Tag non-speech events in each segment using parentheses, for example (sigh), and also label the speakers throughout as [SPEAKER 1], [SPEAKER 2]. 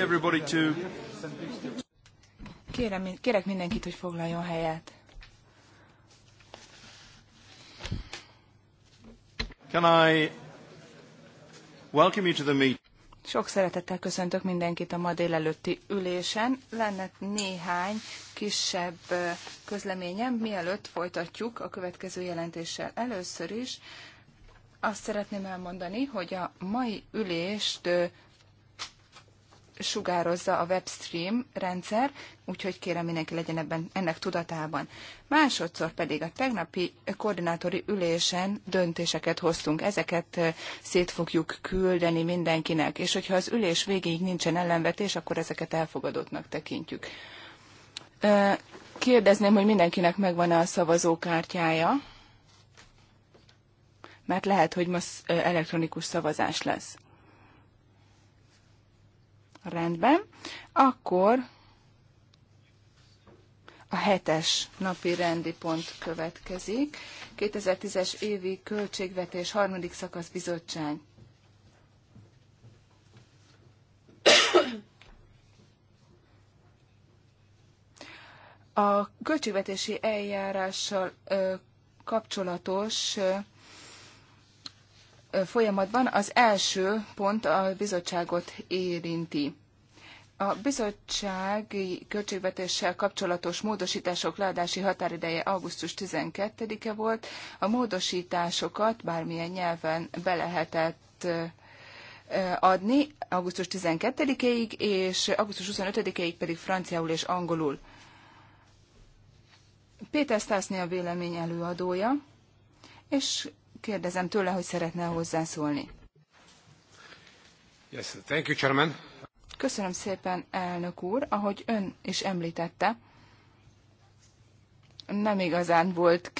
[SPEAKER 1] everybody
[SPEAKER 2] to... Kérem, kérek mindenkit, hogy foglaljon helyet. Can I welcome you to the meet? Sok szeretettel köszöntök mindenkit a ma délelőtti ülésen. Lenne néhány kisebb közleményem, mielőtt folytatjuk a következő jelentéssel. Először is azt szeretném elmondani, hogy a mai ülést sugározza a webstream rendszer, úgyhogy kérem mindenki legyen ebben, ennek tudatában. Másodszor pedig a tegnapi koordinátori ülésen döntéseket hoztunk, ezeket eh, szét fogjuk küldeni mindenkinek, és hogyha az ülés végéig nincsen ellenvetés, akkor ezeket elfogadottnak tekintjük. Eh, kérdezném, hogy mindenkinek megvan-e a szavazókártyája, mert lehet, hogy ma eh, elektronikus szavazás lesz. Rendben. Akkor a hetes napi rendi pont következik. 2010-es évi költségvetés harmadik szakasz bizottság. A költségvetési eljárással kapcsolatos folyamatban az első pont a bizottságot érinti. A bizottsági költségvetéssel kapcsolatos módosítások leadási határideje augusztus 12-e volt. A módosításokat bármilyen nyelven be lehetett adni augusztus 12-ig, és augusztus 25-ig pedig franciául és angolul. Péter Stászné a vélemény előadója, és kérdezem tőle, hogy szeretne hozzászólni.
[SPEAKER 3] Yes, thank you, Chairman.
[SPEAKER 2] Köszönöm szépen, elnök úr. Ahogy ön is említette, nem igazán volt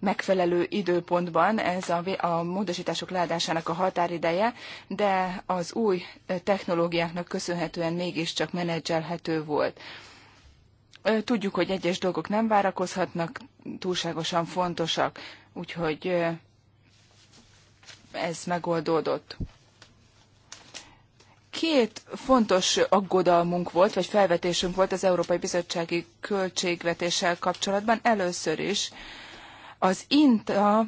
[SPEAKER 2] megfelelő időpontban ez a, a módosítások leadásának a határideje, de az új technológiáknak köszönhetően mégiscsak menedzselhető volt. Tudjuk, hogy egyes dolgok nem várakozhatnak, túlságosan fontosak. Úgyhogy ez megoldódott. Két fontos aggodalmunk volt, vagy felvetésünk volt az Európai Bizottsági Költségvetéssel kapcsolatban. Először is az INTA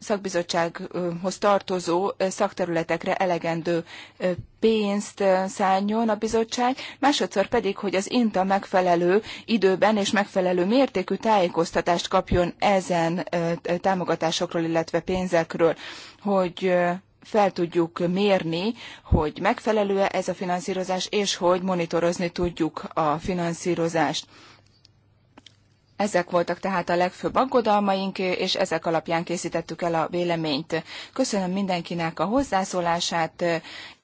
[SPEAKER 2] szakbizottsághoz tartozó szakterületekre elegendő pénzt szálljon a bizottság, másodszor pedig, hogy az INTA megfelelő időben és megfelelő mértékű tájékoztatást kapjon ezen támogatásokról, illetve pénzekről, hogy fel tudjuk mérni, hogy megfelelő-e ez a finanszírozás, és hogy monitorozni tudjuk a finanszírozást. Ezek voltak tehát a legfőbb aggodalmaink, és ezek alapján készítettük el a véleményt. Köszönöm mindenkinek a hozzászólását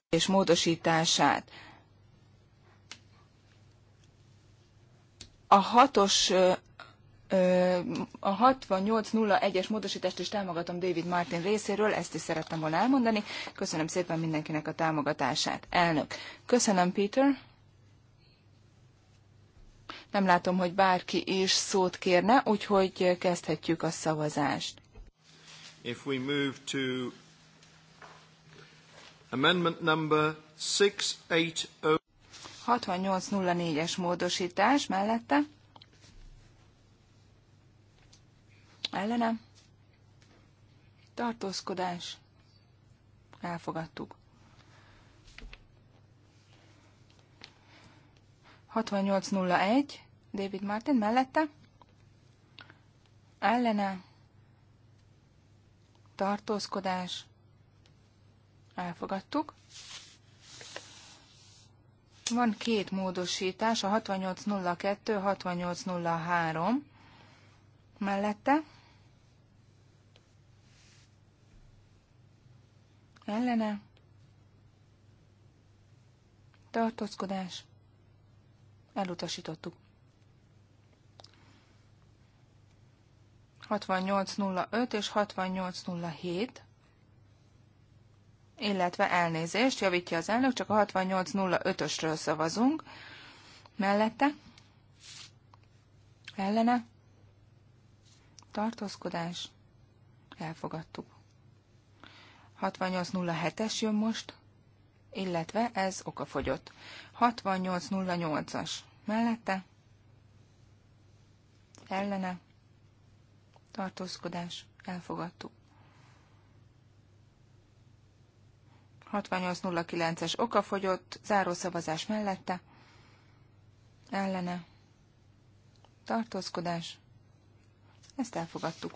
[SPEAKER 2] és módosítását. A hatos a 6801-es módosítást is támogatom David Martin részéről, ezt is szerettem volna elmondani. Köszönöm szépen mindenkinek a támogatását. Elnök. Köszönöm, Peter. Nem látom, hogy bárki is szót kérne, úgyhogy kezdhetjük a szavazást.
[SPEAKER 3] If we move
[SPEAKER 2] to amendment number 680... 6804-es módosítás mellette. Ellene. Tartózkodás. Elfogadtuk. 6801 David Martin mellette, ellene, tartózkodás, elfogadtuk. Van két módosítás, a 6802, 6803 mellette. Ellene. Tartózkodás. Elutasítottuk. 6805 és 6807, illetve elnézést, javítja az elnök, csak a 6805-ösről szavazunk. Mellette? Ellene? Tartózkodás? Elfogadtuk. 6807-es jön most, illetve ez okafogyott. 6808-as. Mellette? Ellene? tartózkodás, elfogadtuk. 6809-es okafogyott, zárószavazás mellette, ellene, tartózkodás, ezt elfogadtuk.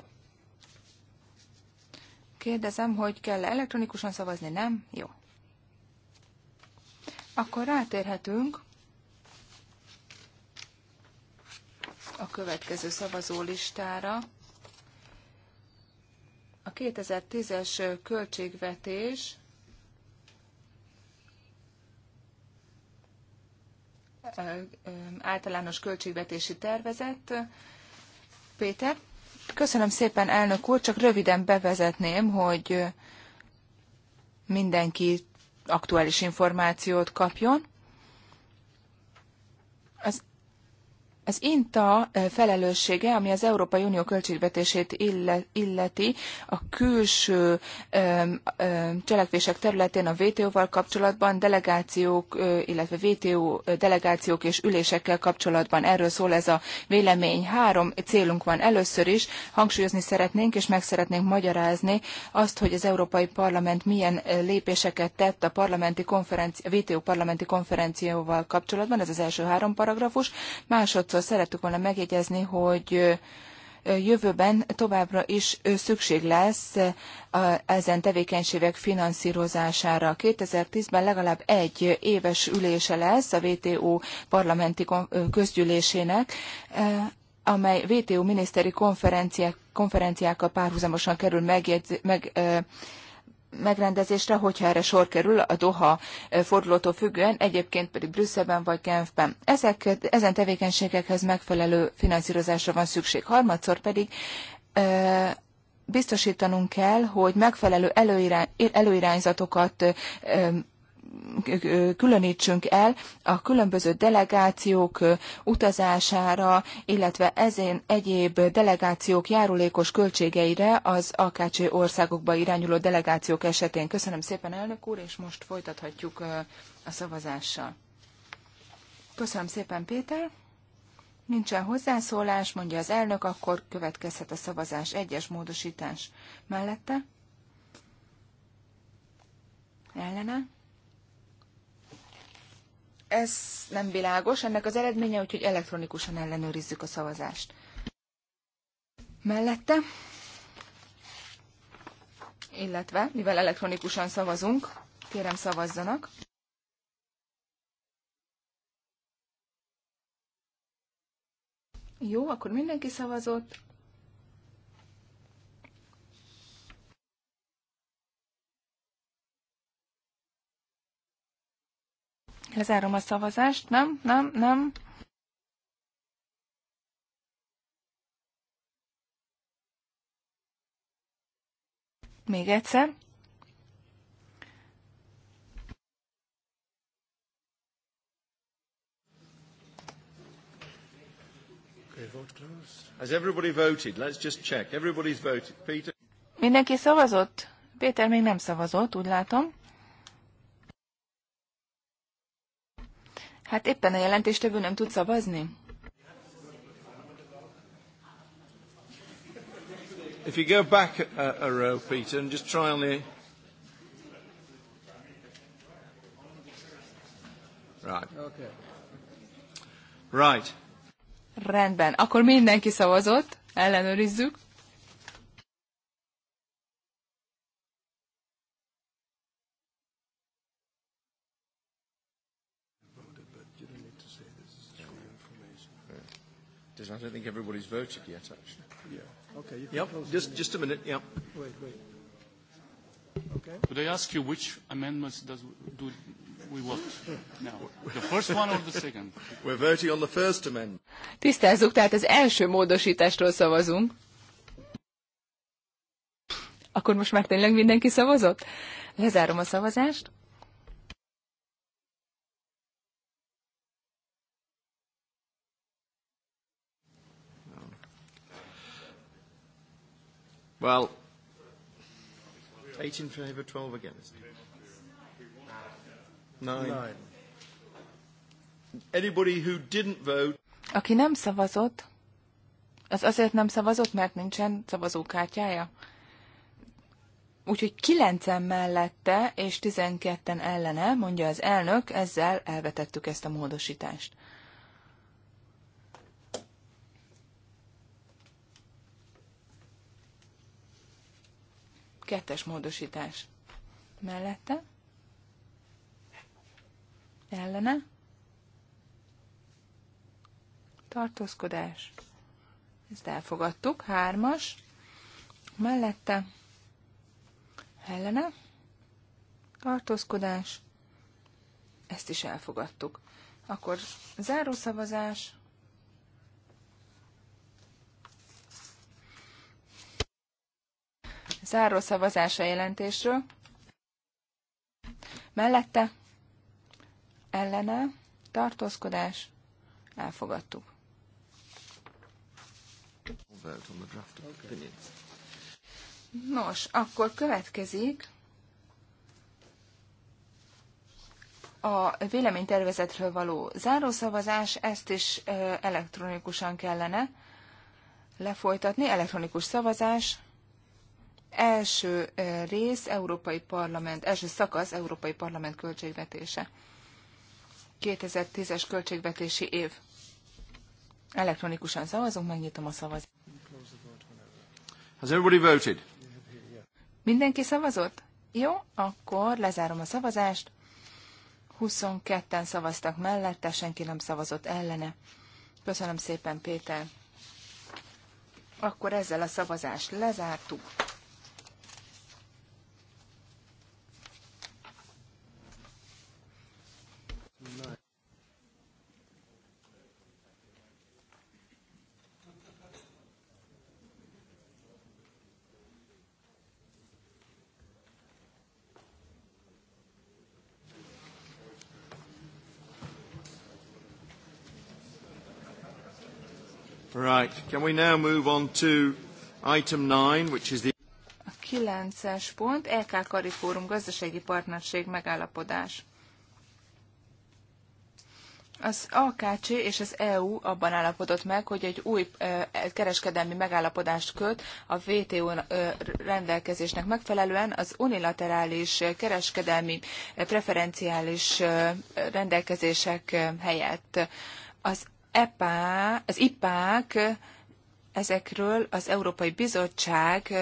[SPEAKER 2] Kérdezem, hogy kell -e elektronikusan szavazni, nem? Jó. Akkor rátérhetünk a következő szavazólistára. listára. A 2010-es költségvetés általános költségvetési tervezet. Péter? Köszönöm szépen, elnök úr, csak röviden bevezetném, hogy mindenki aktuális információt kapjon. Az INTA eh, felelőssége, ami az Európai Unió költségvetését illeti, a külső cselekvések területén a WTO-val kapcsolatban, delegációk, eh, illetve WTO eh, delegációk és ülésekkel kapcsolatban. Erről szól ez a vélemény. Három célunk van először is. Hangsúlyozni szeretnénk és meg szeretnénk magyarázni azt, hogy az Európai Parlament milyen lépéseket tett a parlamenti konferenci- WTO parlamenti konferencióval kapcsolatban. Ez az első három paragrafus. Másodszor Sokszor szerettük volna megjegyezni, hogy jövőben továbbra is szükség lesz ezen tevékenységek finanszírozására. 2010-ben legalább egy éves ülése lesz a WTO parlamenti közgyűlésének, amely WTO miniszteri konferenciák, konferenciákkal párhuzamosan kerül megjegyz, meg, megrendezésre, hogyha erre sor kerül a Doha eh, fordulótól függően, egyébként pedig Brüsszelben vagy Genfben. Ezek, ezen tevékenységekhez megfelelő finanszírozásra van szükség. Harmadszor pedig eh, biztosítanunk kell, hogy megfelelő előirány, előirányzatokat eh, különítsünk el a különböző delegációk utazására, illetve ezen egyéb delegációk járulékos költségeire az AKC országokba irányuló delegációk esetén. Köszönöm szépen, elnök úr, és most folytathatjuk a szavazással. Köszönöm szépen, Péter. Nincsen hozzászólás, mondja az elnök, akkor következhet a szavazás egyes módosítás mellette. Ellene? ez nem világos, ennek az eredménye, úgyhogy elektronikusan ellenőrizzük a szavazást. Mellette, illetve, mivel elektronikusan szavazunk, kérem szavazzanak. Jó, akkor mindenki szavazott, Lezárom a szavazást. Nem, nem, nem. Még egyszer. Has everybody voted? Let's just check. Everybody's voted. Peter. Mindenki szavazott? Péter még nem szavazott, úgy látom. Hát éppen a jelentéstevő nem tud szavazni. If you go back a, a row, Peter, and just try on the... Right. Okay. Right. Rendben. Akkor mindenki szavazott. Ellenőrizzük.
[SPEAKER 1] I don't think everybody's voted yet, actually. Yeah.
[SPEAKER 2] Okay. You can yep. Close just, just a minute. Yeah. Wait, wait.
[SPEAKER 1] Okay. Could I ask you which amendments does do we want now? The first one or the second? We're voting on the first amendment.
[SPEAKER 2] Tisztázzuk, tehát az első módosításról szavazunk. Akkor most már tényleg mindenki szavazott? Lezárom a szavazást. Well, 8 in favour, 12 against. 9. Anybody who didn't vote. Aki nem szavazott, az azért nem szavazott, mert nincsen szavazókártyája. Úgyhogy kilencen mellette és tizenketten ellene, mondja az elnök, ezzel elvetettük ezt a módosítást. Kettes módosítás mellette, ellene, tartózkodás, ezt elfogadtuk, hármas, mellette, ellene, tartózkodás, ezt is elfogadtuk. Akkor zárószavazás, Záró szavazás jelentésről. Mellette ellene tartózkodás elfogadtuk. Nos, akkor következik a véleménytervezetről való zárószavazás, ezt is elektronikusan kellene lefolytatni, elektronikus szavazás első rész, Európai Parlament, első szakasz, Európai Parlament költségvetése. 2010-es költségvetési év. Elektronikusan szavazunk, megnyitom a szavazást. Has everybody voted? Mindenki szavazott? Jó, akkor lezárom a szavazást. 22-en szavaztak mellette, senki nem szavazott ellene. Köszönöm szépen, Péter. Akkor ezzel a szavazást lezártuk. Right. Can we
[SPEAKER 1] now move on to item nine, which is the...
[SPEAKER 2] A kilences pont, EK Karifórum gazdasági partnerség megállapodás. Az AKC és az EU abban állapodott meg, hogy egy új e, kereskedelmi megállapodást köt a WTO rendelkezésnek megfelelően az unilaterális kereskedelmi preferenciális rendelkezések helyett. Az EPA, az IPÁK ezekről az Európai Bizottság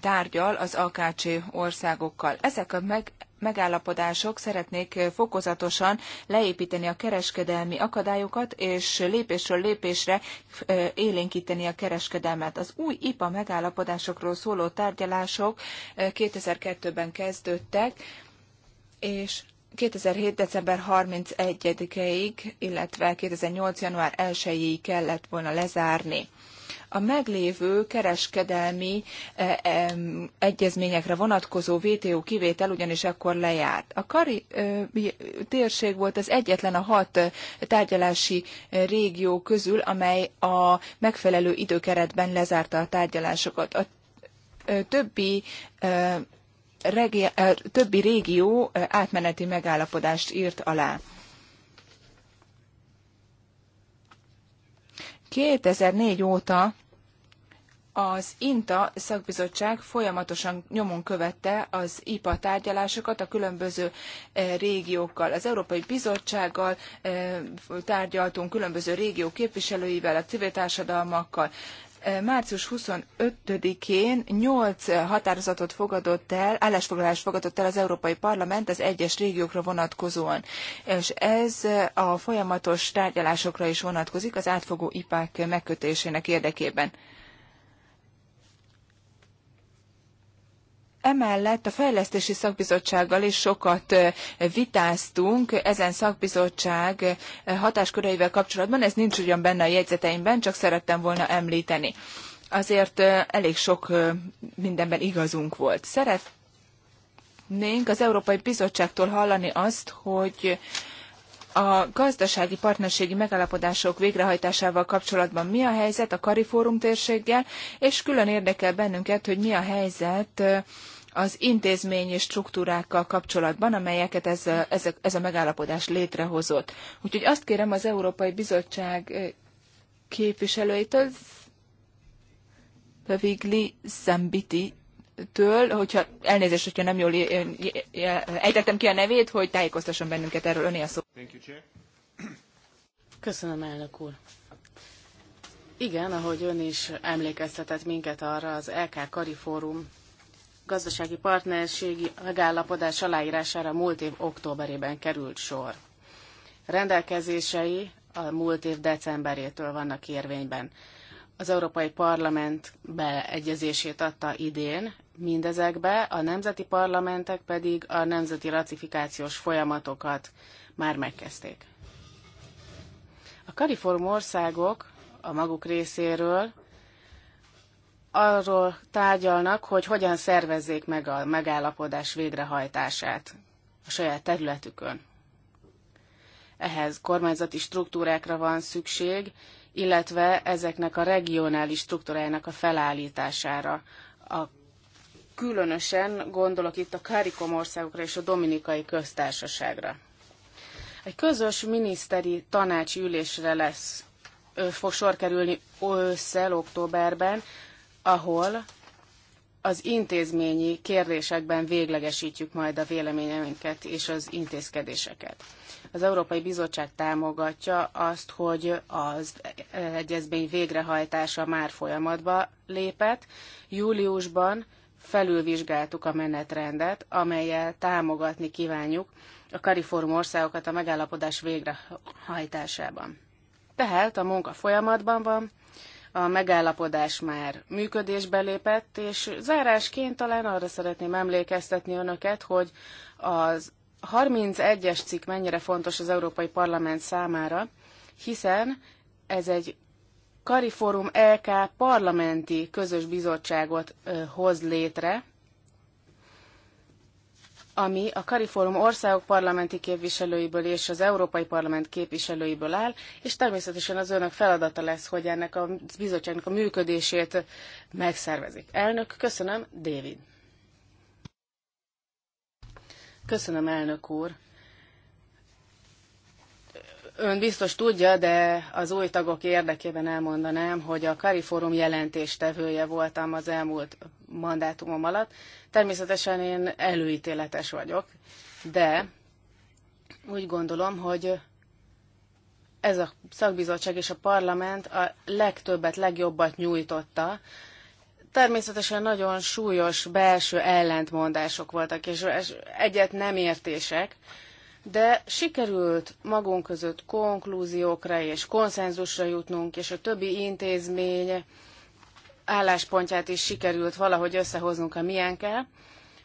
[SPEAKER 2] tárgyal az AKC országokkal. Ezek a meg, megállapodások szeretnék fokozatosan leépíteni a kereskedelmi akadályokat, és lépésről lépésre élénkíteni a kereskedelmet. Az új IPA megállapodásokról szóló tárgyalások 2002-ben kezdődtek, és 2007. december 31-ig, illetve 2008. január 1-ig kellett volna lezárni. A meglévő kereskedelmi e, e, egyezményekre vonatkozó VTO kivétel ugyanis akkor lejárt. A Kari e, térség volt az egyetlen a hat tárgyalási régió közül, amely a megfelelő időkeretben lezárta a tárgyalásokat. A többi regi- többi régió átmeneti megállapodást írt alá. 2004 óta az INTA szakbizottság folyamatosan nyomon követte az IPA tárgyalásokat a különböző régiókkal. Az Európai Bizottsággal tárgyaltunk, különböző régió képviselőivel, a civil társadalmakkal március 25-én 8 határozatot fogadott el, állásfoglalást fogadott el az Európai Parlament az egyes régiókra vonatkozóan. És ez a folyamatos tárgyalásokra is vonatkozik az átfogó IPák megkötésének érdekében. Emellett a fejlesztési szakbizottsággal is sokat vitáztunk ezen szakbizottság hatásköreivel kapcsolatban. Ez nincs ugyan benne a jegyzeteimben, csak szerettem volna említeni. Azért elég sok mindenben igazunk volt. Szeretnénk az Európai Bizottságtól hallani azt, hogy a gazdasági partnerségi megállapodások végrehajtásával kapcsolatban mi a helyzet a Karifórum térséggel, és külön érdekel bennünket, hogy mi a helyzet az intézményi struktúrákkal kapcsolatban, amelyeket ez, ez, ez a megállapodás létrehozott. Úgyhogy azt kérem az Európai Bizottság képviselőitől, Pövigli Zambiti től, hogyha elnézést, hogyha nem jól ejtettem ki a nevét, hogy tájékoztasson bennünket erről. Öné a szó.
[SPEAKER 1] Köszönöm, elnök úr. Igen, ahogy ön is emlékeztetett minket arra, az LK Kari Fórum gazdasági partnerségi megállapodás aláírására múlt év októberében került sor. Rendelkezései a múlt év decemberétől vannak érvényben. Az Európai Parlament beegyezését adta idén mindezekbe, a nemzeti parlamentek pedig a nemzeti ratifikációs folyamatokat már megkezdték. A kariform országok a maguk részéről arról tárgyalnak, hogy hogyan szervezzék meg a megállapodás végrehajtását a saját területükön. Ehhez kormányzati struktúrákra van szükség, illetve ezeknek a regionális struktúrájának a felállítására. A különösen gondolok itt a Karikom országokra és a Dominikai Köztársaságra. Egy közös miniszteri tanácsi ülésre lesz fog sor kerülni ősszel, októberben, ahol az intézményi kérdésekben véglegesítjük majd a véleményeinket és az intézkedéseket. Az Európai Bizottság támogatja azt, hogy az egyezmény végrehajtása már folyamatba lépett. Júliusban felülvizsgáltuk a menetrendet, amelyel támogatni kívánjuk a kariforum országokat a megállapodás végrehajtásában. Tehát a munka folyamatban van, a megállapodás már működésbe lépett, és zárásként talán arra szeretném emlékeztetni önöket, hogy az 31-es cikk mennyire fontos az Európai Parlament számára, hiszen ez egy Kariforum LK parlamenti közös bizottságot hoz létre, ami a Kariforum országok parlamenti képviselőiből és az Európai Parlament képviselőiből áll, és természetesen az önök feladata lesz, hogy ennek a bizottságnak a működését megszervezik. Elnök, köszönöm, David. Köszönöm, elnök úr. Ön biztos tudja, de az új tagok érdekében elmondanám, hogy a Kariforum jelentéstevője voltam az elmúlt mandátumom alatt. Természetesen én előítéletes vagyok, de úgy gondolom, hogy ez a szakbizottság és a parlament a legtöbbet, legjobbat nyújtotta. Természetesen nagyon súlyos belső ellentmondások voltak, és egyet nem értések, de sikerült magunk között konklúziókra és konszenzusra jutnunk, és a többi intézmény álláspontját is sikerült valahogy összehoznunk a miénkkel.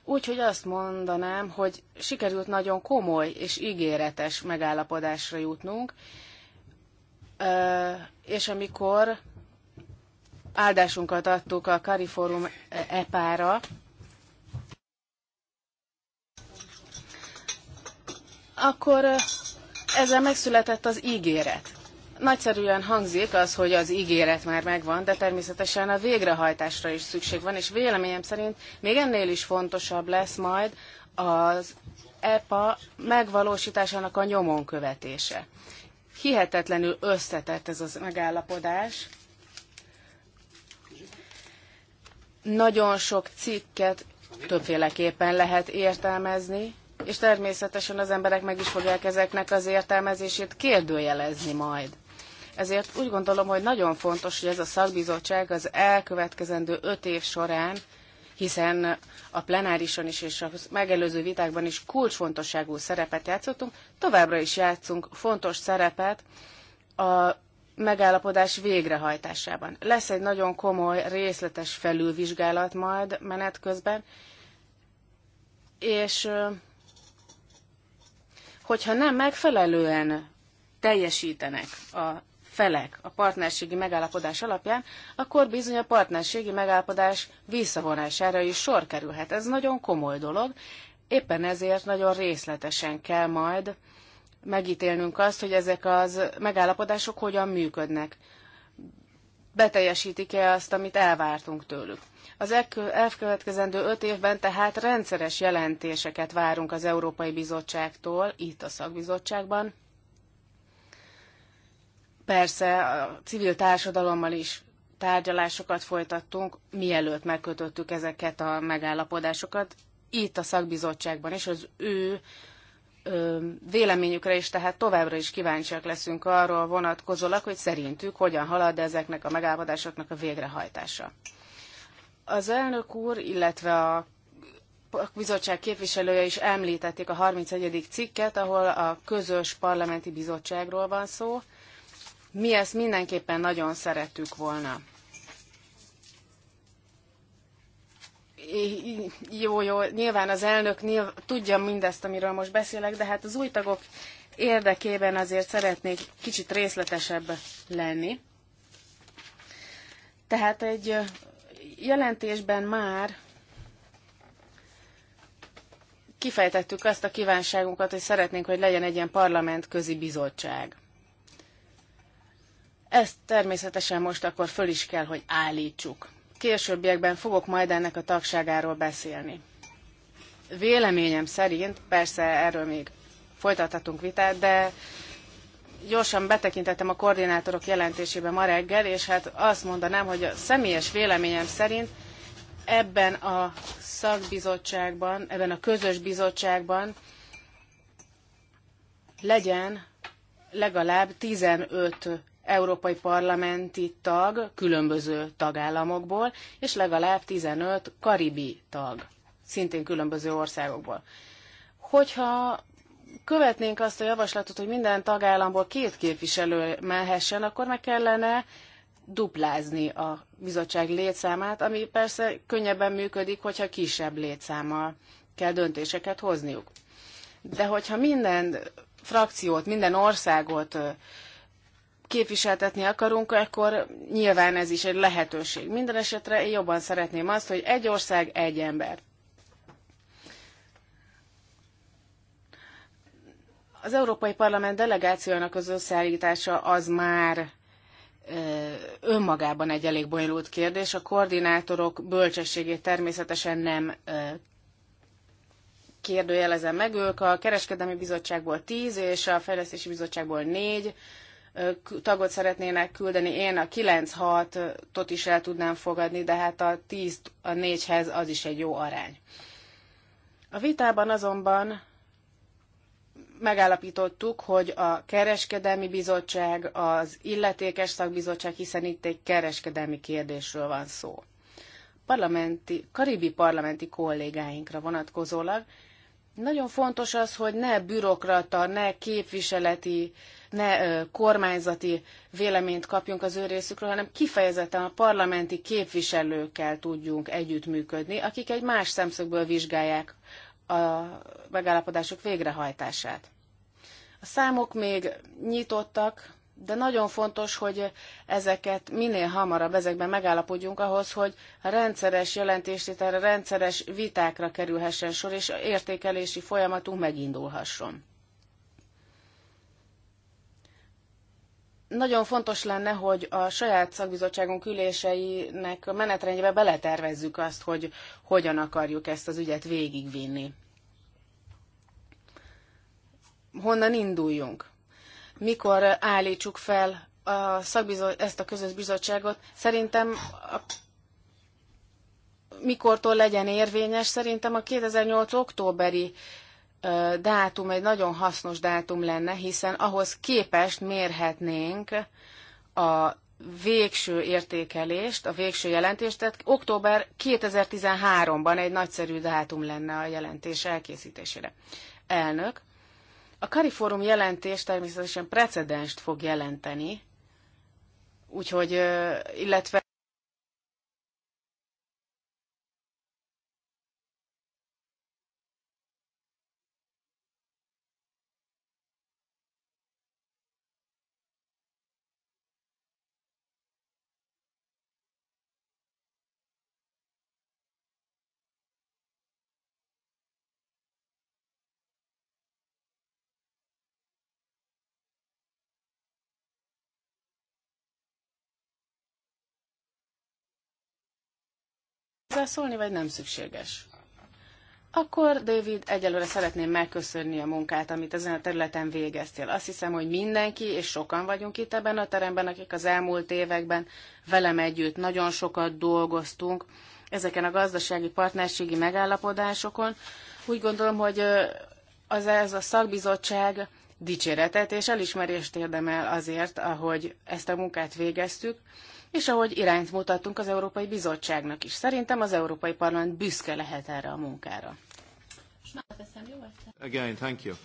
[SPEAKER 1] Úgyhogy azt mondanám, hogy sikerült nagyon komoly és ígéretes megállapodásra jutnunk, és amikor áldásunkat adtuk a Kariforum EPÁ-ra, akkor ezzel megszületett az ígéret. Nagyszerűen hangzik az, hogy az ígéret már megvan, de természetesen a végrehajtásra is szükség van, és véleményem szerint még ennél is fontosabb lesz majd az EPA megvalósításának a nyomon követése. Hihetetlenül összetett ez az megállapodás. Nagyon sok cikket többféleképpen lehet értelmezni, és természetesen az emberek meg is fogják ezeknek az értelmezését kérdőjelezni majd. Ezért úgy gondolom, hogy nagyon fontos, hogy ez a szakbizottság az elkövetkezendő öt év során, hiszen a plenárison is és a megelőző vitákban is kulcsfontosságú szerepet játszottunk, továbbra is játszunk fontos szerepet a megállapodás végrehajtásában. Lesz egy nagyon komoly, részletes felülvizsgálat majd menet közben, és hogyha nem megfelelően teljesítenek a felek a partnerségi megállapodás alapján, akkor bizony a partnerségi megállapodás visszavonására is sor kerülhet. Ez nagyon komoly dolog, éppen ezért nagyon részletesen kell majd megítélnünk azt, hogy ezek az megállapodások hogyan működnek. Beteljesítik-e azt, amit elvártunk tőlük. Az elkövetkezendő öt évben tehát rendszeres jelentéseket várunk az Európai Bizottságtól, itt a szakbizottságban. Persze a civil társadalommal is tárgyalásokat folytattunk, mielőtt megkötöttük ezeket a megállapodásokat, itt a szakbizottságban, és az ő véleményükre is, tehát továbbra is kíváncsiak leszünk arról vonatkozólag, hogy szerintük hogyan halad ezeknek a megállapodásoknak a végrehajtása. Az elnök úr, illetve a bizottság képviselője is említették a 31. cikket, ahol a közös parlamenti bizottságról van szó. Mi ezt mindenképpen nagyon szerettük volna. Jó, jó, nyilván az elnök tudja mindezt, amiről most beszélek, de hát az új tagok érdekében azért szeretnék kicsit részletesebb lenni. Tehát egy jelentésben már kifejtettük azt a kívánságunkat, hogy szeretnénk, hogy legyen egy ilyen parlamentközi bizottság. Ezt természetesen most akkor föl is kell, hogy állítsuk. Későbbiekben fogok majd ennek a tagságáról beszélni. Véleményem szerint, persze erről még folytathatunk vitát, de gyorsan betekintettem a koordinátorok jelentésébe ma reggel, és hát azt mondanám, hogy a személyes véleményem szerint ebben a szakbizottságban, ebben a közös bizottságban legyen legalább 15 európai parlamenti tag különböző tagállamokból, és legalább 15 karibi tag, szintén különböző országokból. Hogyha követnénk azt a javaslatot, hogy minden tagállamból két képviselő mehessen, akkor meg kellene duplázni a bizottság létszámát, ami persze könnyebben működik, hogyha kisebb létszámmal kell döntéseket hozniuk. De hogyha minden frakciót, minden országot képviseltetni akarunk, akkor nyilván ez is egy lehetőség. Minden esetre én jobban szeretném azt, hogy egy ország, egy ember. Az Európai Parlament delegációjának az összeállítása az már önmagában egy elég bonyolult kérdés. A koordinátorok bölcsességét természetesen nem kérdőjelezem meg. Ők a Kereskedelmi Bizottságból 10 és a Fejlesztési Bizottságból 4 tagot szeretnének küldeni. Én a 9-6-tot is el tudnám fogadni, de hát a 10 a 4-hez az is egy jó arány. A vitában azonban megállapítottuk, hogy a kereskedelmi bizottság, az illetékes szakbizottság, hiszen itt egy kereskedelmi kérdésről van szó. Parlamenti, karibi parlamenti kollégáinkra vonatkozólag nagyon fontos az, hogy ne bürokrata, ne képviseleti, ne kormányzati véleményt kapjunk az ő részükről, hanem kifejezetten a parlamenti képviselőkkel tudjunk együttműködni, akik egy más szemszögből vizsgálják a megállapodások végrehajtását. A számok még nyitottak, de nagyon fontos, hogy ezeket minél hamarabb ezekben megállapodjunk ahhoz, hogy a rendszeres jelentéstételre, rendszeres vitákra kerülhessen sor, és a értékelési folyamatunk megindulhasson. nagyon fontos lenne, hogy a saját szakbizottságunk üléseinek menetrendjébe beletervezzük azt, hogy hogyan akarjuk ezt az ügyet végigvinni. Honnan induljunk? Mikor állítsuk fel a ezt a közös bizottságot? Szerintem a mikortól legyen érvényes, szerintem a 2008. októberi dátum egy nagyon hasznos dátum lenne, hiszen ahhoz képest mérhetnénk a végső értékelést, a végső jelentést, tehát október 2013-ban egy nagyszerű dátum lenne a jelentés elkészítésére. Elnök, a Kariforum jelentés természetesen precedenst fog jelenteni, úgyhogy, illetve hozzászólni, vagy nem szükséges? Akkor, David, egyelőre szeretném megköszönni a munkát, amit ezen a területen végeztél. Azt hiszem, hogy mindenki, és sokan vagyunk itt ebben a teremben, akik az elmúlt években velem együtt nagyon sokat dolgoztunk ezeken a gazdasági partnerségi megállapodásokon. Úgy gondolom, hogy az ez a szakbizottság dicséretet és elismerést érdemel azért, ahogy ezt a munkát végeztük, és ahogy irányt mutattunk az Európai Bizottságnak is. Szerintem az Európai Parlament büszke lehet erre a munkára.
[SPEAKER 2] Again, thank you.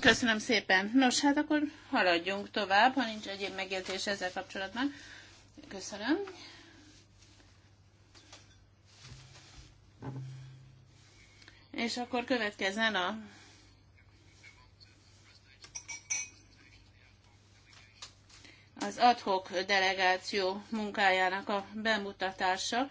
[SPEAKER 3] Köszönöm szépen. Nos, hát akkor haladjunk tovább, ha nincs egyéb megértés ezzel kapcsolatban. Köszönöm. És akkor következzen a az adhok delegáció munkájának a bemutatása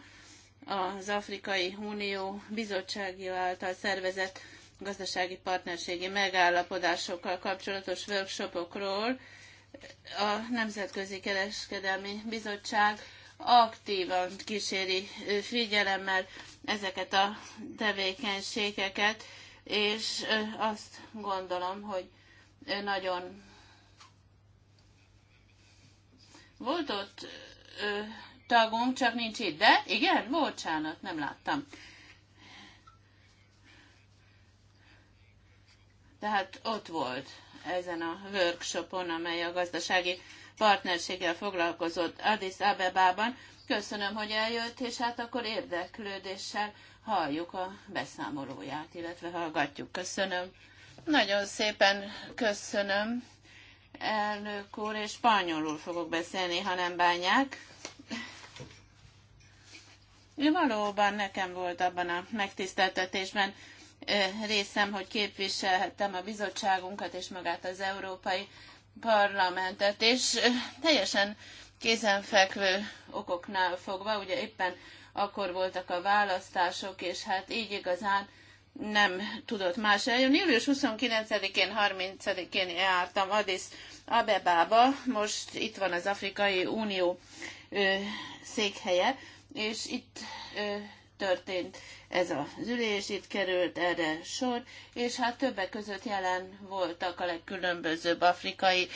[SPEAKER 3] az Afrikai Unió bizottsági által szervezett gazdasági partnerségi megállapodásokkal kapcsolatos workshopokról a Nemzetközi Kereskedelmi Bizottság aktívan kíséri figyelemmel ezeket a tevékenységeket, és azt gondolom, hogy nagyon Volt ott ö, tagunk, csak nincs itt. De igen, bocsánat, nem láttam. Tehát ott volt ezen a workshopon, amely a gazdasági partnerséggel foglalkozott Addis Abebában. Köszönöm, hogy eljött, és hát akkor érdeklődéssel halljuk a beszámolóját, illetve hallgatjuk. Köszönöm. Nagyon szépen köszönöm elnök úr, és spanyolul fogok beszélni, ha nem bánják. Valóban nekem volt abban a megtiszteltetésben részem, hogy képviselhettem a bizottságunkat és magát az Európai Parlamentet, és teljesen kézenfekvő okoknál fogva, ugye éppen akkor voltak a választások, és hát így igazán nem tudott más eljönni. Július 29-én, 30-én jártam Addis Abebába, most itt van az Afrikai Unió ö, székhelye, és itt ö, történt ez az ülés, itt került erre sor, és hát többek között jelen voltak a legkülönbözőbb afrikai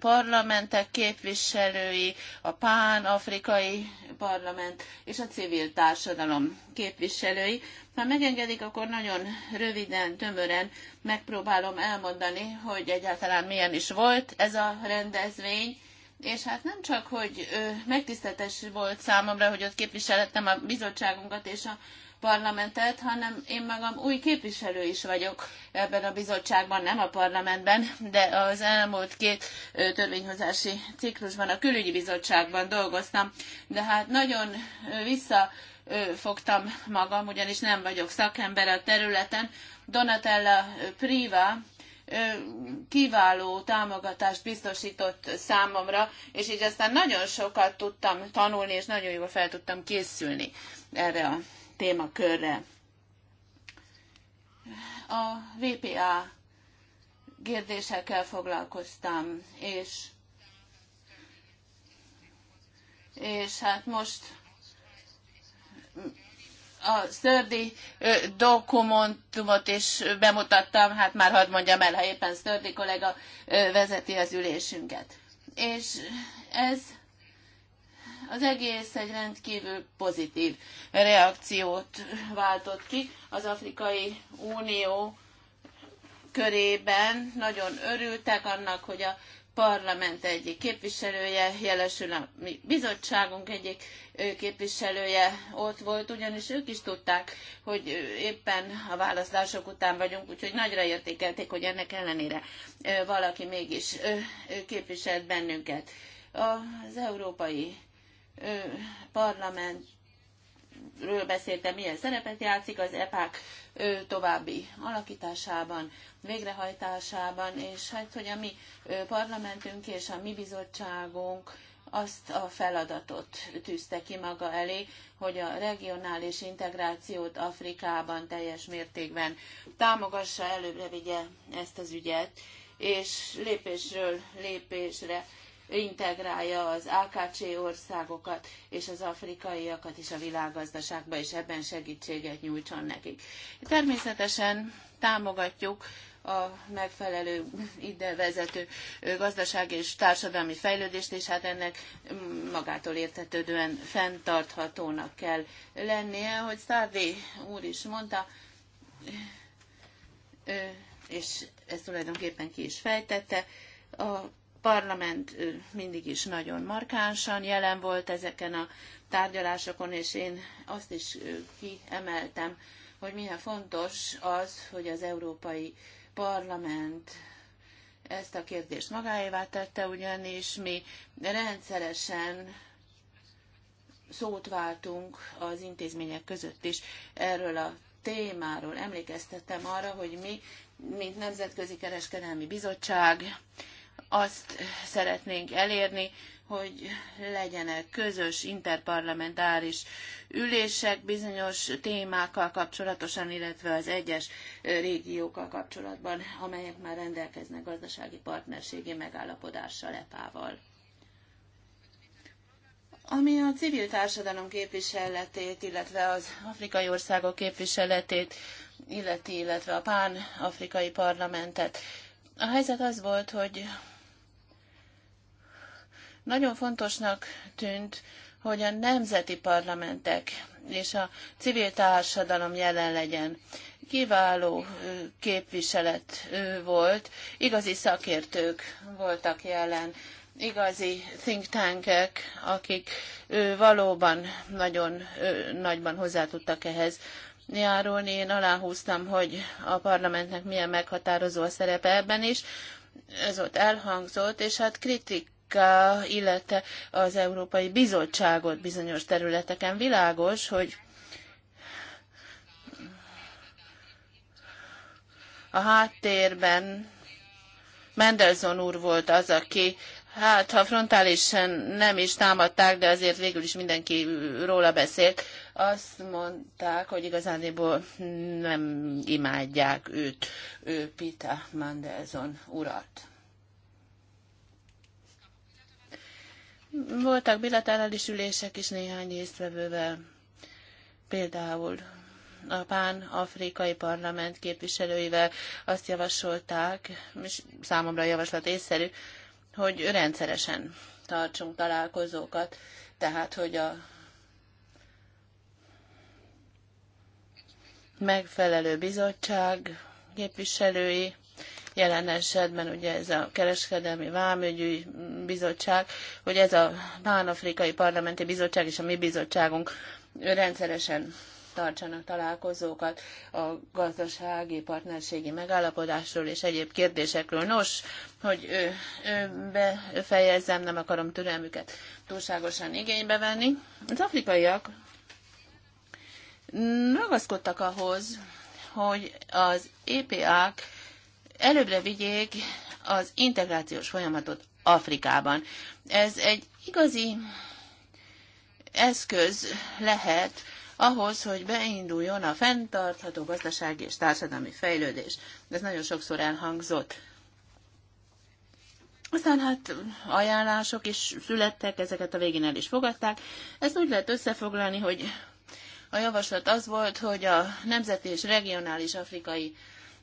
[SPEAKER 3] parlamentek képviselői, a pán-afrikai parlament és a civil társadalom képviselői. Ha megengedik, akkor nagyon röviden, tömören megpróbálom elmondani, hogy egyáltalán milyen is volt ez a rendezvény és hát nem csak, hogy megtiszteltes volt számomra, hogy ott képviselettem a bizottságunkat és a parlamentet, hanem én magam új képviselő is vagyok ebben a bizottságban, nem a parlamentben, de az elmúlt két törvényhozási ciklusban a külügyi bizottságban dolgoztam, de hát nagyon visszafogtam magam, ugyanis nem vagyok szakember a területen. Donatella Priva, kiváló támogatást biztosított számomra, és így aztán nagyon sokat tudtam tanulni, és nagyon jól fel tudtam készülni erre a témakörre. A VPA kérdésekkel foglalkoztam, és és hát most a Szördi dokumentumot is bemutattam, hát már hadd mondjam el, ha éppen Szördi kollega vezeti az ülésünket. És ez az egész egy rendkívül pozitív reakciót váltott ki. Az Afrikai Unió körében nagyon örültek annak, hogy a parlament egyik képviselője, jelesül a mi bizottságunk egyik képviselője ott volt, ugyanis ők is tudták, hogy éppen a választások után vagyunk, úgyhogy nagyra értékelték, hogy ennek ellenére valaki mégis képviselt bennünket. Az Európai Parlament ről beszéltem, milyen szerepet játszik az EPÁK további alakításában, végrehajtásában, és hát, hogy a mi parlamentünk és a mi bizottságunk azt a feladatot tűzte ki maga elé, hogy a regionális integrációt Afrikában teljes mértékben támogassa, előbbre vigye ezt az ügyet, és lépésről lépésre integrálja az AKC országokat és az afrikaiakat is a világgazdaságba, és ebben segítséget nyújtson nekik. Természetesen támogatjuk a megfelelő ide vezető gazdaság és társadalmi fejlődést, és hát ennek magától értetődően fenntarthatónak kell lennie, hogy Szávé úr is mondta, és ezt tulajdonképpen ki is fejtette, a parlament mindig is nagyon markánsan jelen volt ezeken a tárgyalásokon, és én azt is kiemeltem, hogy milyen fontos az, hogy az Európai Parlament ezt a kérdést magáévá tette, ugyanis mi rendszeresen szót váltunk az intézmények között is erről a témáról. Emlékeztettem arra, hogy mi, mint Nemzetközi Kereskedelmi Bizottság, azt szeretnénk elérni, hogy legyenek közös interparlamentáris ülések bizonyos témákkal kapcsolatosan, illetve az egyes régiókkal kapcsolatban, amelyek már rendelkeznek gazdasági partnerségi megállapodással, EPA-val. Ami a civil társadalom képviseletét, illetve az afrikai országok képviseletét illeti, illetve a pán-afrikai parlamentet. A helyzet az volt, hogy nagyon fontosnak tűnt, hogy a nemzeti parlamentek és a civil társadalom jelen legyen. Kiváló képviselet volt, igazi szakértők voltak jelen, igazi think tankek, akik valóban nagyon nagyban hozzá tudtak ehhez járulni. Én aláhúztam, hogy a parlamentnek milyen meghatározó a szerepe ebben is. Ez ott elhangzott, és hát kritik illetve az Európai Bizottságot bizonyos területeken. Világos, hogy a háttérben Mendelssohn úr volt az, aki Hát, ha frontálisan nem is támadták, de azért végül is mindenki róla beszélt, azt mondták, hogy igazándiból nem imádják őt, ő Pita Mandelson urat. Voltak bilaterális ülések is néhány résztvevővel, például a pán-afrikai parlament képviselőivel azt javasolták, és számomra a javaslat észszerű, hogy rendszeresen tartsunk találkozókat, tehát hogy a megfelelő bizottság képviselői jelen esetben ugye ez a kereskedelmi vámügyi bizottság, hogy ez a pánafrikai parlamenti bizottság és a mi bizottságunk rendszeresen tartsanak találkozókat a gazdasági partnerségi megállapodásról és egyéb kérdésekről. Nos, hogy ő, ő befejezzem, nem akarom türelmüket túlságosan igénybe venni. Az afrikaiak ragaszkodtak ahhoz, hogy az EPA-k előbbre vigyék az integrációs folyamatot Afrikában. Ez egy igazi eszköz lehet ahhoz, hogy beinduljon a fenntartható gazdasági és társadalmi fejlődés. Ez nagyon sokszor elhangzott. Aztán hát ajánlások is születtek, ezeket a végén el is fogadták. Ezt úgy lehet összefoglalni, hogy a javaslat az volt, hogy a nemzeti és regionális afrikai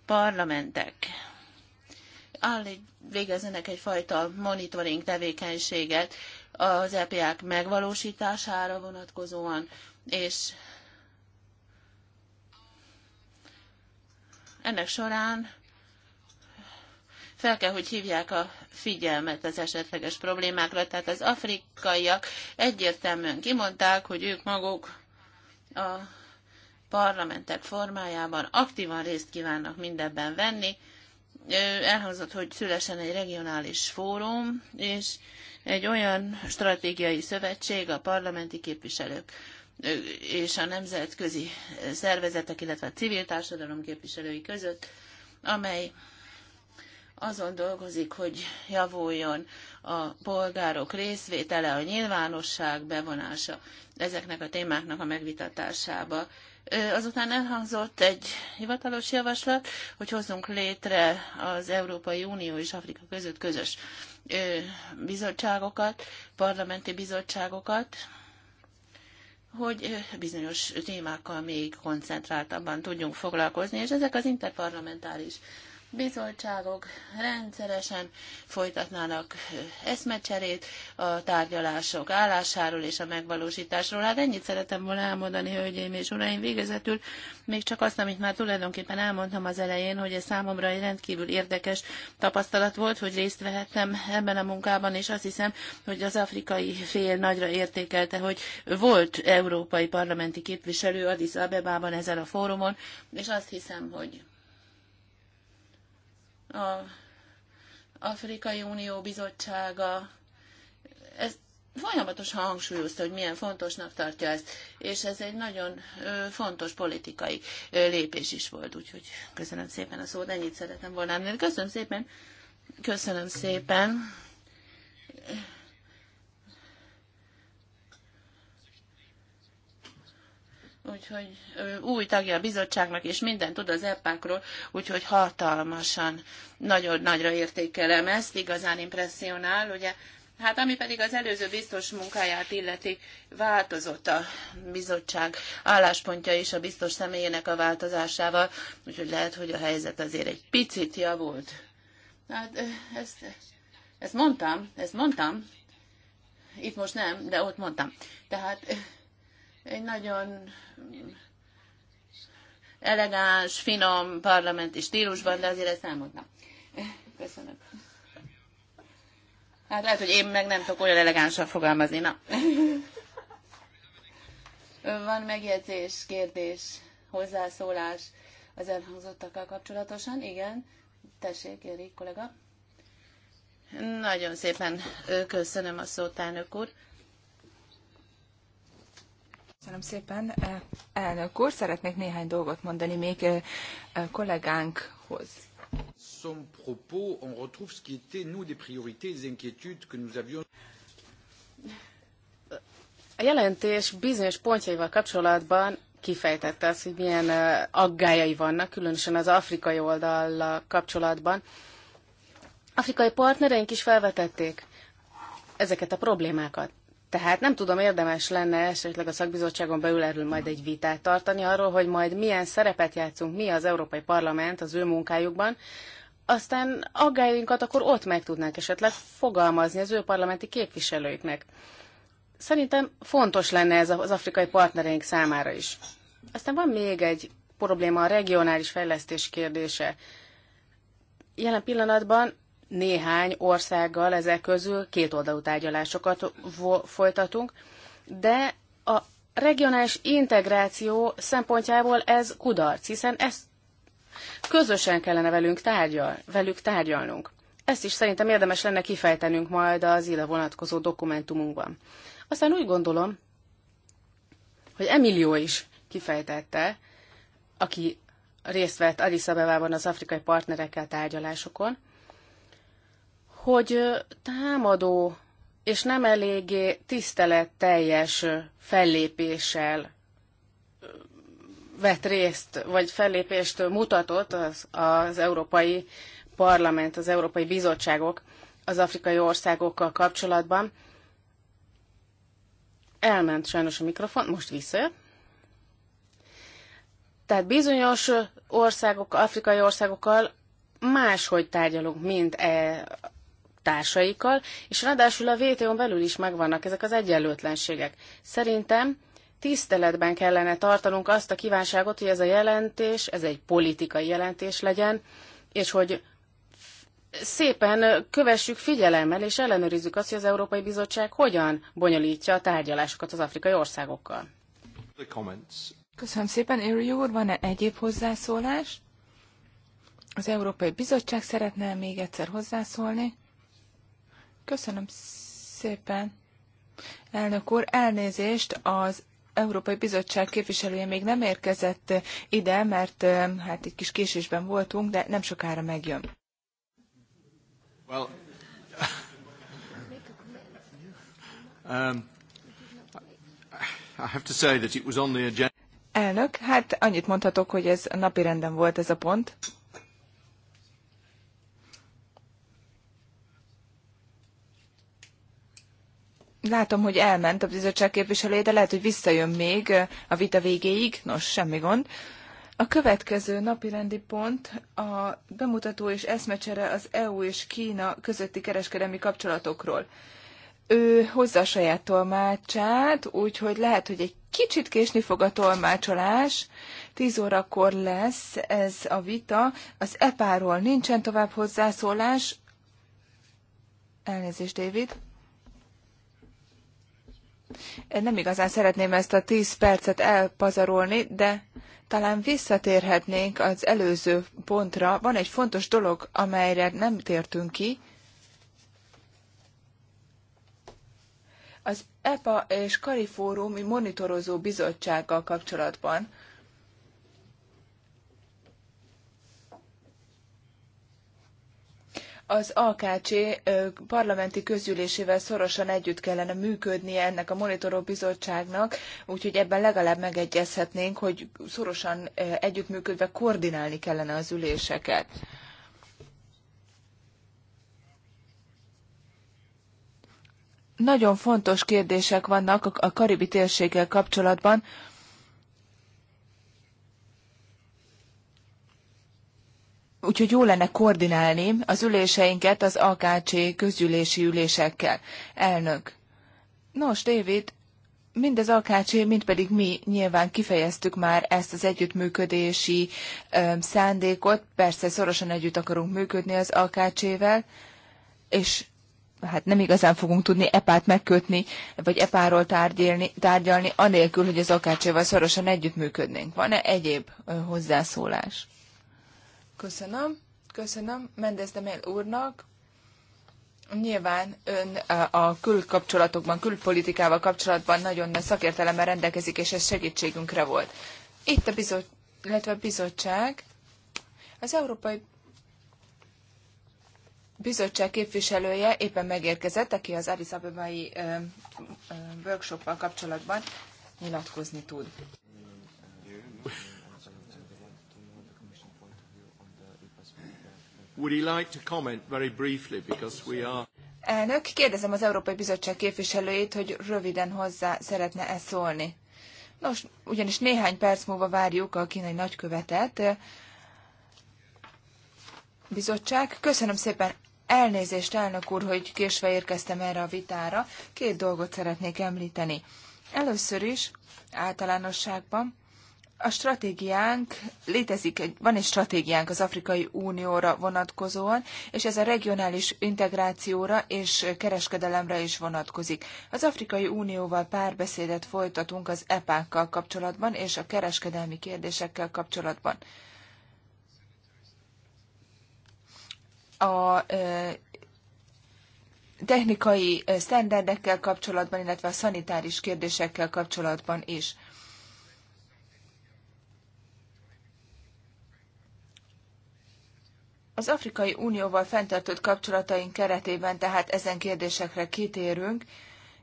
[SPEAKER 3] parlamentek végezzenek egyfajta monitoring tevékenységet az EPA-k megvalósítására vonatkozóan, és ennek során fel kell, hogy hívják a figyelmet az esetleges problémákra. Tehát az afrikaiak egyértelműen kimondták, hogy ők maguk a parlamentek formájában aktívan részt kívánnak mindebben venni. Elhangzott, hogy szülesen egy regionális fórum, és egy olyan stratégiai szövetség a parlamenti képviselők és a nemzetközi szervezetek, illetve a civil társadalom képviselői között, amely azon dolgozik, hogy javuljon a polgárok részvétele, a nyilvánosság bevonása ezeknek a témáknak a megvitatásába, Azután elhangzott egy hivatalos javaslat, hogy hozzunk létre az Európai Unió és Afrika között közös bizottságokat, parlamenti bizottságokat, hogy bizonyos témákkal még koncentráltabban tudjunk foglalkozni, és ezek az interparlamentáris bizottságok rendszeresen folytatnának eszmecserét a tárgyalások állásáról és a megvalósításról. Hát ennyit szeretem volna elmondani, hölgyeim és uraim, végezetül még csak azt, amit már tulajdonképpen elmondtam az elején, hogy ez számomra egy rendkívül érdekes tapasztalat volt, hogy részt vehettem ebben a munkában, és azt hiszem, hogy az afrikai fél nagyra értékelte, hogy volt európai parlamenti képviselő Addis Abebában ezen a fórumon, és azt hiszem, hogy a Afrikai Unió Bizottsága, ezt folyamatosan hangsúlyozta, hogy milyen fontosnak tartja ezt, és ez egy nagyon fontos politikai lépés is volt, úgyhogy köszönöm szépen a szót, ennyit szeretem volna. Köszönöm szépen, köszönöm szépen. úgyhogy új tagja a bizottságnak, és minden tud az epákról, úgyhogy hatalmasan, nagyon nagyra értékelem ezt, igazán impresszionál, ugye, Hát ami pedig az előző biztos munkáját illeti, változott a bizottság álláspontja is a biztos személyének a változásával, úgyhogy lehet, hogy a helyzet azért egy picit javult. Hát ezt, ezt mondtam, ezt mondtam. Itt most nem, de ott mondtam. Tehát egy nagyon elegáns, finom parlamenti stílusban, de azért ezt elmondtam. Köszönöm. Hát lehet, hogy én meg nem tudok olyan elegánsan fogalmazni. Na. Van megjegyzés, kérdés, hozzászólás az elhangzottakkal kapcsolatosan? Igen. Tessék, Éri kollega. Nagyon szépen köszönöm a szót, elnök úr.
[SPEAKER 2] Köszönöm szépen. Elnök úr, szeretnék néhány dolgot mondani még kollégánkhoz.
[SPEAKER 3] Son propos, on retrouve ce qui était, nous, des priorités, des inquiétudes que nous avions.
[SPEAKER 1] A jelentés bizonyos pontjaival kapcsolatban kifejtette azt, hogy milyen aggájai vannak, különösen az afrikai oldallal kapcsolatban. Afrikai partnereink is felvetették ezeket a problémákat. Tehát nem tudom, érdemes lenne esetleg a szakbizottságon belül erről majd egy vitát tartani arról, hogy majd milyen szerepet játszunk mi az Európai Parlament az ő munkájukban, aztán aggájainkat akkor ott meg tudnánk esetleg fogalmazni az ő parlamenti képviselőiknek. Szerintem fontos lenne ez az afrikai partnereink számára is. Aztán van még egy probléma, a regionális fejlesztés kérdése. Jelen pillanatban néhány országgal ezek közül kétoldalú tárgyalásokat folytatunk, de a regionális integráció szempontjából ez kudarc, hiszen ezt közösen kellene velünk tárgyal, velük tárgyalnunk. Ezt is szerintem érdemes lenne kifejtenünk majd az ide vonatkozó dokumentumunkban. Aztán úgy gondolom, hogy Emilio is kifejtette, aki részt vett Addis Abebában az afrikai partnerekkel tárgyalásokon, hogy támadó és nem eléggé tiszteletteljes fellépéssel vett részt, vagy fellépést mutatott az, az Európai Parlament, az Európai Bizottságok az afrikai országokkal kapcsolatban. Elment sajnos a mikrofon, most visszajött. Tehát bizonyos országok, afrikai országokkal máshogy tárgyalunk, mint e társaikkal, és ráadásul a WTO-n belül is megvannak ezek az egyenlőtlenségek. Szerintem tiszteletben kellene tartanunk azt a kívánságot, hogy ez a jelentés, ez egy politikai jelentés legyen, és hogy szépen kövessük figyelemmel, és ellenőrizzük azt, hogy az Európai Bizottság hogyan bonyolítja a tárgyalásokat az afrikai országokkal.
[SPEAKER 2] Köszönöm szépen, Éri úr, van-e egyéb hozzászólás? Az Európai Bizottság szeretne még egyszer hozzászólni? Köszönöm szépen, elnök úr. Elnézést az Európai Bizottság képviselője még nem érkezett ide, mert hát egy kis késésben voltunk, de nem sokára megjön. Well, (laughs) um, I have to say that it was on the agenda. Elnök, hát annyit mondhatok, hogy ez napi renden volt ez a pont. Látom, hogy elment a bizottság képviselője, de lehet, hogy visszajön még a vita végéig. Nos, semmi gond. A következő napi rendi pont a bemutató és eszmecsere az EU és Kína közötti kereskedelmi kapcsolatokról. Ő hozza a saját tolmácsát, úgyhogy lehet, hogy egy kicsit késni fog a tolmácsolás. Tíz órakor lesz ez a vita. Az EPA-ról nincsen tovább hozzászólás. Elnézést, David. Nem igazán szeretném ezt a 10 percet elpazarolni, de talán visszatérhetnénk az előző pontra. Van egy fontos dolog, amelyre nem tértünk ki. Az EPA és Karifórum monitorozó bizottsággal kapcsolatban az AKC parlamenti közgyűlésével szorosan együtt kellene működnie ennek a monitoró bizottságnak, úgyhogy ebben legalább megegyezhetnénk, hogy szorosan együttműködve koordinálni kellene az üléseket. Nagyon fontos kérdések vannak a karibi térséggel kapcsolatban, Úgyhogy jó lenne koordinálni az üléseinket az AKC közgyűlési ülésekkel. Elnök. Nos, David, mind az AKC, mind pedig mi nyilván kifejeztük már ezt az együttműködési ö, szándékot. Persze szorosan együtt akarunk működni az AKC-vel, és hát nem igazán fogunk tudni epát megkötni, vagy epáról tárgyalni, tárgyalni anélkül, hogy az akácséval szorosan együttműködnénk. Van-e egyéb hozzászólás? Köszönöm, köszönöm Mendez Demel úrnak. Nyilván ön eh, a külkapcsolatokban, külpolitikával kapcsolatban nagyon nagy szakértelemmel rendelkezik, és ez segítségünkre volt. Itt a bizot, illetve a bizottság, az Európai Bizottság képviselője éppen megérkezett, aki az Addis Abebai eh, eh, workshoppal kapcsolatban nyilatkozni tud. Would he like to comment very briefly because we are... Elnök, kérdezem az Európai Bizottság képviselőjét, hogy röviden hozzá szeretne e szólni. Nos, ugyanis néhány perc múlva várjuk a kínai nagykövetet. Bizottság, köszönöm szépen elnézést, elnök úr, hogy késve érkeztem erre a vitára. Két dolgot szeretnék említeni. Először is általánosságban a stratégiánk, létezik, van egy stratégiánk az Afrikai Unióra vonatkozóan, és ez a regionális integrációra és kereskedelemre is vonatkozik. Az Afrikai Unióval párbeszédet folytatunk az EPÁkkal kapcsolatban és a kereskedelmi kérdésekkel kapcsolatban. A technikai sztenderdekkel kapcsolatban, illetve a szanitáris kérdésekkel kapcsolatban is. Az Afrikai Unióval fenntartott kapcsolataink keretében tehát ezen kérdésekre kitérünk,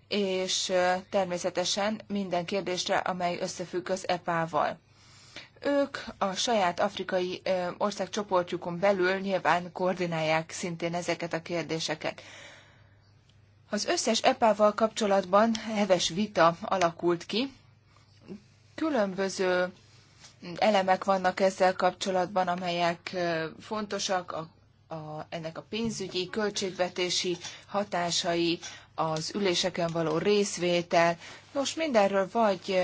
[SPEAKER 2] és természetesen minden kérdésre, amely összefügg az EPA-val. Ők a saját afrikai országcsoportjukon belül nyilván koordinálják szintén ezeket a kérdéseket. Az összes EPA-val kapcsolatban heves vita alakult ki, különböző elemek vannak ezzel kapcsolatban, amelyek fontosak, a, a, ennek a pénzügyi, költségvetési hatásai, az üléseken való részvétel. Nos, mindenről vagy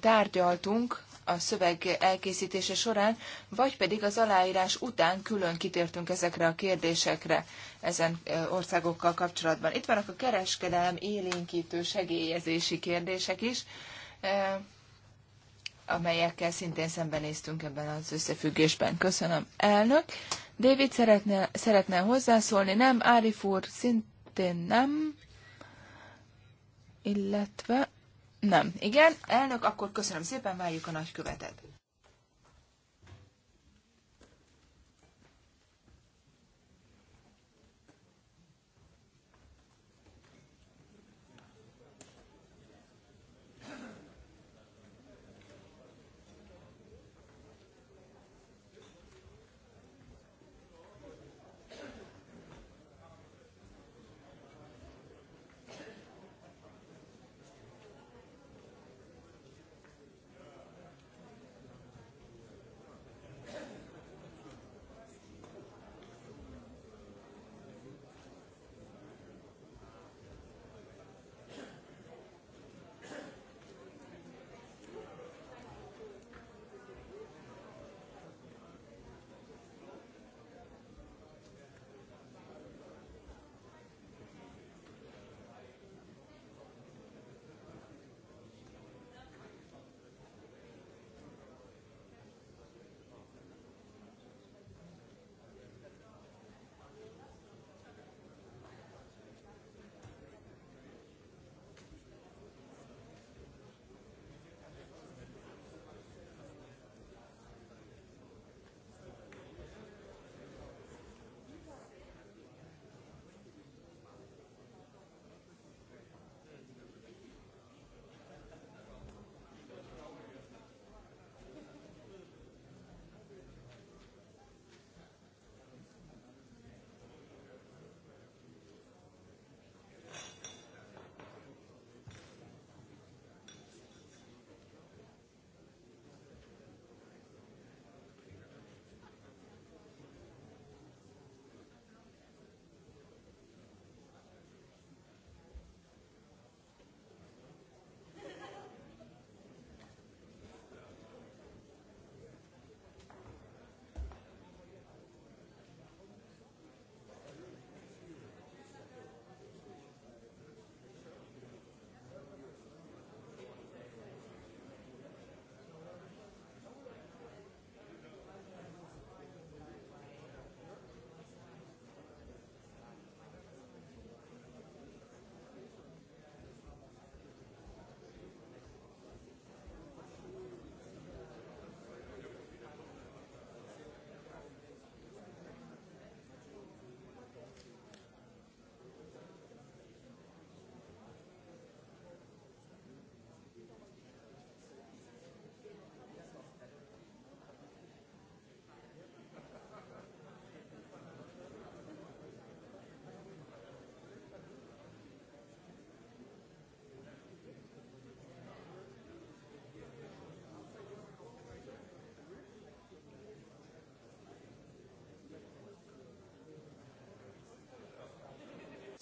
[SPEAKER 2] tárgyaltunk a szöveg elkészítése során, vagy pedig az aláírás után külön kitértünk ezekre a kérdésekre ezen országokkal kapcsolatban. Itt vannak a kereskedelem élénkítő segélyezési kérdések is amelyekkel szintén szembenéztünk ebben az összefüggésben. Köszönöm, elnök. David szeretne, szeretne hozzászólni? Nem, Árif úr szintén nem, illetve nem. Igen, elnök, akkor köszönöm szépen, várjuk a nagykövetet.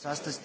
[SPEAKER 2] astăzi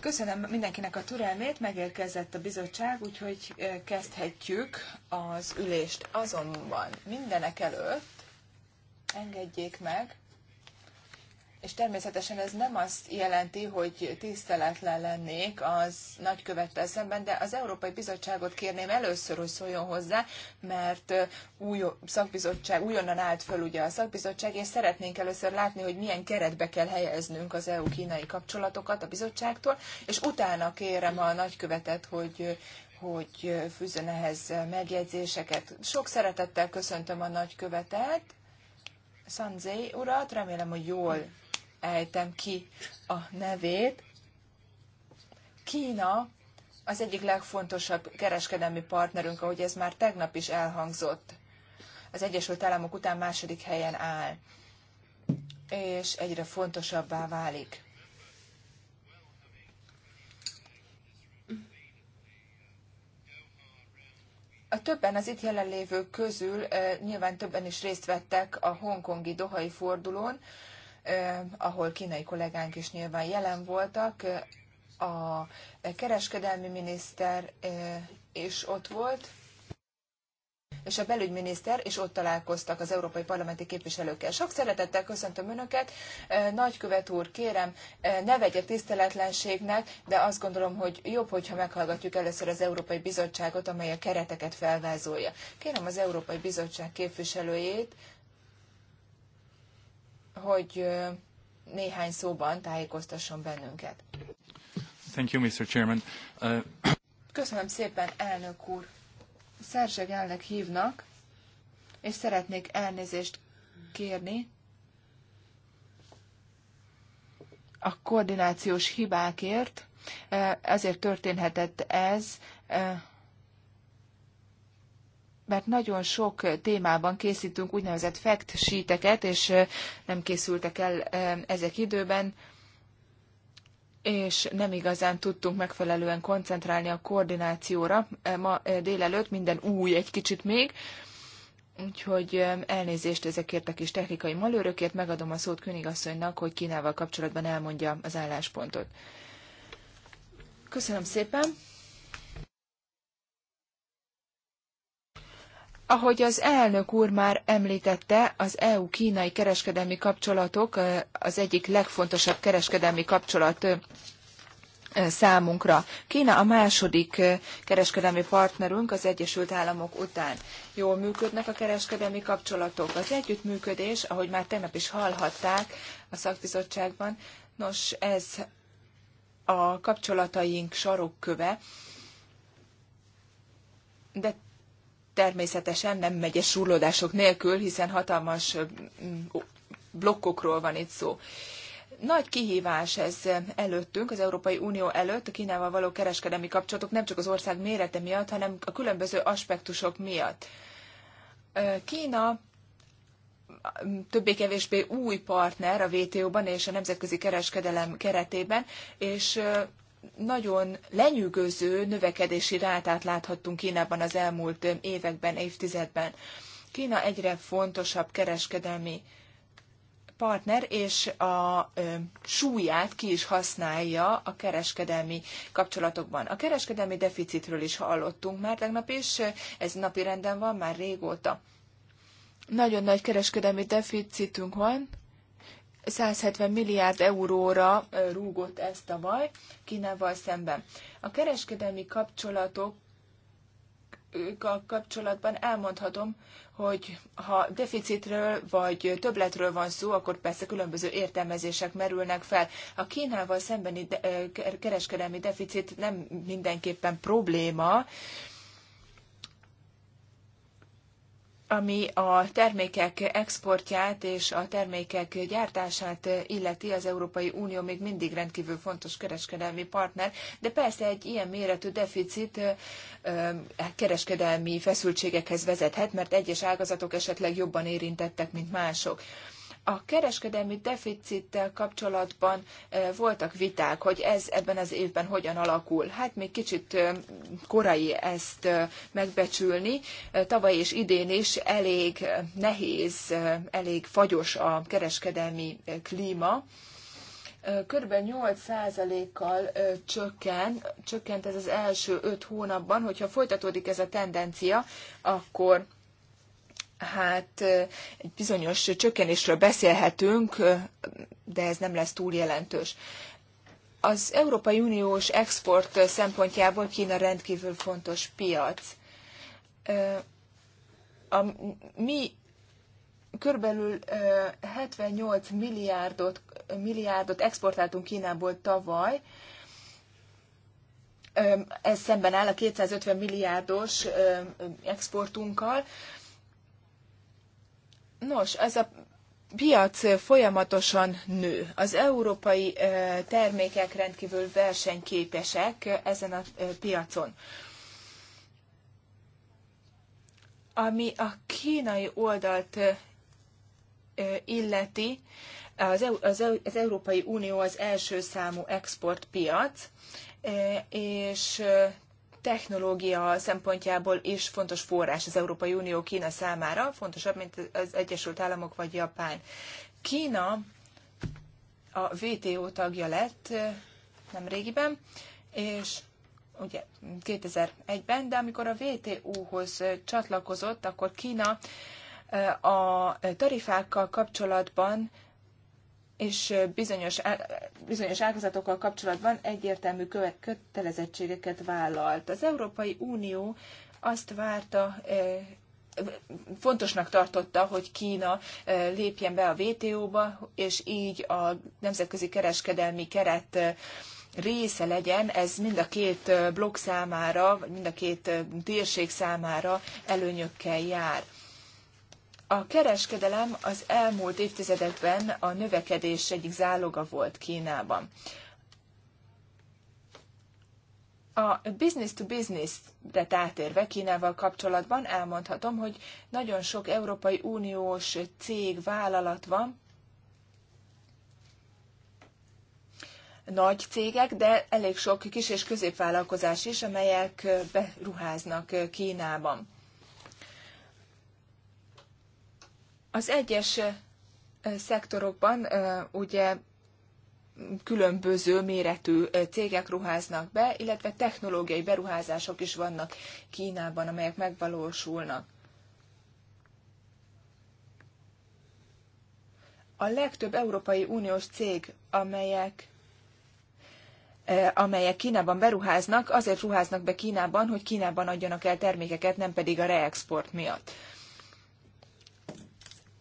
[SPEAKER 2] Köszönöm mindenkinek a türelmét, megérkezett a bizottság, úgyhogy uh, kezdhetjük az ülést. Azonban mindenek előtt engedjék meg, és természetesen ez nem azt jelenti, hogy tiszteletlen lennék az nagykövettel szemben, de az Európai Bizottságot kérném először, hogy szóljon hozzá, mert új szakbizottság, újonnan állt föl ugye a szakbizottság, és szeretnénk először látni, hogy milyen keretbe kell helyeznünk az EU-kínai kapcsolatokat a bizottságtól, és utána kérem a nagykövetet, hogy hogy fűzön ehhez megjegyzéseket. Sok szeretettel köszöntöm a nagykövetet, Sanzé urat, remélem, hogy jól ejtem ki a nevét. Kína az egyik legfontosabb kereskedelmi partnerünk, ahogy ez már tegnap is elhangzott. Az Egyesült Államok után második helyen áll, és egyre fontosabbá válik. A többen az itt jelenlévők közül eh, nyilván többen is részt vettek a hongkongi dohai fordulón, Eh, ahol kínai kollégánk is nyilván jelen voltak. Eh, a kereskedelmi miniszter eh, is ott volt, és a belügyminiszter, és ott találkoztak az európai parlamenti képviselőkkel. Sok szeretettel köszöntöm Önöket. Nagykövet úr, kérem, ne vegye tiszteletlenségnek, de azt gondolom, hogy jobb, hogyha meghallgatjuk először az Európai Bizottságot, amely a kereteket felvázolja. Kérem az Európai Bizottság képviselőjét, hogy néhány szóban tájékoztasson bennünket. Thank you, Mr. Chairman. Uh... Köszönöm szépen, elnök úr. Szerzseg elnök hívnak, és szeretnék elnézést kérni a koordinációs hibákért. Ezért történhetett ez, mert nagyon sok témában készítünk úgynevezett fact sheeteket, és nem készültek el ezek időben, és nem igazán tudtunk megfelelően koncentrálni a koordinációra. Ma délelőtt minden új egy kicsit még, úgyhogy elnézést ezekért a kis technikai malőrökért, megadom a szót Königasszonynak, hogy Kínával kapcsolatban elmondja az álláspontot. Köszönöm szépen! Ahogy az elnök úr már említette, az EU-kínai kereskedelmi kapcsolatok az egyik legfontosabb kereskedelmi kapcsolat számunkra. Kína a második kereskedelmi partnerünk az Egyesült Államok után. Jól működnek a kereskedelmi kapcsolatok. Az együttműködés, ahogy már tegnap is hallhatták a szakbizottságban, nos, ez a kapcsolataink sarokköve, de természetesen nem megy ez súrlódások nélkül, hiszen hatalmas blokkokról van itt szó. Nagy kihívás ez előttünk, az Európai Unió előtt, a Kínával való kereskedelmi kapcsolatok nem csak az ország mérete miatt, hanem a különböző aspektusok miatt. Kína többé-kevésbé új partner a WTO-ban és a nemzetközi kereskedelem keretében, és nagyon lenyűgöző növekedési rátát láthattunk Kínában az elmúlt években, évtizedben. Kína egyre fontosabb kereskedelmi partner, és a ö, súlyát ki is használja a kereskedelmi kapcsolatokban. A kereskedelmi deficitről is hallottunk már tegnap, és ez napi renden van már régóta. Nagyon nagy kereskedelmi deficitünk van, 170 milliárd euróra rúgott a vaj Kínával szemben. A kereskedelmi kapcsolatok a kapcsolatban elmondhatom, hogy ha deficitről vagy többletről van szó, akkor persze különböző értelmezések merülnek fel. A Kínával szembeni de- kereskedelmi deficit nem mindenképpen probléma, ami a termékek exportját és a termékek gyártását illeti, az Európai Unió még mindig rendkívül fontos kereskedelmi partner, de persze egy ilyen méretű deficit hát kereskedelmi feszültségekhez vezethet, mert egyes ágazatok esetleg jobban érintettek, mint mások. A kereskedelmi deficittel kapcsolatban e, voltak viták, hogy ez ebben az évben hogyan alakul. Hát még kicsit e, korai ezt e, megbecsülni. Tavaly és idén is elég nehéz, elég fagyos a kereskedelmi klíma kb. 8%-kal csökken, csökkent ez az első 5 hónapban, hogyha folytatódik ez a tendencia, akkor hát egy bizonyos csökkenésről beszélhetünk, de ez nem lesz túl jelentős. Az Európai Uniós export szempontjából Kína rendkívül fontos piac. A, mi körülbelül 78 milliárdot, milliárdot exportáltunk Kínából tavaly, ez szemben áll a 250 milliárdos exportunkkal, Nos, ez a piac folyamatosan nő. Az európai termékek rendkívül versenyképesek ezen a piacon. Ami a kínai oldalt illeti, az, az, az Európai Unió az első számú exportpiac, és technológia szempontjából is fontos forrás az Európai Unió Kína számára, fontosabb, mint az Egyesült Államok vagy Japán. Kína a WTO tagja lett nem régiben, és ugye 2001-ben, de amikor a WTO-hoz csatlakozott, akkor Kína a tarifákkal kapcsolatban és bizonyos, bizonyos ágazatokkal kapcsolatban egyértelmű kötelezettségeket vállalt. Az Európai Unió azt várta, fontosnak tartotta, hogy Kína lépjen be a WTO-ba, és így a nemzetközi kereskedelmi keret része legyen, ez mind a két blokk számára, vagy mind a két térség számára előnyökkel jár. A kereskedelem az elmúlt évtizedekben a növekedés egyik záloga volt Kínában. A business to business de átérve Kínával kapcsolatban elmondhatom, hogy nagyon sok Európai Uniós cég, vállalat van, nagy cégek, de elég sok kis és középvállalkozás is, amelyek beruháznak Kínában. Az egyes szektorokban ugye különböző méretű cégek ruháznak be, illetve technológiai beruházások is vannak Kínában, amelyek megvalósulnak. A legtöbb Európai Uniós cég, amelyek amelyek Kínában beruháznak, azért ruháznak be Kínában, hogy Kínában adjanak el termékeket, nem pedig a reexport miatt.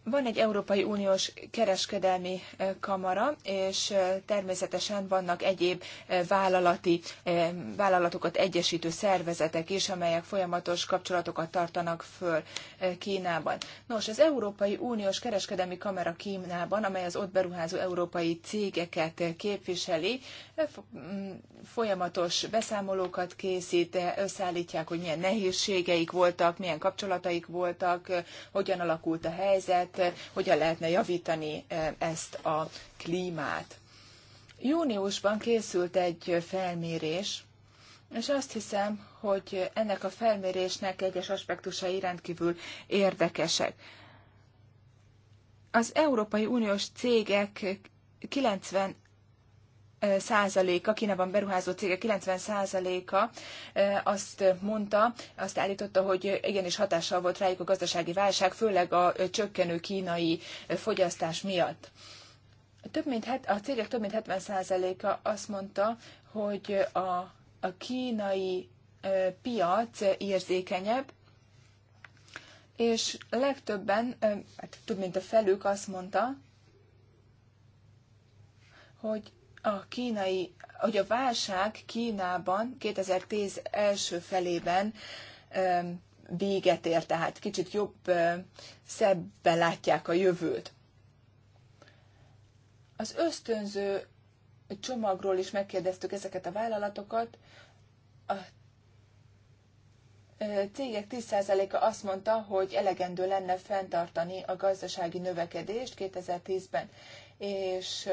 [SPEAKER 2] Van egy Európai Uniós kereskedelmi kamara, és természetesen vannak egyéb vállalati, vállalatokat egyesítő szervezetek is, amelyek folyamatos kapcsolatokat tartanak föl Kínában. Nos, az Európai Uniós kereskedelmi kamera Kínában, amely az ott beruházó európai cégeket képviseli, mm, folyamatos beszámolókat készít, összeállítják, hogy milyen nehézségeik voltak, milyen kapcsolataik voltak, hogyan alakult a helyzet, lehet, hogyan lehetne javítani eh, ezt a klímát. Júniusban készült egy felmérés, és azt hiszem, hogy ennek a felmérésnek egyes aspektusai rendkívül érdekesek. Az Európai Uniós cégek 90 százaléka, Kínában beruházó cégek 90 százaléka azt mondta, azt állította, hogy igenis hatással volt rájuk a gazdasági válság, főleg a csökkenő kínai fogyasztás miatt. Több mint het, a cégek több mint 70 százaléka azt mondta, hogy a, a kínai piac érzékenyebb, és legtöbben, hát több mint a felük azt mondta, hogy a kínai, hogy a válság Kínában 2010 első felében véget ér, tehát kicsit jobb, szebben látják a jövőt. Az ösztönző csomagról is megkérdeztük ezeket a vállalatokat. A cégek 10%-a azt mondta, hogy elegendő lenne fenntartani a gazdasági növekedést 2010-ben, és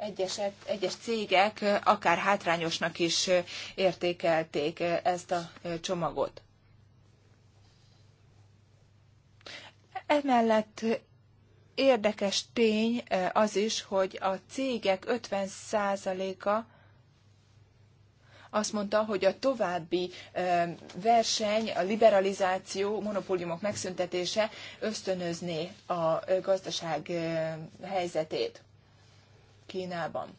[SPEAKER 2] egyes, egyes cégek akár hátrányosnak is értékelték ezt a csomagot. Emellett érdekes tény az is, hogy a cégek 50%-a azt mondta, hogy a további verseny, a liberalizáció, monopóliumok megszüntetése ösztönözné a gazdaság helyzetét. Kínában.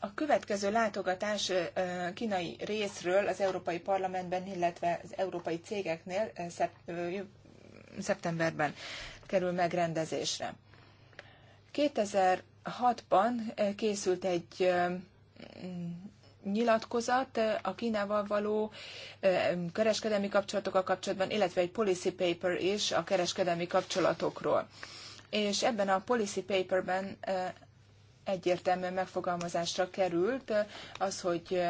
[SPEAKER 2] A következő látogatás kínai részről az Európai Parlamentben, illetve az európai cégeknél szeptemberben kerül megrendezésre. 2006-ban készült egy nyilatkozat eh, a Kínával való eh, kereskedelmi kapcsolatokkal kapcsolatban, illetve egy policy paper is a kereskedelmi kapcsolatokról. És ebben a policy paperben eh, egyértelműen megfogalmazásra került az, hogy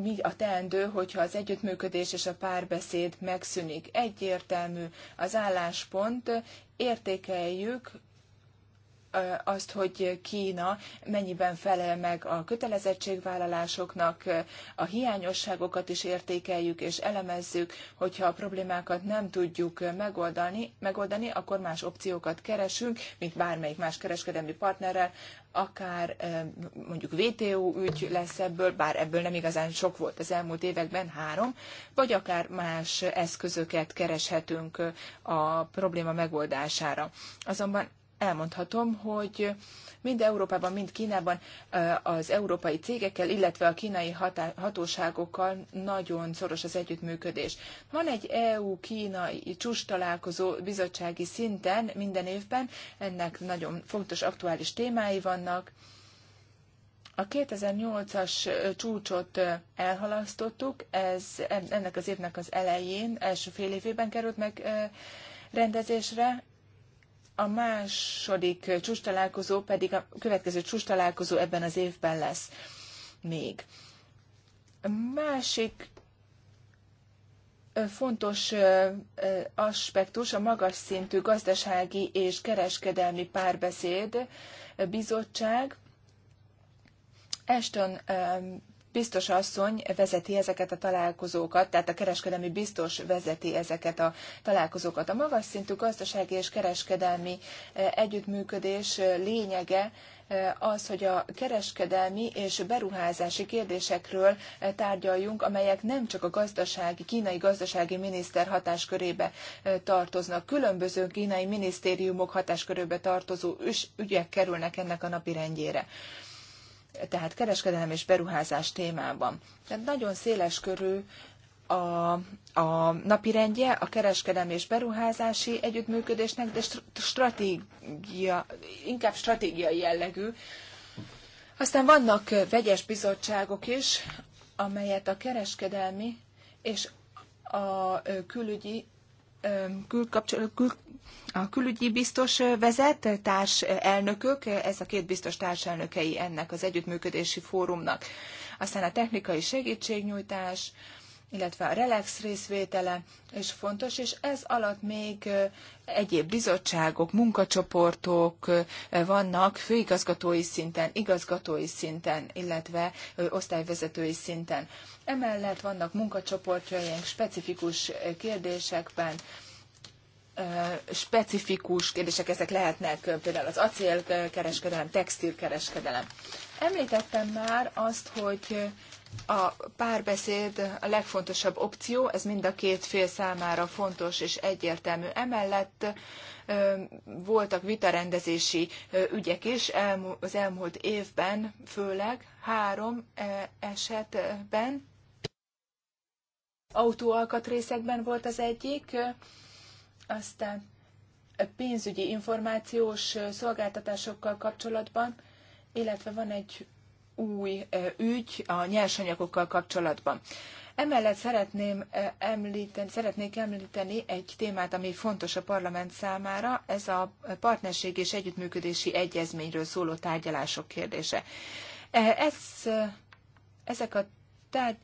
[SPEAKER 2] mi a teendő, hogyha az együttműködés és a párbeszéd megszűnik. Egyértelmű az álláspont, értékeljük azt, hogy Kína mennyiben felel meg a kötelezettségvállalásoknak, a hiányosságokat is értékeljük és elemezzük, hogyha a problémákat nem tudjuk megoldani, megoldani akkor más opciókat keresünk, mint bármelyik más kereskedelmi partnerrel, akár mondjuk WTO ügy lesz ebből, bár ebből nem igazán sok volt az elmúlt években, három, vagy akár más eszközöket kereshetünk a probléma megoldására. Azonban elmondhatom, hogy mind Európában, mind Kínában az európai cégekkel, illetve a kínai hatóságokkal nagyon szoros az együttműködés. Van egy EU-kínai csúcs találkozó bizottsági szinten minden évben, ennek nagyon fontos aktuális témái vannak. A 2008-as csúcsot elhalasztottuk, ez ennek az évnek az elején, első fél évében került meg rendezésre, a második csústalálkozó pedig a következő csústalálkozó ebben az évben lesz még. A másik fontos aspektus a magas szintű gazdasági és kereskedelmi párbeszéd bizottság. Ashton biztos asszony vezeti ezeket a találkozókat, tehát a kereskedelmi biztos vezeti ezeket a találkozókat. A magas szintű gazdasági és kereskedelmi eh, együttműködés eh, lényege eh, az, hogy a kereskedelmi és beruházási kérdésekről tárgyaljunk, amelyek nem csak a gazdasági, kínai gazdasági miniszter hatáskörébe tartoznak. Különböző kínai minisztériumok hatáskörébe tartozó ügyek kerülnek ennek a napirendjére. rendjére tehát kereskedelem és beruházás témában. Tehát nagyon széles körű a, a napirendje a kereskedelmi és beruházási együttműködésnek, de stratégia, inkább stratégiai jellegű. Aztán vannak vegyes bizottságok is, amelyet a kereskedelmi és a külügyi kül- a külügyi biztos vezet, társ elnökök, ez a két biztos társelnökei ennek az együttműködési fórumnak. Aztán a technikai segítségnyújtás, illetve a relax részvétele is fontos, és ez alatt még egyéb bizottságok, munkacsoportok vannak főigazgatói szinten, igazgatói szinten, illetve osztályvezetői szinten. Emellett vannak munkacsoportjaink specifikus kérdésekben, specifikus kérdések, ezek lehetnek például az acélkereskedelem, textilkereskedelem. Említettem már azt, hogy a párbeszéd a legfontosabb opció, ez mind a két fél számára fontos és egyértelmű. Emellett voltak vitarendezési ügyek is az elmúlt évben, főleg három esetben. Autóalkatrészekben volt az egyik, aztán pénzügyi információs szolgáltatásokkal kapcsolatban, illetve van egy új ügy a nyersanyagokkal kapcsolatban. Emellett szeretném említeni, szeretnék említeni egy témát, ami fontos a parlament számára, ez a partnerség és együttműködési egyezményről szóló tárgyalások kérdése. Ez, ezek a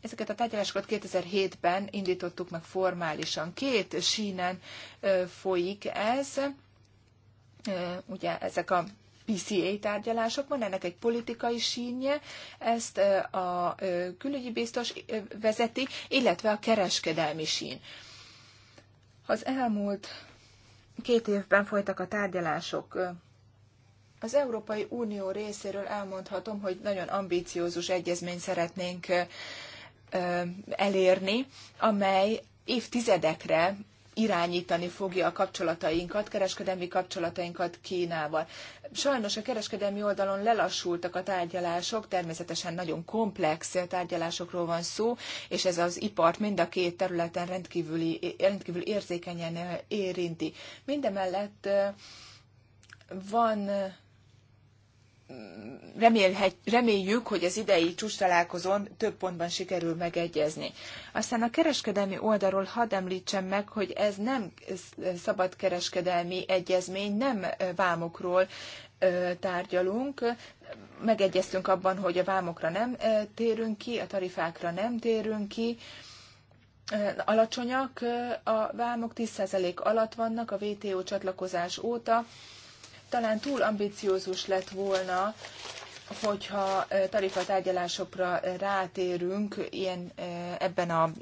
[SPEAKER 2] ezeket a tárgyalásokat 2007-ben indítottuk meg formálisan. Két sínen folyik ez, ugye ezek a PCA tárgyalásokban, ennek egy politikai sínje, ezt a külügyi biztos vezeti, illetve a kereskedelmi sín. Az elmúlt két évben folytak a tárgyalások. Az Európai Unió részéről elmondhatom, hogy nagyon ambíciózus egyezményt szeretnénk elérni, amely évtizedekre irányítani fogja a kapcsolatainkat, kereskedelmi kapcsolatainkat Kínával. Sajnos a kereskedelmi oldalon lelassultak a tárgyalások, természetesen nagyon komplex tárgyalásokról van szó, és ez az ipart mind a két területen rendkívüli, rendkívül érzékenyen érinti. Mindemellett van reméljük, hogy az idei csúcstalálkozón több pontban sikerül megegyezni. Aztán a kereskedelmi oldalról hadd említsem meg, hogy ez nem szabadkereskedelmi egyezmény, nem vámokról tárgyalunk. Megegyeztünk abban, hogy a vámokra nem térünk ki, a tarifákra nem térünk ki. Alacsonyak a vámok, 10% alatt vannak a WTO csatlakozás óta talán túl ambiciózus lett volna, hogyha tarifatárgyalásokra rátérünk ilyen, ebben a,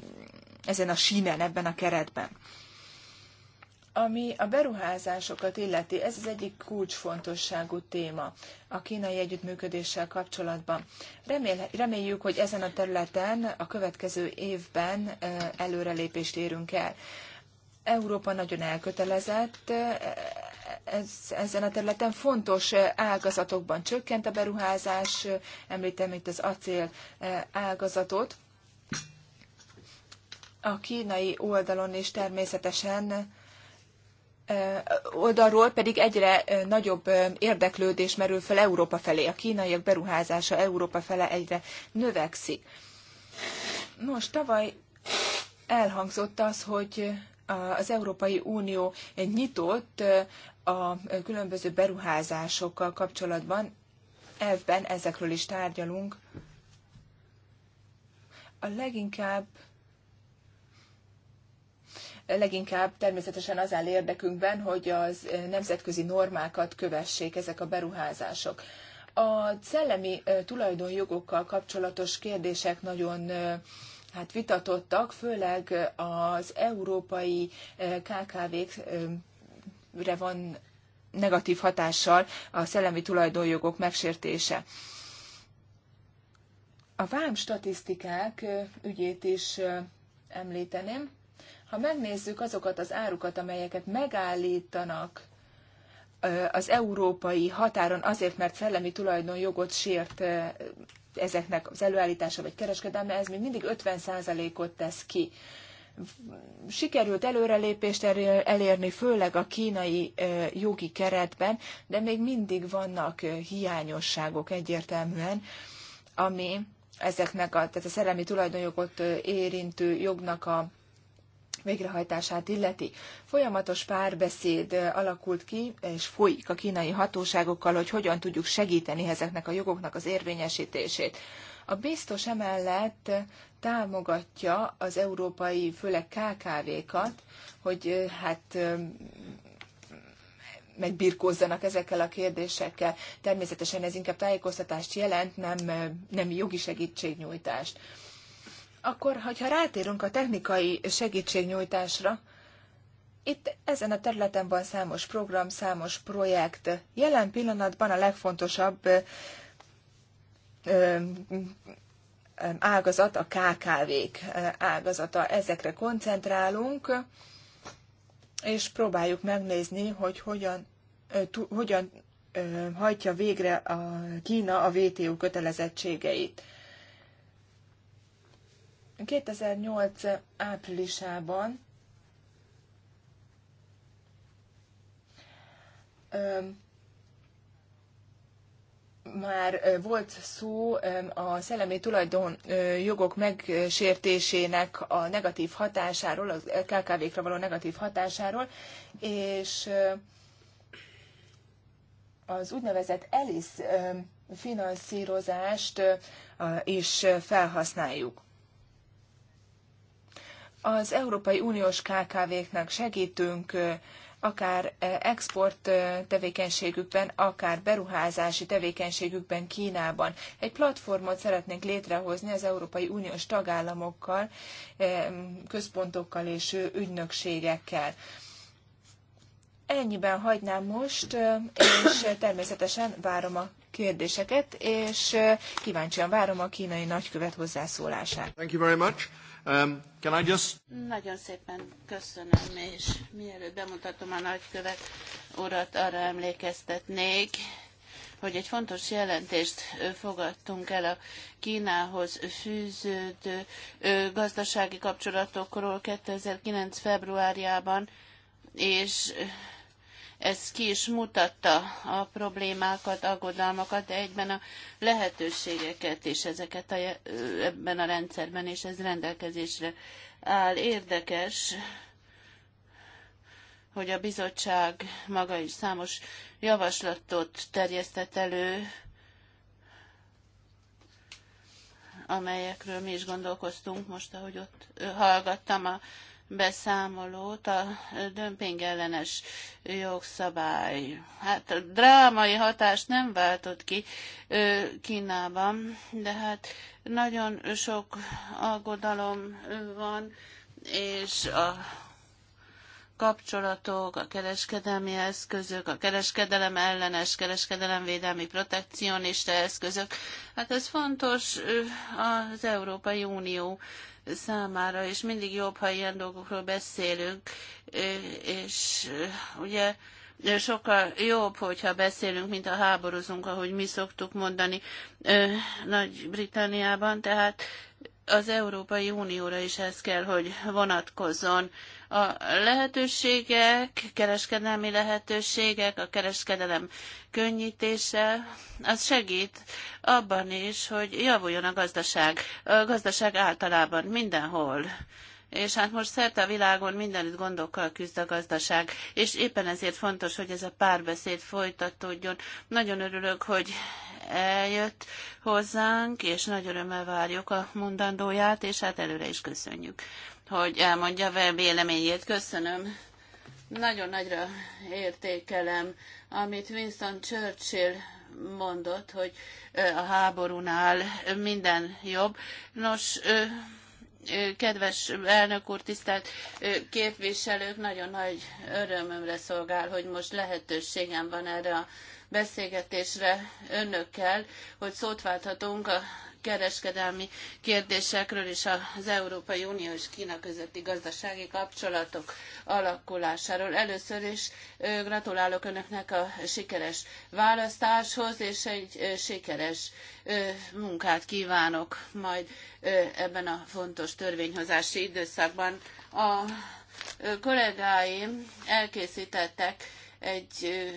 [SPEAKER 2] ezen a sínen, ebben a keretben. Ami a beruházásokat illeti, ez az egyik kulcsfontosságú téma a kínai együttműködéssel kapcsolatban. Remél, reméljük, hogy ezen a területen a következő évben előrelépést érünk el. Európa nagyon elkötelezett, e, ez, ezen a területen fontos ágazatokban csökkent a beruházás, említem itt az acél e, ágazatot. A kínai oldalon is természetesen e, oldalról pedig egyre nagyobb érdeklődés merül fel Európa felé. A kínaiak beruházása Európa fele egyre növekszik. Most tavaly elhangzott az, hogy az Európai Unió nyitott a különböző beruházásokkal kapcsolatban. Elvben ezekről is tárgyalunk. A leginkább leginkább természetesen az áll érdekünkben, hogy az nemzetközi normákat kövessék ezek a beruházások. A szellemi tulajdonjogokkal kapcsolatos kérdések nagyon hát vitatottak, főleg az európai eh, KKV-kre eh, van negatív hatással a szellemi tulajdonjogok megsértése. A vám statisztikák eh, ügyét is említeném. Ha megnézzük azokat az árukat, amelyeket megállítanak az európai határon azért, mert szellemi tulajdonjogot sért ezeknek az előállítása vagy kereskedelme, ez még mindig 50%-ot tesz ki. Sikerült előrelépést elérni, főleg a kínai jogi keretben, de még mindig vannak hiányosságok egyértelműen, ami ezeknek a, tehát a szellemi tulajdonjogot érintő jognak a végrehajtását illeti. Folyamatos párbeszéd alakult ki, és folyik a kínai hatóságokkal, hogy hogyan tudjuk segíteni ezeknek a jogoknak az érvényesítését. A biztos emellett támogatja az európai, főleg KKV-kat, hogy hát megbirkózzanak ezekkel a kérdésekkel. Természetesen ez inkább tájékoztatást jelent, nem, nem jogi segítségnyújtást. Akkor, hogyha rátérünk a technikai segítségnyújtásra, itt ezen a területen van számos program, számos projekt. Jelen pillanatban a legfontosabb ágazat a KKV-k ágazata. Ezekre koncentrálunk, és próbáljuk megnézni, hogy hogyan, hogyan hajtja végre a Kína a WTO kötelezettségeit. 2008 áprilisában már volt szó a szellemi tulajdon jogok megsértésének a negatív hatásáról, a KKV-kra való negatív hatásáról, és az úgynevezett ELIS finanszírozást is felhasználjuk az Európai Uniós KKV-knak segítünk, akár export tevékenységükben, akár beruházási tevékenységükben Kínában. Egy platformot szeretnénk létrehozni az Európai Uniós tagállamokkal, központokkal és ügynökségekkel. Ennyiben hagynám most, és természetesen várom a kérdéseket, és kíváncsian várom a kínai nagykövet hozzászólását. Thank you very much. Um, can
[SPEAKER 3] I just... Nagyon szépen köszönöm, és mielőtt bemutatom a nagykövet urat, arra emlékeztetnék, hogy egy fontos jelentést fogadtunk el a Kínához fűződő gazdasági kapcsolatokról 2009. februárjában, és ez ki is mutatta a problémákat, aggodalmakat, de egyben a lehetőségeket is ezeket a, ebben a rendszerben, és ez rendelkezésre áll. Érdekes, hogy a bizottság maga is számos javaslatot terjesztett elő, amelyekről mi is gondolkoztunk most, ahogy ott hallgattam a beszámolót a dömping ellenes jogszabály. Hát a drámai hatást nem váltott ki Kínában, de hát nagyon sok aggodalom van, és a kapcsolatok, a kereskedelmi eszközök, a kereskedelem ellenes, kereskedelemvédelmi protekcionista eszközök. Hát ez fontos az Európai Unió számára, és mindig jobb, ha ilyen dolgokról beszélünk, és ugye sokkal jobb, hogyha beszélünk, mint a háborúzunk, ahogy mi szoktuk mondani Nagy-Britanniában, tehát az Európai Unióra is ez kell, hogy vonatkozzon a lehetőségek, kereskedelmi lehetőségek, a kereskedelem könnyítése, az segít abban is, hogy javuljon a gazdaság. A gazdaság általában mindenhol és hát most szerte a világon mindenütt gondokkal küzd a gazdaság, és éppen ezért fontos, hogy ez a párbeszéd folytatódjon. Nagyon örülök, hogy eljött hozzánk, és nagy örömmel várjuk a mondandóját, és hát előre is köszönjük hogy elmondja véleményét. Köszönöm. Nagyon nagyra értékelem, amit Winston Churchill mondott, hogy a háborúnál minden jobb. Nos, kedves elnök úr, tisztelt képviselők, nagyon nagy örömömre szolgál, hogy most lehetőségem van erre a beszélgetésre önökkel, hogy szót válthatunk a kereskedelmi kérdésekről és az Európai Unió és Kína közötti gazdasági kapcsolatok alakulásáról. Először is gratulálok Önöknek a sikeres választáshoz, és egy sikeres munkát kívánok majd ebben a fontos törvényhozási időszakban. A kollégáim elkészítettek egy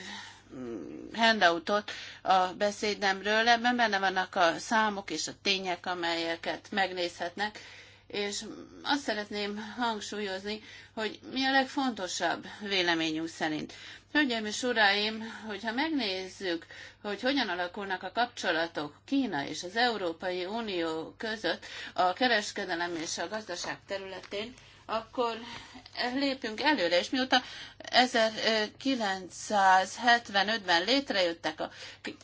[SPEAKER 3] handoutot a beszédemről, ebben benne vannak a számok és a tények, amelyeket megnézhetnek, és azt szeretném hangsúlyozni, hogy mi a legfontosabb véleményünk szerint. Hölgyeim és uraim, hogyha megnézzük, hogy hogyan alakulnak a kapcsolatok Kína és az Európai Unió között a kereskedelem és a gazdaság területén, akkor lépjünk előre, és mióta 1975-ben létrejöttek a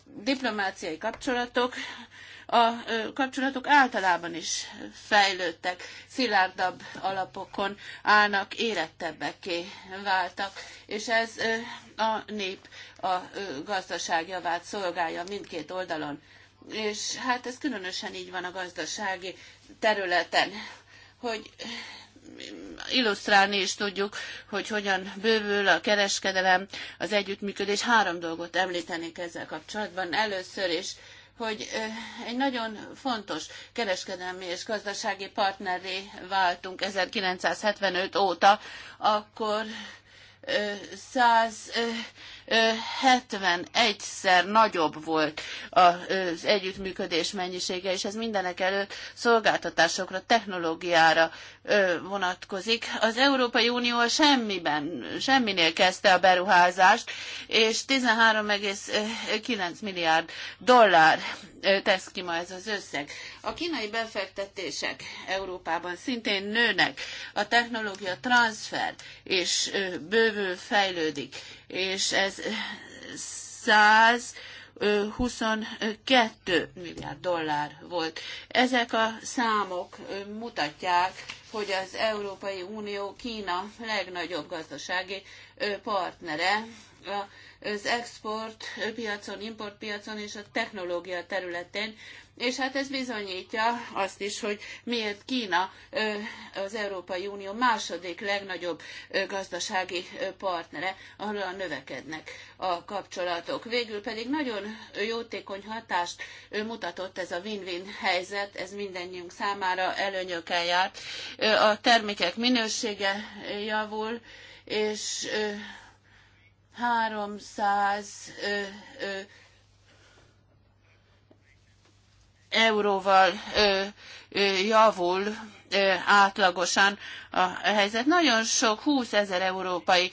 [SPEAKER 3] diplomáciai kapcsolatok, a kapcsolatok általában is fejlődtek, szilárdabb alapokon állnak, érettebbeké váltak, és ez a nép a gazdaság javát szolgálja mindkét oldalon. És hát ez különösen így van a gazdasági területen, hogy illusztrálni is tudjuk, hogy hogyan bővül a kereskedelem, az együttműködés. Három dolgot említenék ezzel kapcsolatban. Először is hogy egy nagyon fontos kereskedelmi és gazdasági partnerré váltunk 1975 óta, akkor 100 71-szer nagyobb volt az együttműködés mennyisége, és ez mindenek előtt szolgáltatásokra, technológiára vonatkozik. Az Európai Unió semmiben, semminél kezdte a beruházást, és 13,9 milliárd dollár tesz ki ma ez az összeg. A kínai befektetések Európában szintén nőnek, a technológia transfer és bővül fejlődik és ez 122 milliárd dollár volt. Ezek a számok mutatják, hogy az Európai Unió Kína legnagyobb gazdasági partnere az export piacon, import piacon és a technológia területén és hát ez bizonyítja azt is, hogy miért Kína az Európai Unió második legnagyobb gazdasági partnere, ahol növekednek a kapcsolatok. Végül pedig nagyon jótékony hatást mutatott ez a win-win helyzet, ez mindennyiunk számára előnyökkel jár. A termékek minősége javul, és 300 euróval javul átlagosan a helyzet. Nagyon sok 20 ezer európai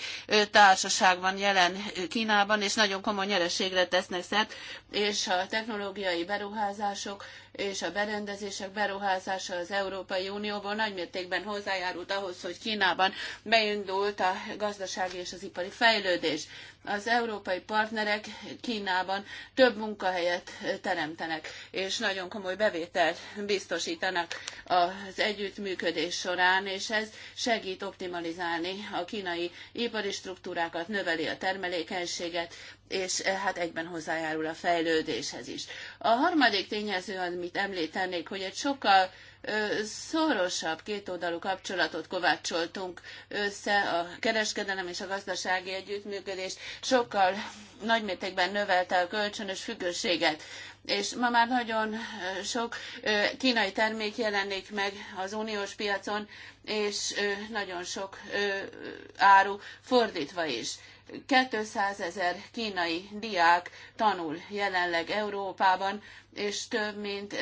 [SPEAKER 3] társaság van jelen Kínában, és nagyon komoly nyereségre tesznek szert, és a technológiai beruházások és a berendezések beruházása az Európai Unióból nagymértékben hozzájárult ahhoz, hogy Kínában beindult a gazdasági és az ipari fejlődés. Az európai partnerek Kínában több munkahelyet teremtenek, és nagyon komoly bevételt biztosítanak az együttműködés során, és ez segít optimalizálni a kínai ipari struktúrákat, növeli a termelékenységet, és eh, hát egyben hozzájárul a fejlődéshez is. A harmadik tényező, amit említenék, hogy egy sokkal szorosabb kétoldalú kapcsolatot kovácsoltunk össze, a kereskedelem és a gazdasági együttműködés sokkal nagymértékben növelte a kölcsönös függőséget és ma már nagyon sok kínai termék jelenik meg az uniós piacon, és nagyon sok áru fordítva is. 200 ezer kínai diák tanul jelenleg Európában, és több mint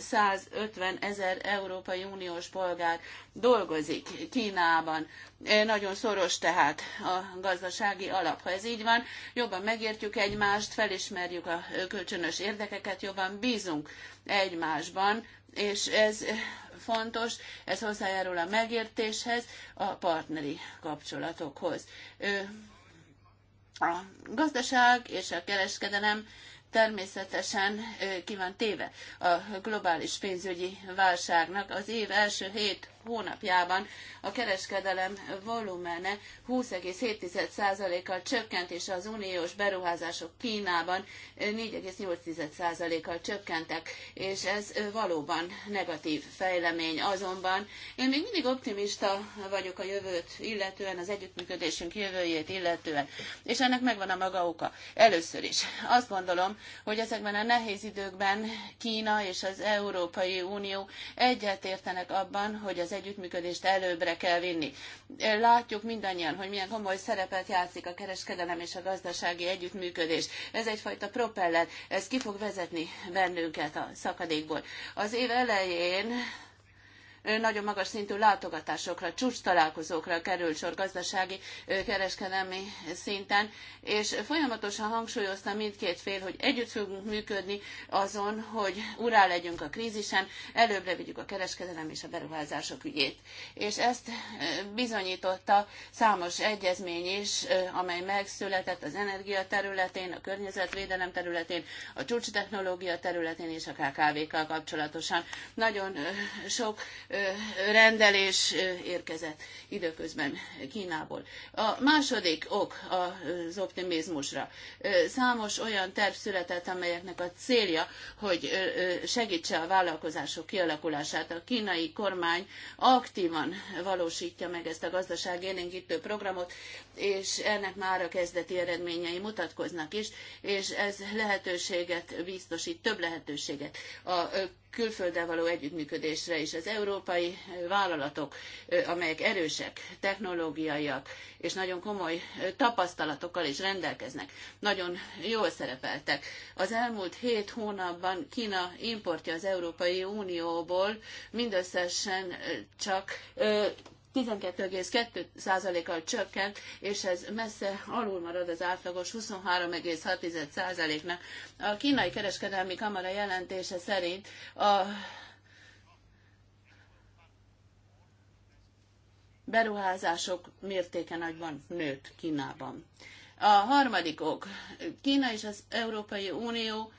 [SPEAKER 3] 150 eh, ezer Európai Uniós polgár dolgozik Kínában. Eh, nagyon szoros tehát a gazdasági alap. Ha ez így van, jobban megértjük egymást, felismerjük a eh, kölcsönös érdekeket, jobban bízunk egymásban, és ez fontos, ez hozzájárul a megértéshez, a partneri kapcsolatokhoz. A gazdaság és a kereskedelem természetesen ki van téve a globális pénzügyi válságnak. Az év első hét hónapjában a kereskedelem volumene 20,7%-kal csökkent, és az uniós beruházások Kínában 4,8%-kal csökkentek, és ez valóban negatív fejlemény. Azonban én még mindig optimista vagyok a jövőt illetően, az együttműködésünk jövőjét illetően, és ennek megvan a maga oka. Először is azt gondolom, hogy ezekben a nehéz időkben Kína és az Európai Unió egyetértenek abban, hogy az az együttműködést előbbre kell vinni. Látjuk mindannyian, hogy milyen komoly szerepet játszik a kereskedelem és a gazdasági együttműködés. Ez egyfajta propeller, ez ki fog vezetni bennünket a szakadékból. Az év elején nagyon magas szintű látogatásokra, csúcs találkozókra került sor gazdasági kereskedelmi szinten, és folyamatosan hangsúlyozta mindkét fél, hogy együtt fogunk működni azon, hogy urá legyünk a krízisen, előbbre vigyük a kereskedelem és a beruházások ügyét. És ezt bizonyította számos egyezmény is, amely megszületett az energia területén, a környezetvédelem területén, a csúcs technológia területén és a KKV-kkal kapcsolatosan. Nagyon sok rendelés érkezett időközben Kínából. A második ok az optimizmusra. Számos olyan terv született, amelyeknek a célja, hogy segítse a vállalkozások kialakulását. A kínai kormány aktívan valósítja meg ezt a gazdaságélénkítő programot, és ennek már a kezdeti eredményei mutatkoznak is, és ez lehetőséget biztosít, több lehetőséget a külfölddel való együttműködésre is. Az európai vállalatok, amelyek erősek, technológiaiak és nagyon komoly tapasztalatokkal is rendelkeznek, nagyon jól szerepeltek. Az elmúlt hét hónapban Kína importja az Európai Unióból mindösszesen csak 12,2%-kal csökkent, és ez messze alul marad az átlagos 23,6%-nak. A kínai kereskedelmi kamara jelentése szerint a beruházások mértéke nagyban nőtt Kínában. A harmadik ok, Kína és az Európai Unió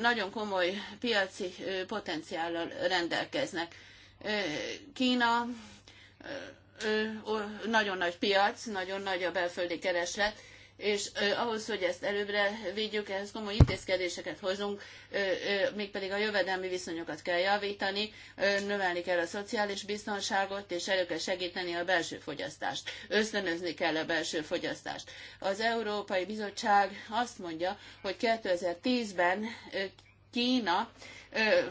[SPEAKER 3] nagyon komoly piaci potenciállal rendelkeznek. Kína nagyon nagy piac, nagyon nagy a belföldi kereslet, és ahhoz, hogy ezt előbbre vigyük, ehhez komoly intézkedéseket hozunk, mégpedig a jövedelmi viszonyokat kell javítani, növelni kell a szociális biztonságot, és elő kell segíteni a belső fogyasztást. Ösztönözni kell a belső fogyasztást. Az Európai Bizottság azt mondja, hogy 2010-ben Kína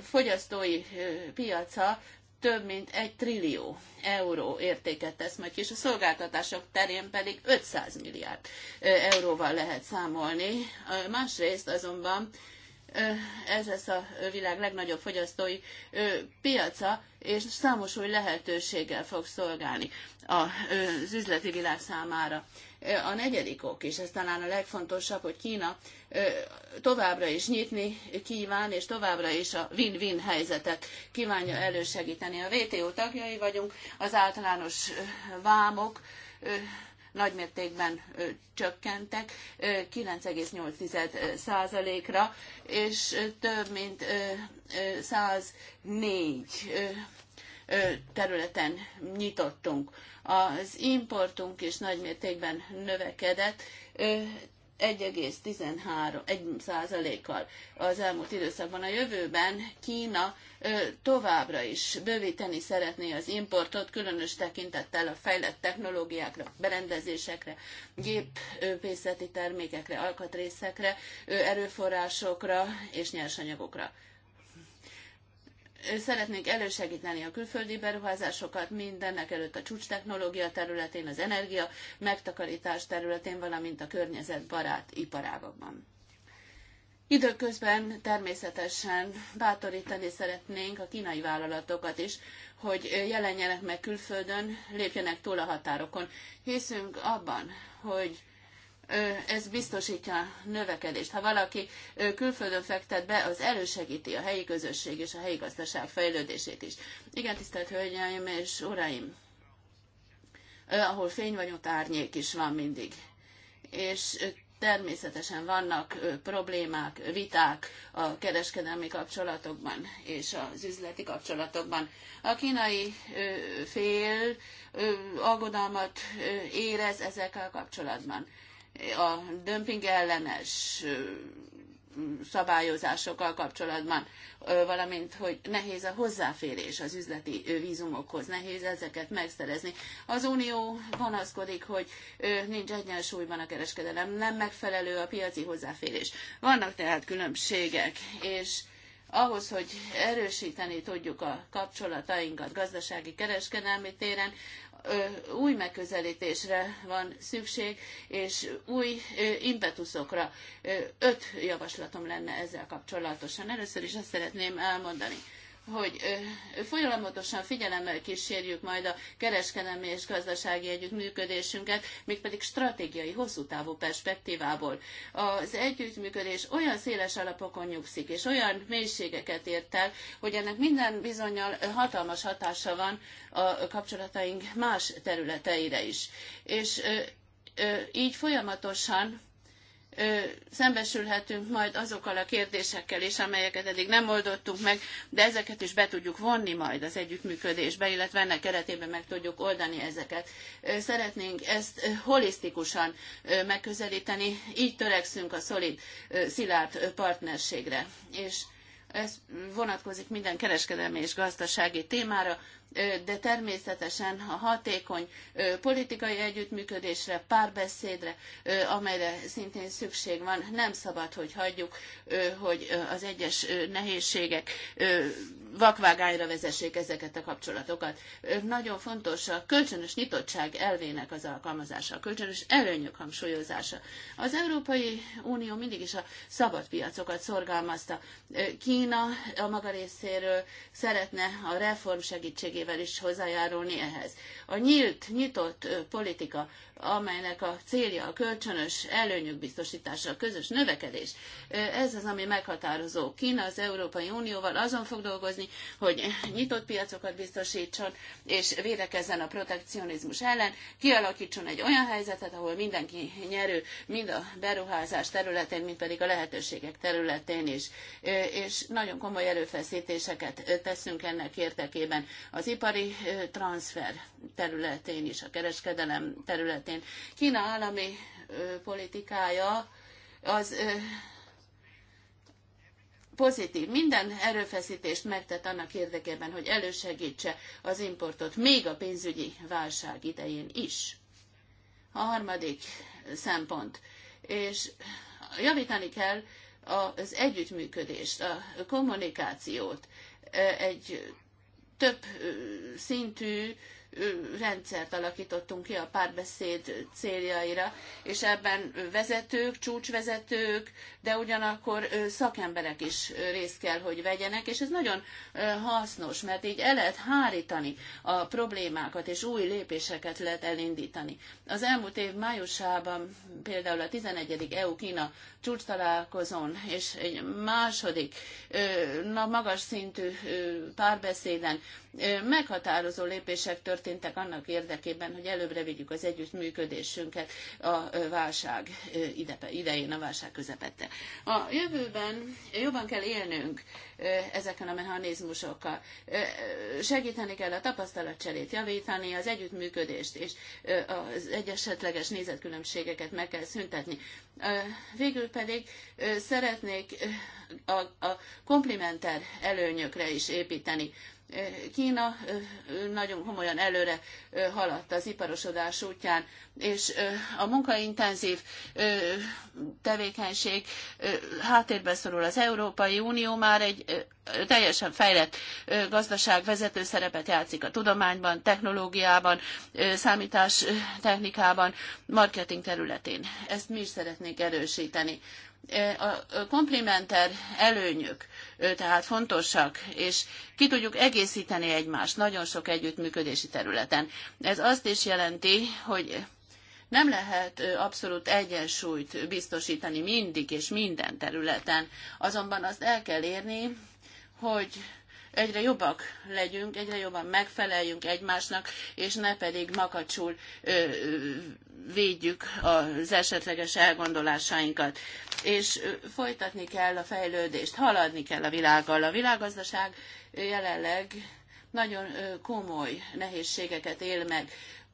[SPEAKER 3] fogyasztói piaca több mint egy trillió euró értéket tesz meg, és a szolgáltatások terén pedig 500 milliárd euróval lehet számolni. Másrészt azonban ez lesz a világ legnagyobb fogyasztói piaca, és számos új lehetőséggel fog szolgálni az üzleti világ számára a negyedik ok, és ez talán a legfontosabb, hogy Kína továbbra is nyitni kíván, és továbbra is a win-win helyzetet kívánja elősegíteni. A WTO tagjai vagyunk, az általános vámok nagymértékben csökkentek 9,8%-ra, és több mint 104 területen nyitottunk. Az importunk is nagymértékben növekedett, 1,13%-kal az elmúlt időszakban. A jövőben Kína továbbra is bővíteni szeretné az importot, különös tekintettel a fejlett technológiákra, berendezésekre, gépészeti termékekre, alkatrészekre, erőforrásokra és nyersanyagokra szeretnénk elősegíteni a külföldi beruházásokat mindennek előtt a csúcstechnológia területén, az energia megtakarítás területén, valamint a környezetbarát iparágakban. Időközben természetesen bátorítani szeretnénk a kínai vállalatokat is, hogy jelenjenek meg külföldön, lépjenek túl a határokon. Hiszünk abban, hogy ez biztosítja a növekedést. Ha valaki külföldön fektet be, az elősegíti a helyi közösség és a helyi gazdaság fejlődését is. Igen, tisztelt Hölgyeim és Uraim! Ahol fény vagy, ott árnyék is van mindig. És természetesen vannak problémák, viták a kereskedelmi kapcsolatokban és az üzleti kapcsolatokban. A kínai fél aggodalmat érez ezekkel kapcsolatban a dömping ellenes szabályozásokkal kapcsolatban, valamint, hogy nehéz a hozzáférés az üzleti vízumokhoz, nehéz ezeket megszerezni. Az Unió vonaszkodik, hogy nincs egyensúlyban a kereskedelem, nem megfelelő a piaci hozzáférés. Vannak tehát különbségek, és ahhoz, hogy erősíteni tudjuk a kapcsolatainkat gazdasági kereskedelmi téren, új megközelítésre van szükség, és új impetuszokra. Öt javaslatom lenne ezzel kapcsolatosan. Először is azt szeretném elmondani, hogy folyamatosan figyelemmel kísérjük majd a kereskedelmi és gazdasági együttműködésünket, mégpedig stratégiai, hosszú távú perspektívából. Az együttműködés olyan széles alapokon nyugszik, és olyan mélységeket ért el, hogy ennek minden bizonyal hatalmas hatása van a kapcsolataink más területeire is. És így folyamatosan szembesülhetünk majd azokkal a kérdésekkel is, amelyeket eddig nem oldottunk meg, de ezeket is be tudjuk vonni majd az együttműködésbe, illetve ennek keretében meg tudjuk oldani ezeket. Szeretnénk ezt holisztikusan megközelíteni, így törekszünk a szolid, szilárd partnerségre. És ez vonatkozik minden kereskedelmi és gazdasági témára, de természetesen a hatékony politikai együttműködésre, párbeszédre, amelyre szintén szükség van, nem szabad, hogy hagyjuk, hogy az egyes nehézségek vakvágányra vezessék ezeket a kapcsolatokat. Nagyon fontos a kölcsönös nyitottság elvének az alkalmazása, a kölcsönös előnyök hangsúlyozása. Az Európai Unió mindig is a szabad piacokat szorgalmazta. Kína a maga részéről szeretne a reform segítség segítségével is hozzájárulni ehhez. A nyílt, nyitott politika amelynek a célja a kölcsönös előnyök biztosítása, a közös növekedés. Ez az, ami meghatározó. Kína az Európai Unióval azon fog dolgozni, hogy nyitott piacokat biztosítson, és védekezzen a protekcionizmus ellen, kialakítson egy olyan helyzetet, ahol mindenki nyerő, mind a beruházás területén, mind pedig a lehetőségek területén is. És nagyon komoly erőfeszítéseket teszünk ennek érdekében az ipari transfer területén is, a kereskedelem területén történt. Kína állami politikája az pozitív. Minden erőfeszítést megtett annak érdekében, hogy elősegítse az importot, még a pénzügyi válság idején is. A harmadik szempont. És javítani kell az együttműködést, a kommunikációt, egy több szintű rendszert alakítottunk ki a párbeszéd céljaira, és ebben vezetők, csúcsvezetők, de ugyanakkor szakemberek is részt kell, hogy vegyenek, és ez nagyon hasznos, mert így el lehet hárítani a problémákat, és új lépéseket lehet elindítani. Az elmúlt év májusában például a 11. EU-Kína csúcs találkozón és egy második na, magas szintű párbeszéden meghatározó lépések történtek annak érdekében, hogy előbbre vigyük az együttműködésünket a válság idején, a válság közepette. A jövőben jobban kell élnünk ezeken a mechanizmusokkal. Segíteni kell a tapasztalatcserét, javítani az együttműködést, és az egyesetleges nézetkülönbségeket meg kell szüntetni. Végül pedig szeretnék a, a komplimenter előnyökre is építeni Kína nagyon komolyan előre haladt az iparosodás útján, és a munkaintenzív tevékenység háttérbe szorul. Az Európai Unió már egy teljesen fejlett gazdaság vezető szerepet játszik a tudományban, technológiában, számítástechnikában, marketing területén. Ezt mi is szeretnénk erősíteni a komplementer előnyök tehát fontosak, és ki tudjuk egészíteni egymást nagyon sok együttműködési területen. Ez azt is jelenti, hogy nem lehet abszolút egyensúlyt biztosítani mindig és minden területen, azonban azt el kell érni, hogy egyre jobbak legyünk, egyre jobban megfeleljünk egymásnak, és ne pedig makacsul ö, védjük az esetleges elgondolásainkat. És folytatni kell a fejlődést, haladni kell a világgal. A világgazdaság jelenleg nagyon komoly nehézségeket él meg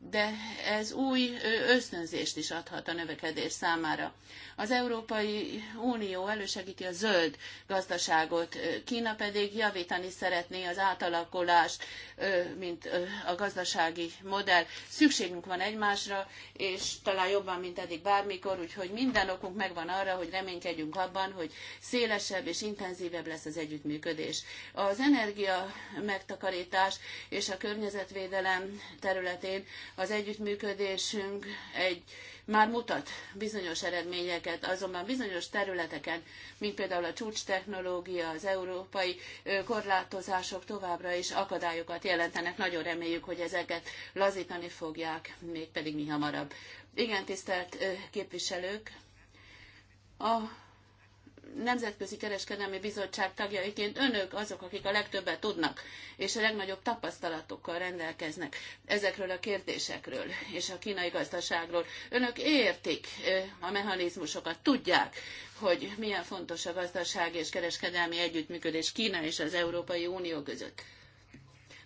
[SPEAKER 3] de ez új ösztönzést is adhat a növekedés számára. Az Európai Unió elősegíti a zöld gazdaságot, Kína pedig javítani szeretné az átalakulást, mint a gazdasági modell. Szükségünk van egymásra, és talán jobban, mint eddig bármikor, úgyhogy minden okunk megvan arra, hogy reménykedjünk abban, hogy szélesebb és intenzívebb lesz az együttműködés. Az energia megtakarítás és a környezetvédelem területén az együttműködésünk egy már mutat bizonyos eredményeket, azonban bizonyos területeken, mint például a csúcstechnológia, az európai korlátozások továbbra is akadályokat jelentenek. Nagyon reméljük, hogy ezeket lazítani fogják, mégpedig mi hamarabb. Igen, tisztelt képviselők! A Nemzetközi Kereskedelmi Bizottság tagjaiként önök azok, akik a legtöbbet tudnak, és a legnagyobb tapasztalatokkal rendelkeznek ezekről a kérdésekről és a kínai gazdaságról. Önök értik a mechanizmusokat, tudják, hogy milyen fontos a gazdaság és kereskedelmi együttműködés Kína és az Európai Unió között.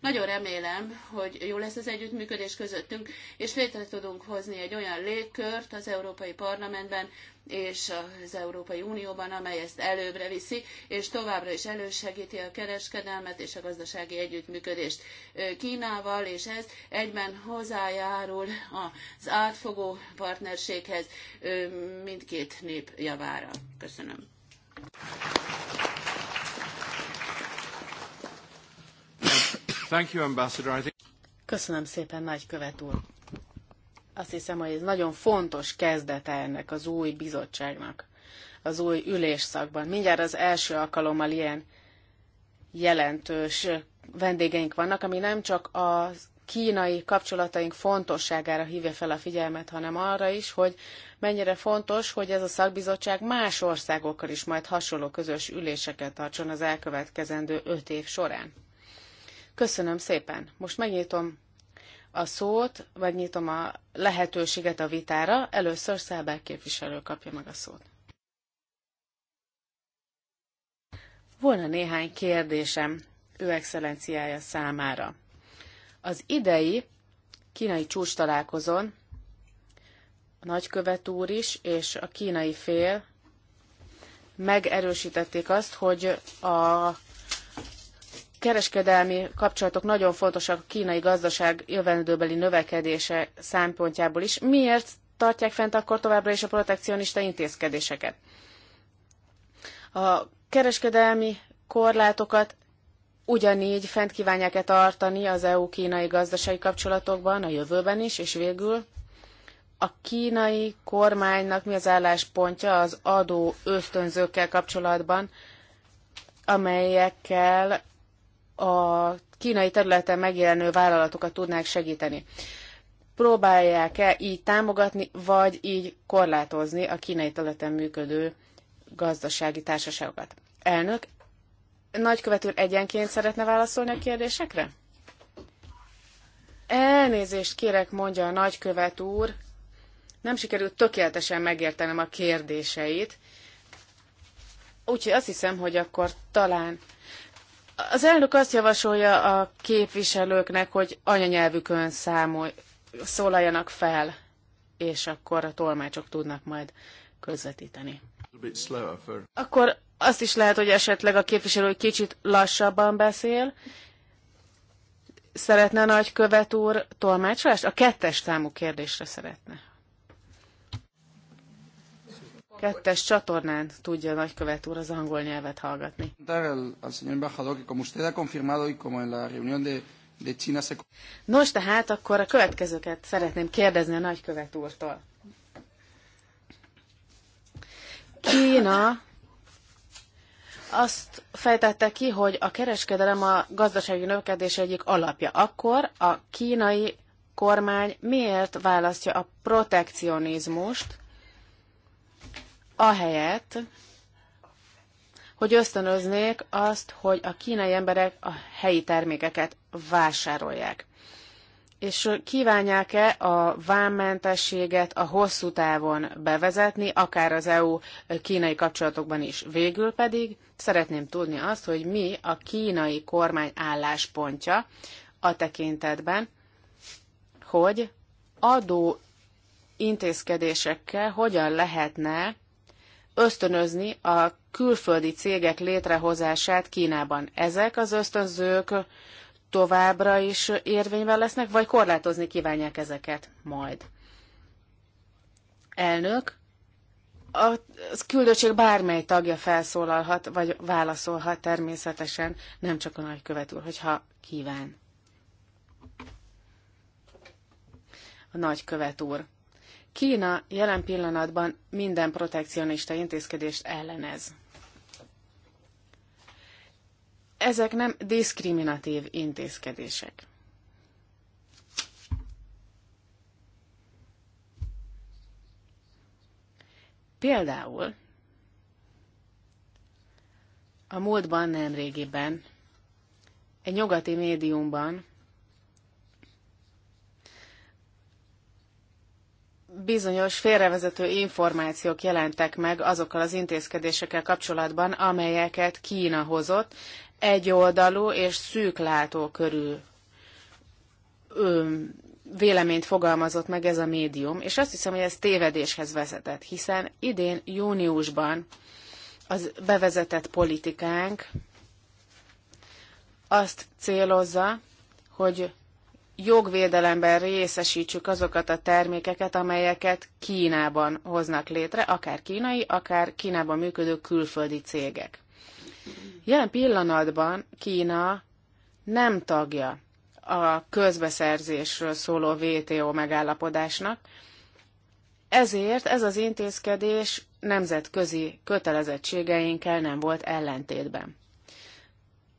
[SPEAKER 3] Nagyon remélem, hogy jó lesz az együttműködés közöttünk, és létre tudunk hozni egy olyan légkört az Európai Parlamentben és az Európai Unióban, amely ezt előbbre viszi, és továbbra is elősegíti a kereskedelmet és a gazdasági együttműködést Kínával, és ez egyben hozzájárul az átfogó partnerséghez mindkét nép javára. Köszönöm.
[SPEAKER 1] Köszönöm szépen, nagykövet úr. Azt hiszem, hogy ez nagyon fontos kezdete ennek az új bizottságnak, az új ülésszakban. Mindjárt az első alkalommal ilyen jelentős vendégeink vannak, ami nem csak a kínai kapcsolataink fontosságára hívja fel a figyelmet, hanem arra is, hogy mennyire fontos, hogy ez a szakbizottság más országokkal is majd hasonló közös üléseket tartson az elkövetkezendő öt év során. Köszönöm szépen. Most megnyitom a szót, vagy nyitom a lehetőséget a vitára. Először Szelber képviselő kapja meg a szót. Volna néhány kérdésem ő excellenciája számára. Az idei kínai csúcs találkozón a nagykövet úr is és a kínai fél megerősítették azt, hogy a kereskedelmi kapcsolatok nagyon fontosak a kínai gazdaság jövendőbeli növekedése szempontjából is. Miért tartják fent akkor továbbra is a protekcionista intézkedéseket? A kereskedelmi korlátokat ugyanígy fent kívánják-e tartani az EU-kínai gazdasági kapcsolatokban a jövőben is, és végül a kínai kormánynak mi az álláspontja az adó ösztönzőkkel kapcsolatban, amelyekkel a kínai területen megjelenő vállalatokat tudnák segíteni. Próbálják-e így támogatni, vagy így korlátozni a kínai területen működő gazdasági társaságokat? Elnök, nagykövető egyenként szeretne válaszolni a kérdésekre? Elnézést kérek, mondja a nagykövet úr. Nem sikerült tökéletesen megértenem a kérdéseit. Úgyhogy azt hiszem, hogy akkor talán az elnök azt javasolja a képviselőknek, hogy anyanyelvükön számol, szólaljanak fel, és akkor a tolmácsok tudnak majd közvetíteni. Akkor azt is lehet, hogy esetleg a képviselő kicsit lassabban beszél. Szeretne nagykövet úr tolmácsolást? A kettes számú kérdésre szeretne kettes csatornán tudja a nagykövet úr az angol nyelvet hallgatni. Nos, tehát akkor a következőket szeretném kérdezni a nagykövet úrtól. Kína azt fejtette ki, hogy a kereskedelem a gazdasági növekedés egyik alapja. Akkor a kínai kormány miért választja a protekcionizmust ahelyett, hogy ösztönöznék azt, hogy a kínai emberek a helyi termékeket vásárolják. És kívánják-e a vámmentességet a hosszú távon bevezetni, akár az EU-kínai kapcsolatokban is? Végül pedig szeretném tudni azt, hogy mi a kínai kormány álláspontja a tekintetben, hogy adó intézkedésekkel hogyan lehetne ösztönözni a külföldi cégek létrehozását Kínában. Ezek az ösztönzők továbbra is érvényben lesznek, vagy korlátozni kívánják ezeket majd? Elnök, a küldöttség bármely tagja felszólalhat, vagy válaszolhat természetesen, nem csak a nagykövet úr, hogyha kíván. A nagykövet úr. Kína jelen pillanatban minden protekcionista intézkedést ellenez. Ezek nem diszkriminatív intézkedések. Például a múltban, nemrégiben, egy nyugati médiumban bizonyos félrevezető információk jelentek meg azokkal az intézkedésekkel kapcsolatban, amelyeket Kína hozott egyoldalú és szűklátó körül ö, véleményt fogalmazott meg ez a médium, és azt hiszem, hogy ez tévedéshez vezetett, hiszen idén júniusban az bevezetett politikánk azt célozza, hogy jogvédelemben részesítsük azokat a termékeket, amelyeket Kínában hoznak létre, akár kínai, akár Kínában működő külföldi cégek. Jelen pillanatban Kína nem tagja a közbeszerzésről szóló WTO megállapodásnak, ezért ez az intézkedés nemzetközi kötelezettségeinkkel nem volt ellentétben.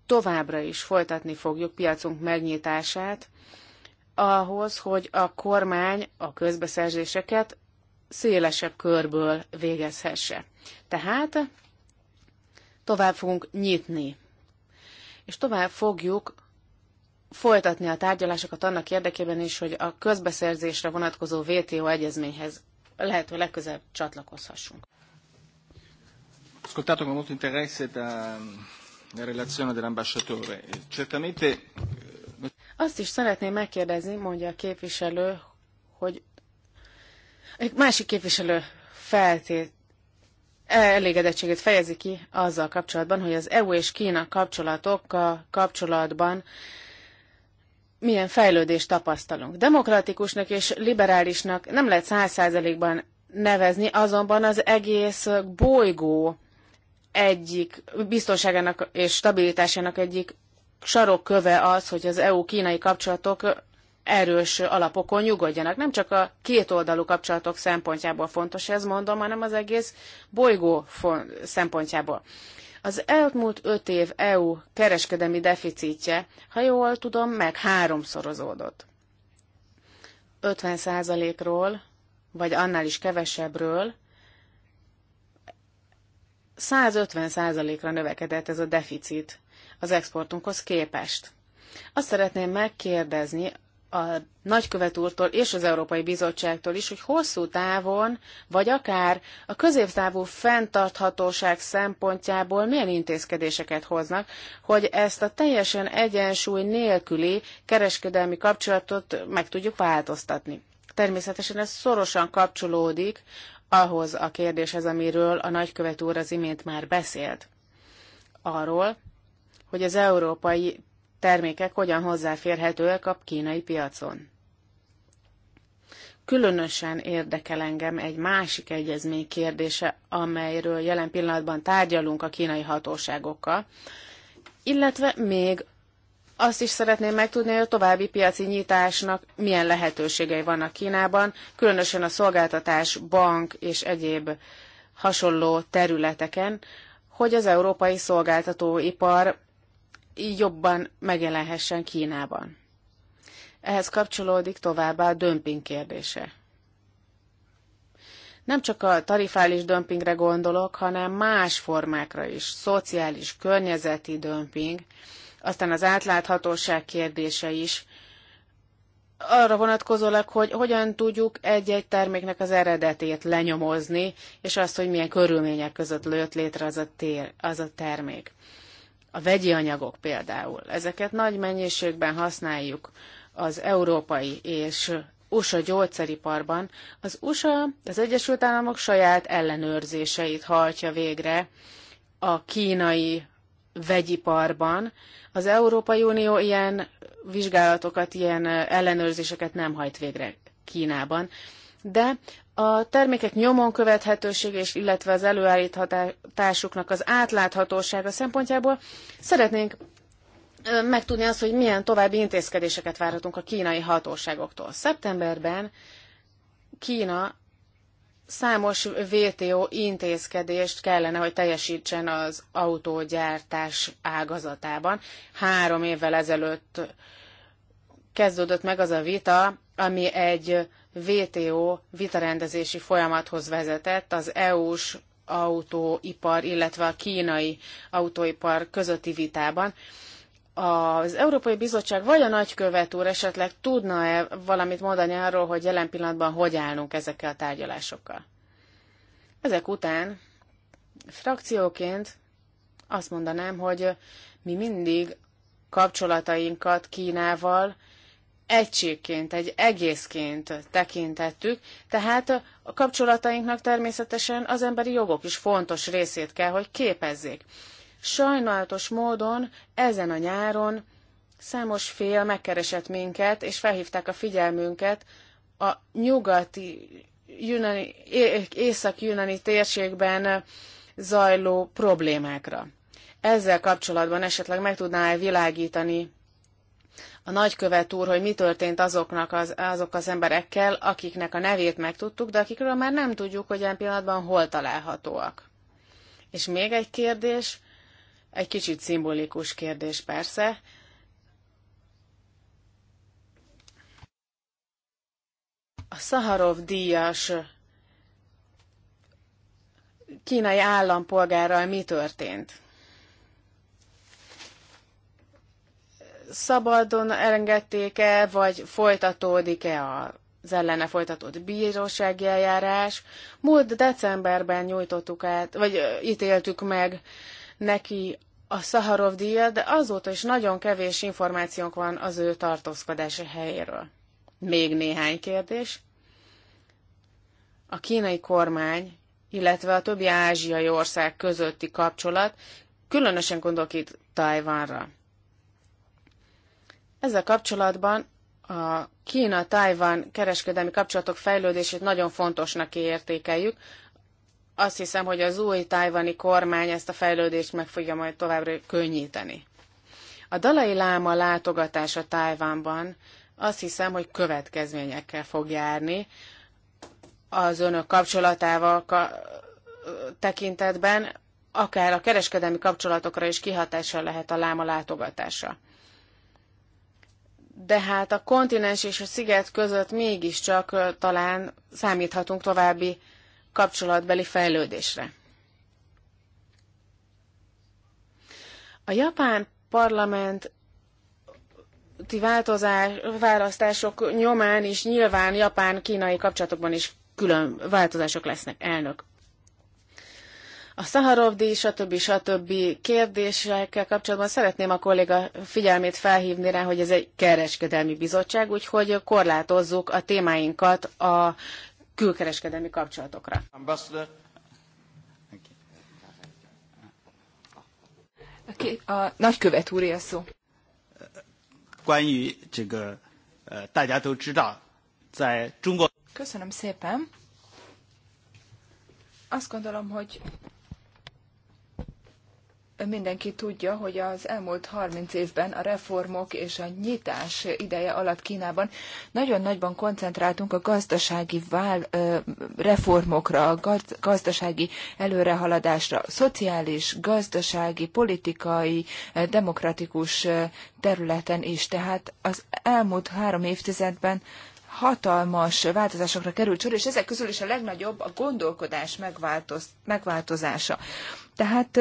[SPEAKER 1] Továbbra is folytatni fogjuk piacunk megnyitását, ahhoz, hogy a kormány a közbeszerzéseket szélesebb körből végezhesse. Tehát tovább fogunk nyitni, és tovább fogjuk folytatni a tárgyalásokat annak érdekében is, hogy a közbeszerzésre vonatkozó VTO egyezményhez lehető legközelebb csatlakozhassunk.
[SPEAKER 2] Ascoltato con molto interesse la relazione dell'ambasciatore. Certamente
[SPEAKER 1] azt is szeretném megkérdezni, mondja a képviselő, hogy egy másik képviselő feltét e- elégedettségét fejezi ki azzal kapcsolatban, hogy az EU és Kína kapcsolatokkal kapcsolatban milyen fejlődést tapasztalunk. Demokratikusnak és liberálisnak nem lehet száz százalékban nevezni, azonban az egész bolygó egyik biztonságának és stabilitásának egyik sarokköve az, hogy az EU-kínai kapcsolatok erős alapokon nyugodjanak. Nem csak a kétoldalú kapcsolatok szempontjából fontos ez, mondom, hanem az egész bolygó szempontjából. Az elmúlt öt év EU kereskedelmi deficitje, ha jól tudom, meg háromszorozódott. 50%-ról, vagy annál is kevesebbről, 150%-ra növekedett ez a deficit az exportunkhoz képest. Azt szeretném megkérdezni a nagykövet úrtól és az Európai Bizottságtól is, hogy hosszú távon, vagy akár a középtávú fenntarthatóság szempontjából milyen intézkedéseket hoznak, hogy ezt a teljesen egyensúly nélküli kereskedelmi kapcsolatot meg tudjuk változtatni. Természetesen ez szorosan kapcsolódik ahhoz a kérdéshez, amiről a nagykövet úr az imént már beszélt. Arról, hogy az európai termékek hogyan hozzáférhetőek a kínai piacon. Különösen érdekel engem egy másik egyezmény kérdése, amelyről jelen pillanatban tárgyalunk a kínai hatóságokkal, illetve még azt is szeretném megtudni, hogy a további piaci nyitásnak milyen lehetőségei vannak Kínában, különösen a szolgáltatás, bank és egyéb hasonló területeken, hogy az európai szolgáltatóipar jobban megjelenhessen Kínában. Ehhez kapcsolódik továbbá a dömping kérdése. Nem csak a tarifális dömpingre gondolok, hanem más formákra is, szociális, környezeti dömping, aztán az átláthatóság kérdése is, arra vonatkozólag, hogy hogyan tudjuk egy-egy terméknek az eredetét lenyomozni, és azt, hogy milyen körülmények között lőtt létre az a, tér, az a termék a vegyi anyagok például. Ezeket nagy mennyiségben használjuk az európai és USA gyógyszeriparban. Az USA, az Egyesült Államok saját ellenőrzéseit hajtja végre a kínai vegyiparban. Az Európai Unió ilyen vizsgálatokat, ilyen ellenőrzéseket nem hajt végre Kínában. De a termékek nyomon követhetősége és illetve az előállításuknak az átláthatósága szempontjából szeretnénk megtudni azt, hogy milyen további intézkedéseket várhatunk a kínai hatóságoktól. Szeptemberben Kína számos VTO intézkedést kellene, hogy teljesítsen az autógyártás ágazatában. Három évvel ezelőtt kezdődött meg az a vita, ami egy VTO vitarendezési folyamathoz vezetett az EU-s autóipar, illetve a kínai autóipar közötti vitában. Az Európai Bizottság vagy a nagykövet úr esetleg tudna-e valamit mondani arról, hogy jelen pillanatban hogy állunk ezekkel a tárgyalásokkal? Ezek után frakcióként azt mondanám, hogy mi mindig kapcsolatainkat Kínával egységként, egy egészként tekintettük, tehát a kapcsolatainknak természetesen az emberi jogok is fontos részét kell, hogy képezzék. Sajnálatos módon ezen a nyáron számos fél megkeresett minket, és felhívták a figyelmünket a nyugati junani, észak-junani térségben zajló problémákra. Ezzel kapcsolatban esetleg meg tudná -e világítani a nagykövet úr, hogy mi történt azoknak az, azok az emberekkel, akiknek a nevét megtudtuk, de akikről már nem tudjuk, hogy ilyen pillanatban hol találhatóak. És még egy kérdés, egy kicsit szimbolikus kérdés persze. A Szaharov díjas kínai állampolgárral mi történt? szabadon elengedték-e, vagy folytatódik-e az ellene folytatott bírósági eljárás. Múlt decemberben nyújtottuk át, vagy ítéltük meg neki a Szaharov díjat, de azóta is nagyon kevés információnk van az ő tartózkodási helyéről. Még néhány kérdés. A kínai kormány, illetve a többi ázsiai ország közötti kapcsolat, különösen gondolok itt Tajvanra. Ezzel kapcsolatban a kína tajvan kereskedelmi kapcsolatok fejlődését nagyon fontosnak értékeljük. Azt hiszem, hogy az új tajvani kormány ezt a fejlődést meg fogja majd továbbra könnyíteni. A Dalai Láma látogatása Tájvánban azt hiszem, hogy következményekkel fog járni az önök kapcsolatával tekintetben, akár a kereskedelmi kapcsolatokra is kihatással lehet a láma látogatása de hát a kontinens és a sziget között mégiscsak talán számíthatunk további kapcsolatbeli fejlődésre. A japán parlament változás, választások nyomán is nyilván japán-kínai kapcsolatokban is külön változások lesznek, elnök a Szaharov-díj, stb. stb. kérdésekkel kapcsolatban szeretném a kolléga figyelmét felhívni rá, hogy ez egy kereskedelmi bizottság, úgyhogy korlátozzuk a témáinkat a külkereskedelmi kapcsolatokra. A, a nagykövet úr
[SPEAKER 2] a szó. Köszönöm szépen. Azt gondolom, hogy mindenki tudja, hogy az elmúlt 30 évben a reformok és a nyitás ideje alatt Kínában nagyon nagyban koncentráltunk a gazdasági vál, reformokra, a gazdasági előrehaladásra, szociális, gazdasági, politikai, demokratikus területen is. Tehát az elmúlt három évtizedben hatalmas változásokra került sor, és ezek közül is a legnagyobb a gondolkodás megváltoz, megváltozása. Tehát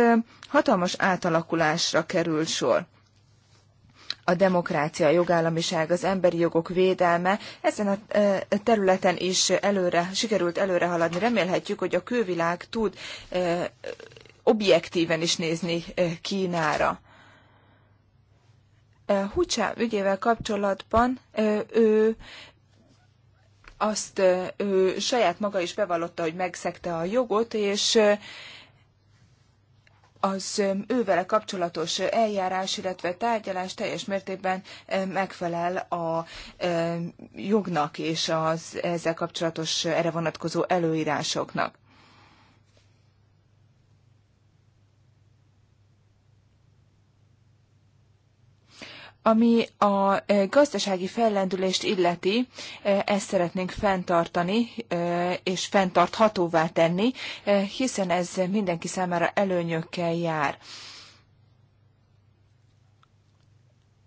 [SPEAKER 2] hatalmas átalakulásra kerül sor. A demokrácia, a jogállamiság, az emberi jogok védelme ezen a területen is előre, sikerült előre haladni. Remélhetjük, hogy a külvilág tud objektíven is nézni Kínára. Hucsá ügyével kapcsolatban ő azt ő saját maga is bevallotta, hogy megszegte a jogot, és az ővele kapcsolatos eljárás, illetve tárgyalás teljes mértékben megfelel a jognak és az ezzel kapcsolatos erre vonatkozó előírásoknak. Ami a e, gazdasági fellendülést illeti, e, ezt szeretnénk fenntartani e, és fenntarthatóvá tenni, hiszen ez mindenki számára előnyökkel jár.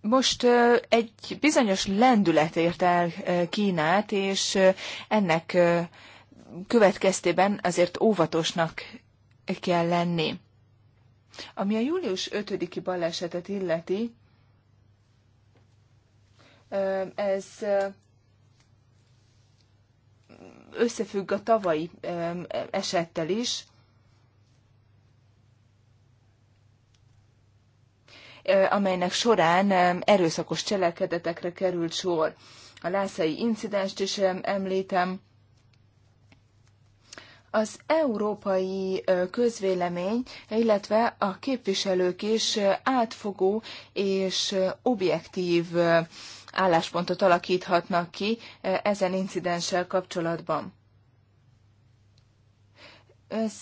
[SPEAKER 2] Most egy bizonyos lendület ért el Kínát, és ennek következtében azért óvatosnak kell lenni. Ami a július 5-i balesetet illeti, ez összefügg a tavalyi esettel is. amelynek során erőszakos cselekedetekre került sor. A lászai incidenst is említem. Az európai közvélemény, illetve a képviselők is átfogó és objektív álláspontot alakíthatnak ki e, ezen incidenssel kapcsolatban. Ez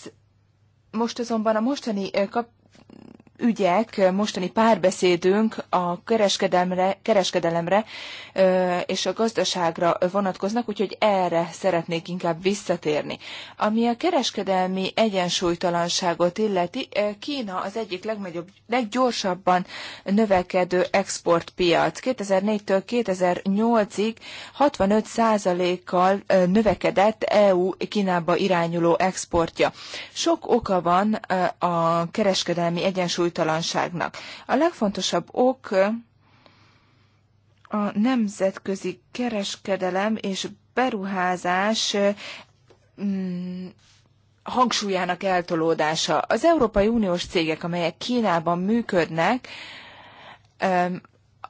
[SPEAKER 2] most azonban a mostani e, kap ügyek, mostani párbeszédünk a kereskedelemre, kereskedelemre és a gazdaságra vonatkoznak, úgyhogy erre szeretnék inkább visszatérni. Ami a kereskedelmi egyensúlytalanságot illeti, Kína az egyik legnagyobb, leggyorsabban növekedő exportpiac. 2004-től 2008-ig 65%-kal növekedett EU Kínába irányuló exportja. Sok oka van a kereskedelmi egyensúly súlytalanságnak. A legfontosabb ok a nemzetközi kereskedelem és beruházás mm, hangsúlyának eltolódása. Az Európai Uniós cégek, amelyek Kínában működnek,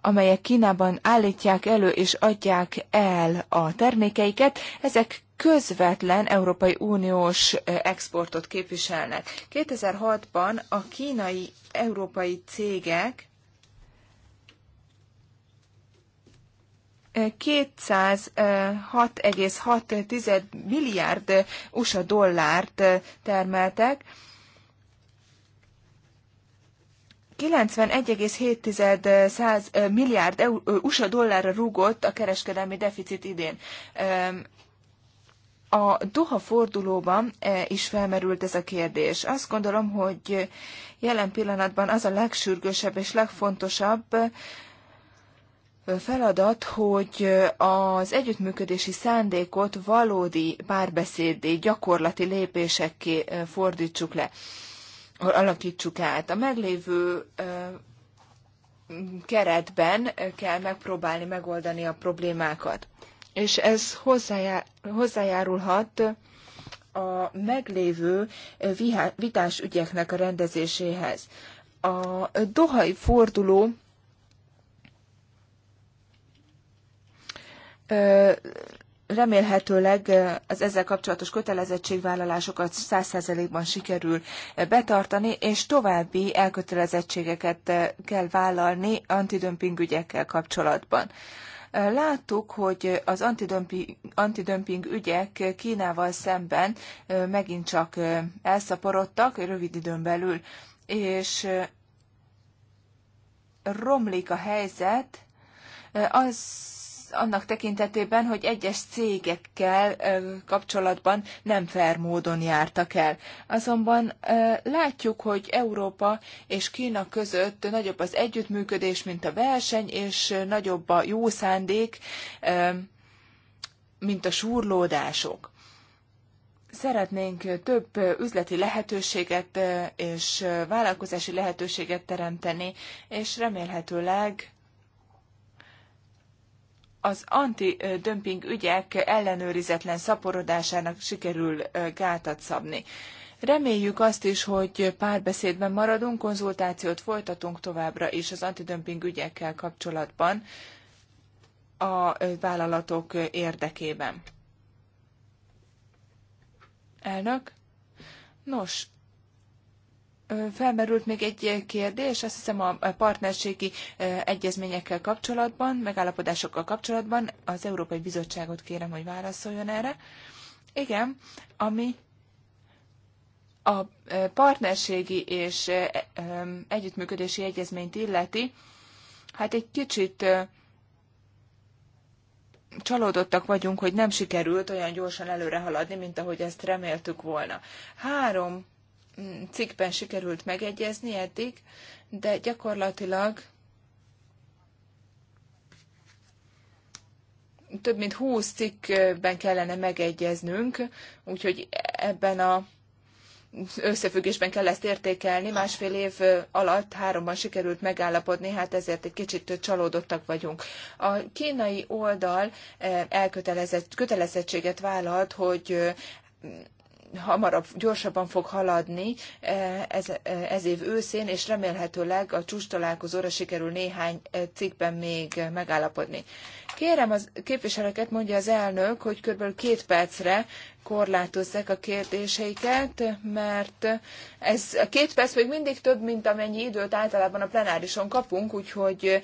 [SPEAKER 2] amelyek Kínában állítják elő és adják el a termékeiket, ezek közvetlen Európai Uniós eh, exportot képviselnek. 2006-ban a kínai európai cégek 206,6 eh, eh, milliárd eh, USA dollárt termeltek, 91,7 milliárd USA dollárra rúgott a kereskedelmi deficit idén a Doha fordulóban e, is felmerült ez a kérdés. Azt gondolom, hogy jelen pillanatban az a legsürgősebb és legfontosabb e, feladat, hogy az együttműködési szándékot valódi párbeszédé, gyakorlati lépésekké e, fordítsuk le, alakítsuk át. A meglévő keretben kell megpróbálni megoldani a problémákat és ez hozzájárulhat a meglévő vitás ügyeknek a rendezéséhez. A dohai forduló remélhetőleg az ezzel kapcsolatos kötelezettségvállalásokat 100%-ban sikerül betartani, és további elkötelezettségeket kell vállalni antidömping ügyekkel kapcsolatban. Láttuk, hogy az antidömping, antidömping ügyek Kínával szemben megint csak elszaporodtak rövid időn belül, és romlik a helyzet, az annak tekintetében, hogy egyes cégekkel kapcsolatban nem fair módon jártak el. Azonban látjuk, hogy Európa és Kína között nagyobb az együttműködés, mint a verseny, és nagyobb a jó szándék, mint a súrlódások. Szeretnénk több üzleti lehetőséget és vállalkozási lehetőséget teremteni, és remélhetőleg az antidömping ügyek ellenőrizetlen szaporodásának sikerül gátat szabni. Reméljük azt is, hogy párbeszédben maradunk, konzultációt folytatunk továbbra is az antidömping ügyekkel kapcsolatban a vállalatok érdekében. Elnök? Nos, Felmerült még egy kérdés, azt hiszem a partnerségi egyezményekkel kapcsolatban, megállapodásokkal kapcsolatban. Az Európai Bizottságot kérem, hogy válaszoljon erre. Igen, ami a partnerségi és e, együttműködési egyezményt illeti, hát egy kicsit csalódottak vagyunk, hogy nem sikerült olyan gyorsan előre haladni, mint ahogy ezt reméltük volna. Három cikkben sikerült megegyezni eddig, de gyakorlatilag több mint 20 cikkben kellene megegyeznünk, úgyhogy ebben a összefüggésben kell ezt értékelni. Másfél év alatt háromban sikerült megállapodni, hát ezért egy kicsit csalódottak vagyunk. A kínai oldal eh, elkötelezett, kötelezettséget vállalt, hogy eh, hamarabb, gyorsabban fog haladni e, ez, e, ez év őszén, és remélhetőleg a csúcs találkozóra sikerül néhány e, cikkben még megállapodni. Kérem a képviselőket, mondja az elnök, hogy kb. két percre korlátozzák a kérdéseiket, mert ez a két perc még mindig több, mint amennyi időt általában a plenárison kapunk, úgyhogy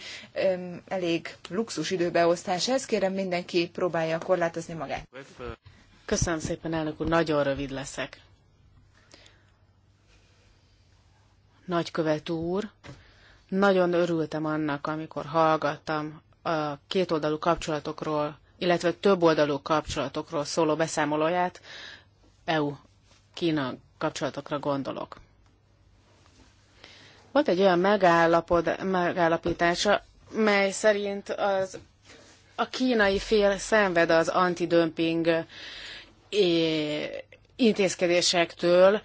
[SPEAKER 2] elég luxus időbeosztás ez. Kérem mindenki próbálja korlátozni
[SPEAKER 1] magát. Köszönöm szépen, elnök úr, nagyon rövid leszek. Nagykövet úr, nagyon örültem annak, amikor hallgattam a kétoldalú kapcsolatokról, illetve többoldalú kapcsolatokról szóló beszámolóját, EU-Kína kapcsolatokra gondolok. Volt egy olyan megállapod, megállapítása, mely szerint az, a kínai fél szenved az antidömping intézkedésektől.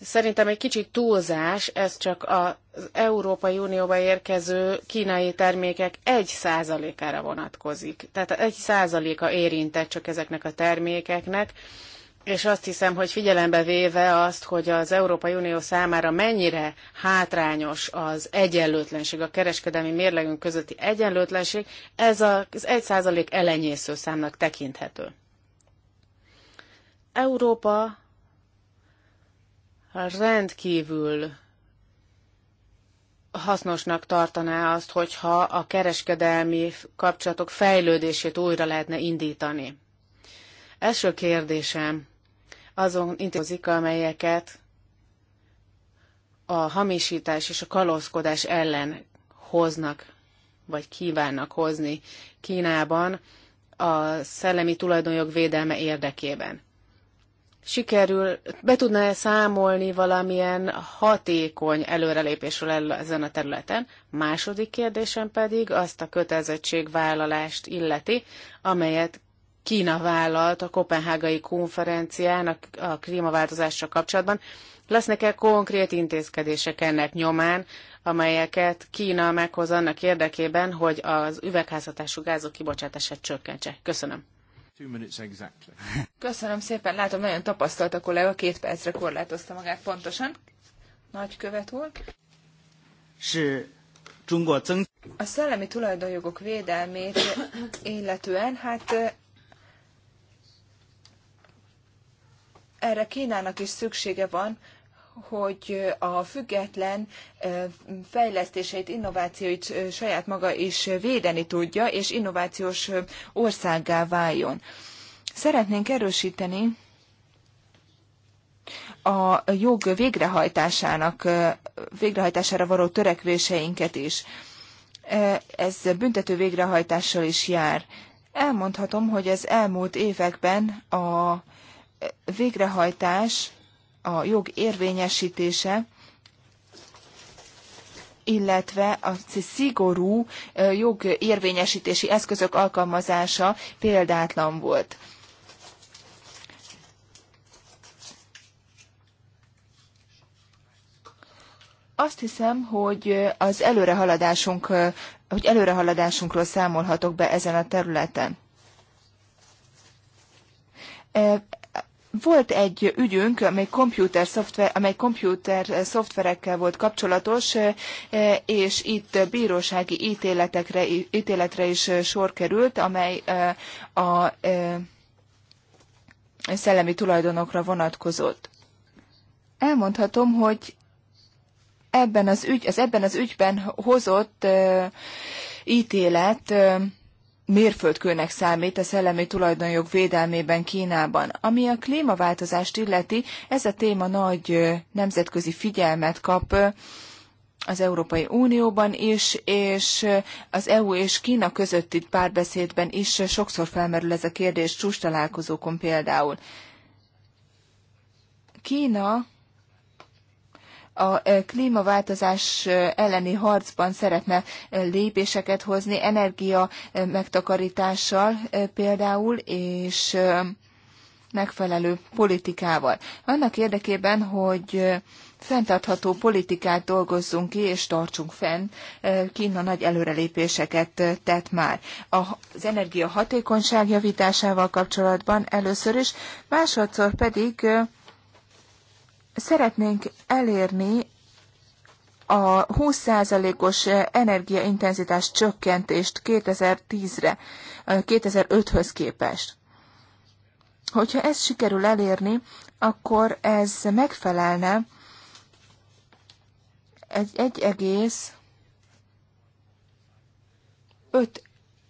[SPEAKER 1] Szerintem egy kicsit túlzás, ez csak az Európai Unióba érkező kínai termékek egy százalékára vonatkozik. Tehát egy százaléka érintett csak ezeknek a termékeknek, és azt hiszem, hogy figyelembe véve azt, hogy az Európai Unió számára mennyire hátrányos az egyenlőtlenség, a kereskedelmi mérlegünk közötti egyenlőtlenség, ez az egy százalék elenyésző számnak tekinthető. Európa rendkívül hasznosnak tartaná azt, hogyha a kereskedelmi kapcsolatok fejlődését újra lehetne indítani. Első kérdésem azon intézik, amelyeket a hamisítás és a kalózkodás ellen hoznak, vagy kívánnak hozni Kínában a szellemi tulajdonjog védelme érdekében sikerül, be tudna-e számolni valamilyen hatékony előrelépésről ezen a területen? Második kérdésem pedig azt a kötelezettségvállalást illeti, amelyet Kína vállalt a Kopenhágai konferencián a klímaváltozással kapcsolatban. Lesznek-e konkrét intézkedések ennek nyomán, amelyeket Kína meghoz annak érdekében, hogy az üvegházhatású gázok kibocsátását csökkentse? Köszönöm. Köszönöm szépen, látom, nagyon tapasztalt a kollega, két percre korlátozta magát
[SPEAKER 2] pontosan. nagy követ úr. A szellemi tulajdonjogok védelmét illetően, hát erre Kínának is szüksége van, hogy a független fejlesztéseit, innovációit saját maga is védeni tudja, és innovációs országgá váljon. Szeretnénk erősíteni a jog végrehajtásának, végrehajtására való törekvéseinket is. Ez büntető végrehajtással is jár. Elmondhatom, hogy az elmúlt években a végrehajtás a jog érvényesítése, illetve a szigorú érvényesítési eszközök alkalmazása példátlan volt. Azt hiszem, hogy az előrehaladásunk, hogy előrehaladásunkról számolhatok be ezen a területen volt egy ügyünk, amely komputer szoftver, amely komputer szoftverekkel volt kapcsolatos, e, e, és itt bírósági ítéletekre, ítéletre is e, sor került, amely a szellemi tulajdonokra vonatkozott. Elmondhatom, hogy ebben az, ügy, az ebben az ügyben hozott ítélet mérföldkőnek számít a szellemi tulajdonjog védelmében Kínában. Ami a klímaváltozást illeti, ez a téma nagy nemzetközi figyelmet kap az Európai Unióban is, és az EU és Kína közötti párbeszédben is sokszor felmerül ez a kérdés csúcs találkozókon például. Kína a klímaváltozás elleni harcban szeretne lépéseket hozni, energia megtakarítással például, és megfelelő politikával. Annak érdekében, hogy fenntartható politikát dolgozzunk ki, és tartsunk fenn. Kína nagy előrelépéseket tett már. Az energia hatékonyság javításával kapcsolatban először is, másodszor pedig szeretnénk elérni a 20%-os energiaintenzitás csökkentést 2010-re, 2005-höz képest. Hogyha ezt sikerül elérni, akkor ez megfelelne egy, 1,5 egész 5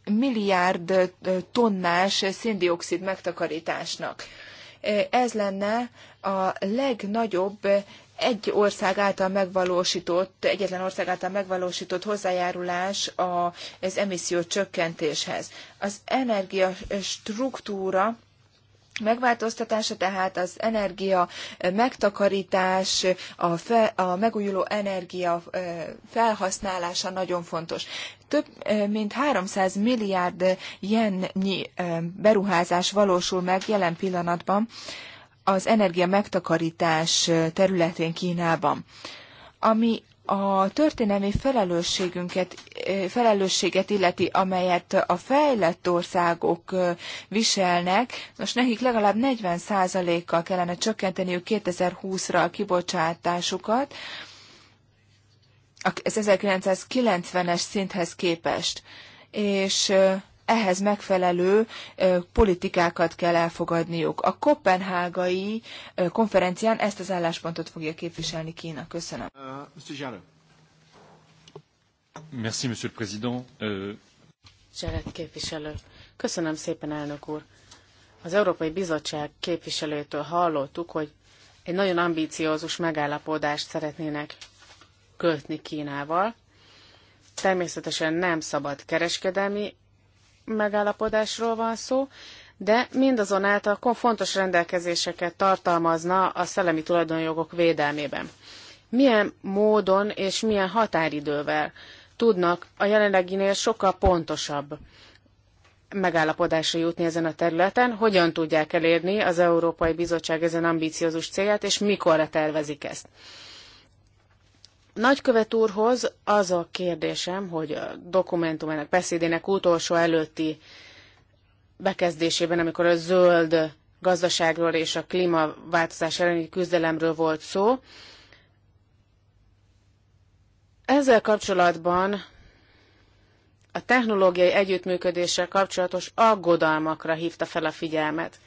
[SPEAKER 2] milliárd tonnás széndiokszid megtakarításnak. Ez lenne a legnagyobb egy ország által megvalósított, egyetlen ország által megvalósított hozzájárulás az emisszió csökkentéshez. Az energiastruktúra megváltoztatása, tehát az energia megtakarítás, a, fe, a megújuló energia felhasználása nagyon fontos. Több mint 300 milliárd jennyi beruházás valósul meg jelen pillanatban az energia megtakarítás területén Kínában. Ami a történelmi felelősségünket, felelősséget illeti, amelyet a fejlett országok viselnek, most nekik legalább 40%-kal kellene csökkenteniük 2020-ra a kibocsátásukat, az 1990-es szinthez képest. És ehhez megfelelő politikákat kell elfogadniuk. A kopenhágai konferencián ezt az álláspontot fogja képviselni
[SPEAKER 1] Kína. Köszönöm.
[SPEAKER 2] Uh, Merci, Monsieur le Président.
[SPEAKER 1] Uh... képviselő. Köszönöm szépen, elnök úr. Az Európai Bizottság képviselőtől hallottuk, hogy egy nagyon ambíciózus megállapodást szeretnének kötni Kínával. Természetesen nem szabad kereskedelmi megállapodásról van szó, de mindazonáltal fontos rendelkezéseket tartalmazna a szellemi tulajdonjogok védelmében. Milyen módon és milyen határidővel tudnak a jelenleginél sokkal pontosabb megállapodásra jutni ezen a területen, hogyan tudják elérni az Európai Bizottság ezen ambiciózus célját, és mikorra tervezik ezt nagykövet úrhoz az a kérdésem, hogy a dokumentumának beszédének utolsó előtti bekezdésében, amikor a zöld gazdaságról és a klímaváltozás elleni küzdelemről volt szó, ezzel kapcsolatban a technológiai együttműködéssel kapcsolatos aggodalmakra hívta fel a figyelmet.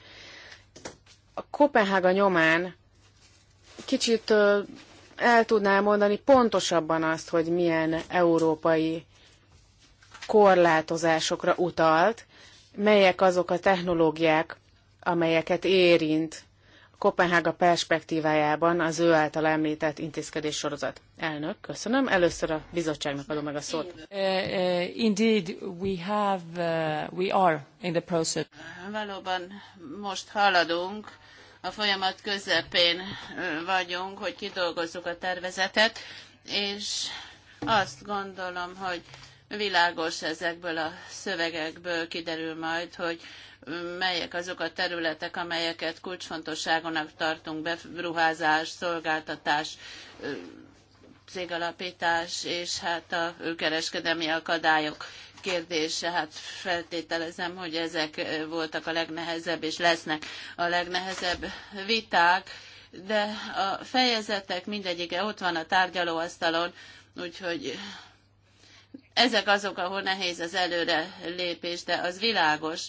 [SPEAKER 1] A Kopenhága nyomán kicsit el tudnál mondani pontosabban azt, hogy milyen európai korlátozásokra utalt, melyek azok a technológiák, amelyeket érint Kopenhága perspektívájában az ő által említett intézkedés sorozat. Elnök, köszönöm. Először a bizottságnak adom meg a szót. Eh, eh, indeed, we have, uh, we are in the process.
[SPEAKER 3] Valóban most haladunk a folyamat közepén vagyunk, hogy kidolgozzuk a tervezetet, és azt gondolom, hogy világos ezekből a szövegekből kiderül majd, hogy melyek azok a területek, amelyeket kulcsfontosságonak tartunk, beruházás, szolgáltatás, cégalapítás és hát a kereskedelmi akadályok kérdése, hát feltételezem, hogy ezek voltak a legnehezebb, és lesznek a legnehezebb viták, de a fejezetek mindegyike ott van a tárgyalóasztalon, úgyhogy ezek azok, ahol nehéz az előre lépés, de az világos,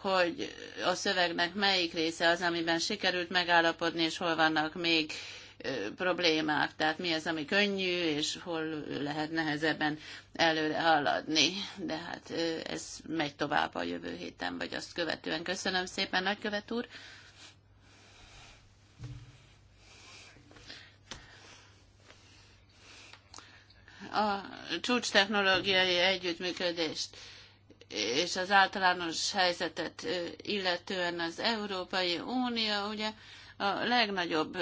[SPEAKER 3] hogy a szövegnek melyik része az, amiben sikerült megállapodni, és hol vannak még problémák, tehát mi az, ami könnyű, és hol lehet nehezebben előre haladni. De hát ez megy tovább a jövő héten, vagy azt követően. Köszönöm szépen, nagykövet úr! a csúcs technológiai együttműködést és az általános helyzetet illetően az Európai Unió ugye a legnagyobb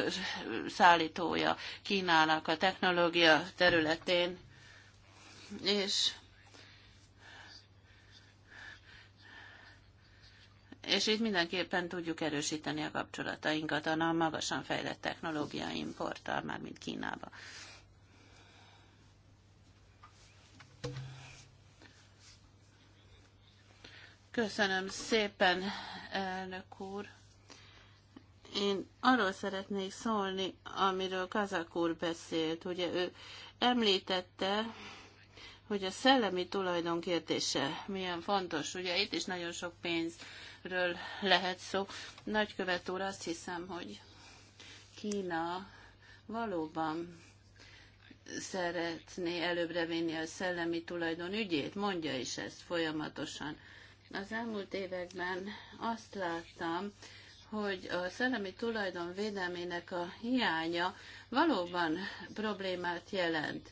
[SPEAKER 3] szállítója Kínának a technológia területén, és és itt mindenképpen tudjuk erősíteni a kapcsolatainkat a magasan fejlett technológia importtal, már mint Kínába. Köszönöm szépen, elnök úr. Én arról szeretnék szólni, amiről Kazak úr beszélt. Ugye ő említette, hogy a szellemi tulajdon kérdése milyen fontos. Ugye itt is nagyon sok pénzről lehet szó. Nagykövet úr, azt hiszem, hogy Kína valóban szeretné előbbre vinni a szellemi tulajdon ügyét, mondja is ezt folyamatosan. Az elmúlt években azt láttam, hogy a szellemi tulajdon védelmének a hiánya valóban problémát jelent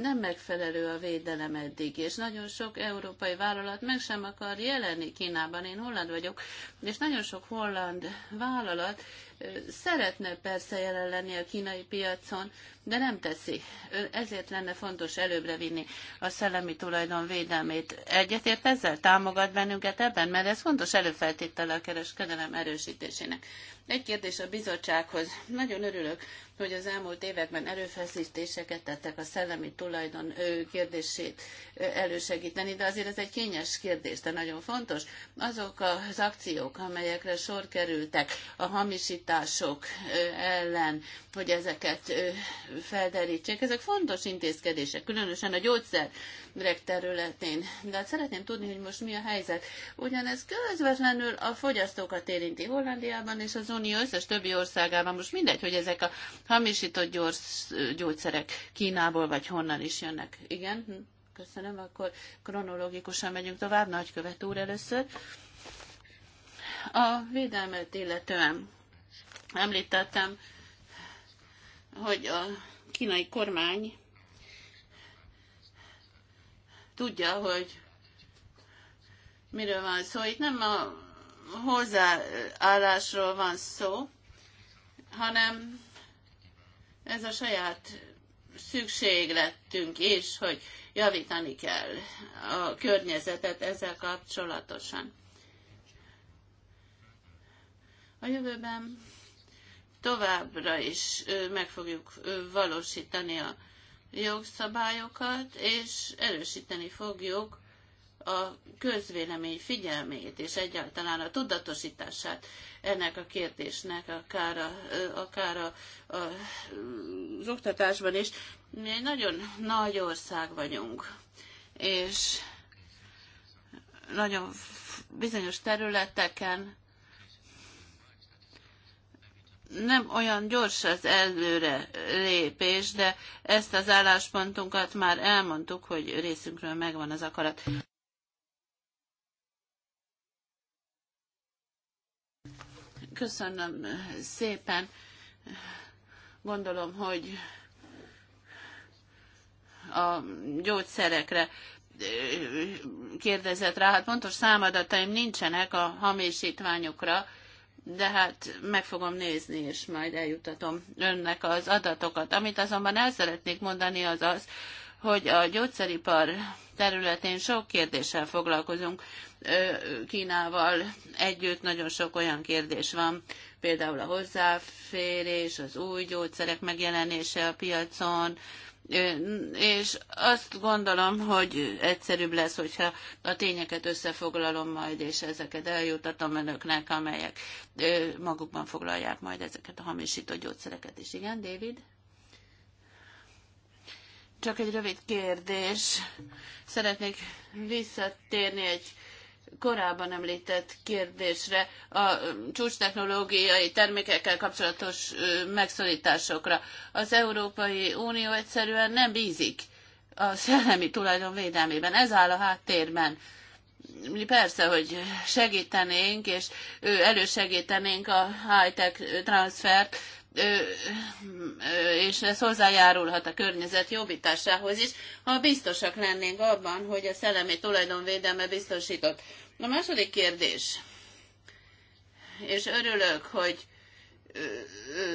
[SPEAKER 3] nem megfelelő a védelem eddig, és nagyon sok európai vállalat meg sem akar jelenni Kínában. Én holland vagyok, és nagyon sok holland vállalat szeretne persze jelen lenni a kínai piacon, de nem teszi. Ezért lenne fontos előbbre vinni a szellemi tulajdon védelmét. Egyetért ezzel támogat bennünket ebben, mert ez fontos előfeltétele a kereskedelem erősítésének. Egy kérdés a bizottsághoz. Nagyon örülök, hogy az elmúlt években erőfeszítéseket tettek a szellemi tulajdon kérdését elősegíteni, de azért ez egy kényes kérdés, de nagyon fontos. Azok az akciók, amelyekre sor kerültek a hamisítások ellen, hogy ezeket felderítsék, ezek fontos intézkedések, különösen a gyógyszerek területén. De hát szeretném tudni, hogy most mi a helyzet. Ugyanez közvetlenül a fogyasztókat érinti Hollandiában és az Unió összes többi országában, most mindegy, hogy ezek a hamisított gyors, gyógyszerek Kínából vagy honnan is jönnek. Igen, hm, köszönöm, akkor kronológikusan megyünk tovább, nagykövet úr először. A védelmet illetően említettem, hogy a kínai kormány tudja, hogy miről van szó. Itt nem a hozzáállásról van szó, hanem ez a saját szükségletünk is, hogy javítani kell a környezetet ezzel kapcsolatosan. A jövőben továbbra is meg fogjuk valósítani a jogszabályokat, és erősíteni fogjuk a közvélemény figyelmét és egyáltalán a tudatosítását ennek a kérdésnek, akár, a, akár a, a, az oktatásban is. Mi egy nagyon nagy ország vagyunk, és nagyon bizonyos területeken nem olyan gyors az előre lépés, de ezt az álláspontunkat már elmondtuk, hogy részünkről megvan az akarat. Köszönöm szépen. Gondolom, hogy a gyógyszerekre kérdezett rá, hát pontos számadataim nincsenek a hamisítványokra, de hát meg fogom nézni, és majd eljutatom önnek az adatokat. Amit azonban el szeretnék mondani, az az, hogy a gyógyszeripar területén sok kérdéssel foglalkozunk. Kínával együtt nagyon sok olyan kérdés van, például a hozzáférés, az új gyógyszerek megjelenése a piacon, és azt gondolom, hogy egyszerűbb lesz, hogyha a tényeket összefoglalom majd, és ezeket eljutatom önöknek, amelyek magukban foglalják majd ezeket a hamisított gyógyszereket is. Igen, David? Csak egy rövid kérdés. Szeretnék visszatérni egy korábban említett kérdésre, a csúcstechnológiai termékekkel kapcsolatos megszorításokra. Az Európai Unió egyszerűen nem bízik a szellemi tulajdon védelmében. Ez áll a háttérben. Mi persze, hogy segítenénk, és elősegítenénk a high-tech transfert, és ez hozzájárulhat a környezet jobbításához is, ha biztosak lennénk abban, hogy a szellemi tulajdonvédelme biztosított. A második kérdés, és örülök, hogy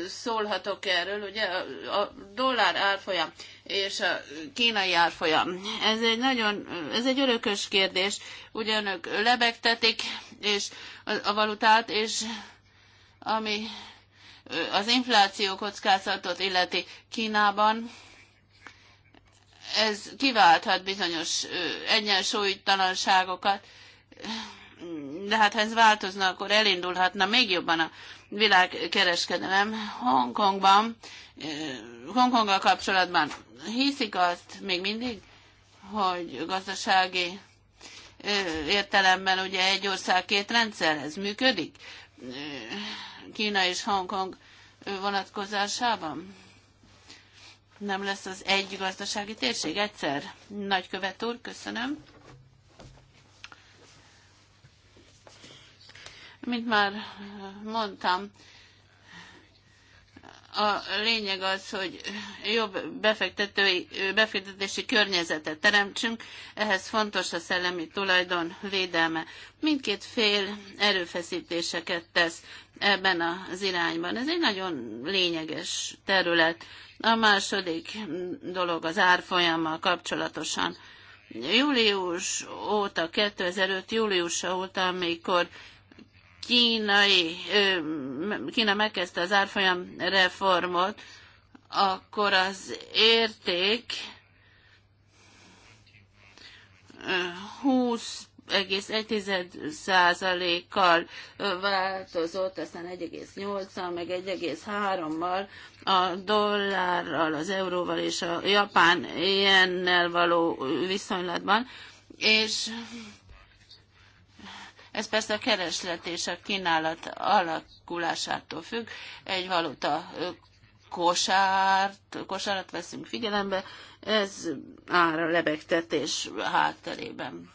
[SPEAKER 3] szólhatok erről, ugye a dollár árfolyam és a kínai árfolyam. Ez egy nagyon, ez egy örökös kérdés, ugye önök lebegtetik és a valutát, és ami az infláció kockázatot illeti Kínában, ez kiválthat bizonyos egyensúlytalanságokat, de hát ha ez változna, akkor elindulhatna még jobban a világkereskedelem. Hongkongban, Hongkonggal kapcsolatban hiszik azt még mindig, hogy gazdasági értelemben ugye egy ország két rendszer, ez működik? Kína és Hongkong vonatkozásában? Nem lesz az egy gazdasági térség egyszer? Nagykövet úr, köszönöm. Mint már mondtam, a lényeg az, hogy jobb befektetői, befektetési környezetet teremtsünk, ehhez fontos a szellemi tulajdon védelme. Mindkét fél erőfeszítéseket tesz ebben az irányban. Ez egy nagyon lényeges terület. A második dolog az árfolyammal kapcsolatosan. Július óta, 2005. júliusa óta, amikor kínai, Kína megkezdte az árfolyam reformot, akkor az érték 20,1 százalékkal változott, aztán 1,8-al, meg 1,3-mal a dollárral, az euróval és a japán ilyennel való viszonylatban, és ez persze a kereslet és a kínálat alakulásától függ. Egy valuta kosárt, kosarat veszünk figyelembe, ez ára lebegtetés hátterében.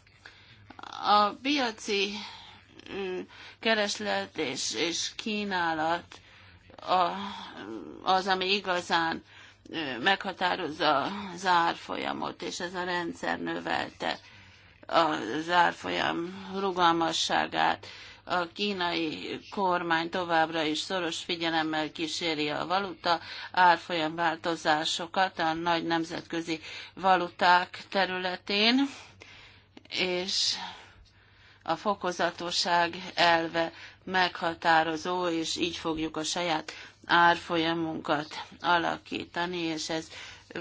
[SPEAKER 3] A piaci kereslet és, és kínálat a, az, ami igazán meghatározza az árfolyamot, és ez a rendszer növelte az árfolyam rugalmasságát. A kínai kormány továbbra is szoros figyelemmel kíséri a valuta árfolyam változásokat a nagy nemzetközi valuták területén, és a fokozatosság elve meghatározó, és így fogjuk a saját árfolyamunkat alakítani, és ez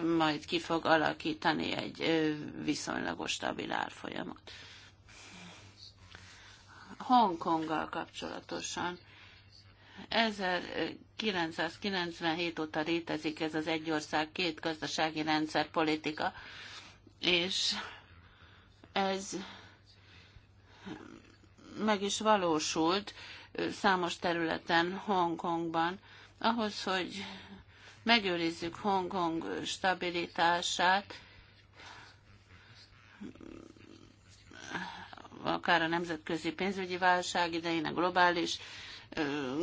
[SPEAKER 3] majd ki fog alakítani egy viszonylagos stabil árfolyamot. Hongkonggal kapcsolatosan 1997 óta létezik ez az egy ország, két gazdasági rendszer politika, és ez meg is valósult számos területen Hongkongban. Ahhoz, hogy megőrizzük Hongkong stabilitását, akár a nemzetközi pénzügyi válság idején, a globális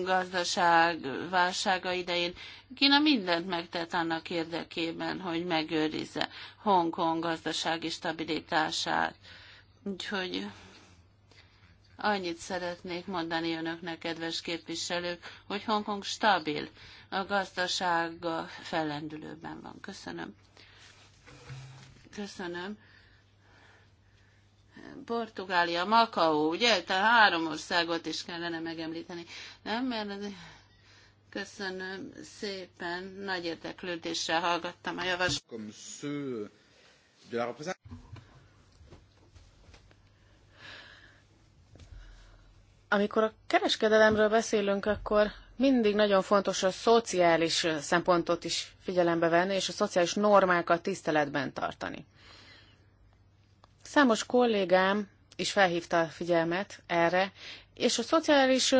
[SPEAKER 3] gazdaság válsága idején. Kína mindent megtett annak érdekében, hogy megőrizze Hongkong gazdasági stabilitását. Úgyhogy Annyit szeretnék mondani önöknek, kedves képviselők, hogy Hongkong stabil, a gazdasága fellendülőben van. Köszönöm. Köszönöm. Portugália, Makau, ugye? Te három országot is kellene megemlíteni. Nem, mert az... Köszönöm szépen, nagy érdeklődéssel
[SPEAKER 1] hallgattam a javaslatot. amikor a kereskedelemről beszélünk, akkor mindig nagyon fontos a szociális szempontot is figyelembe venni, és a szociális normákat tiszteletben tartani. Számos kollégám is felhívta a figyelmet erre, és a szociális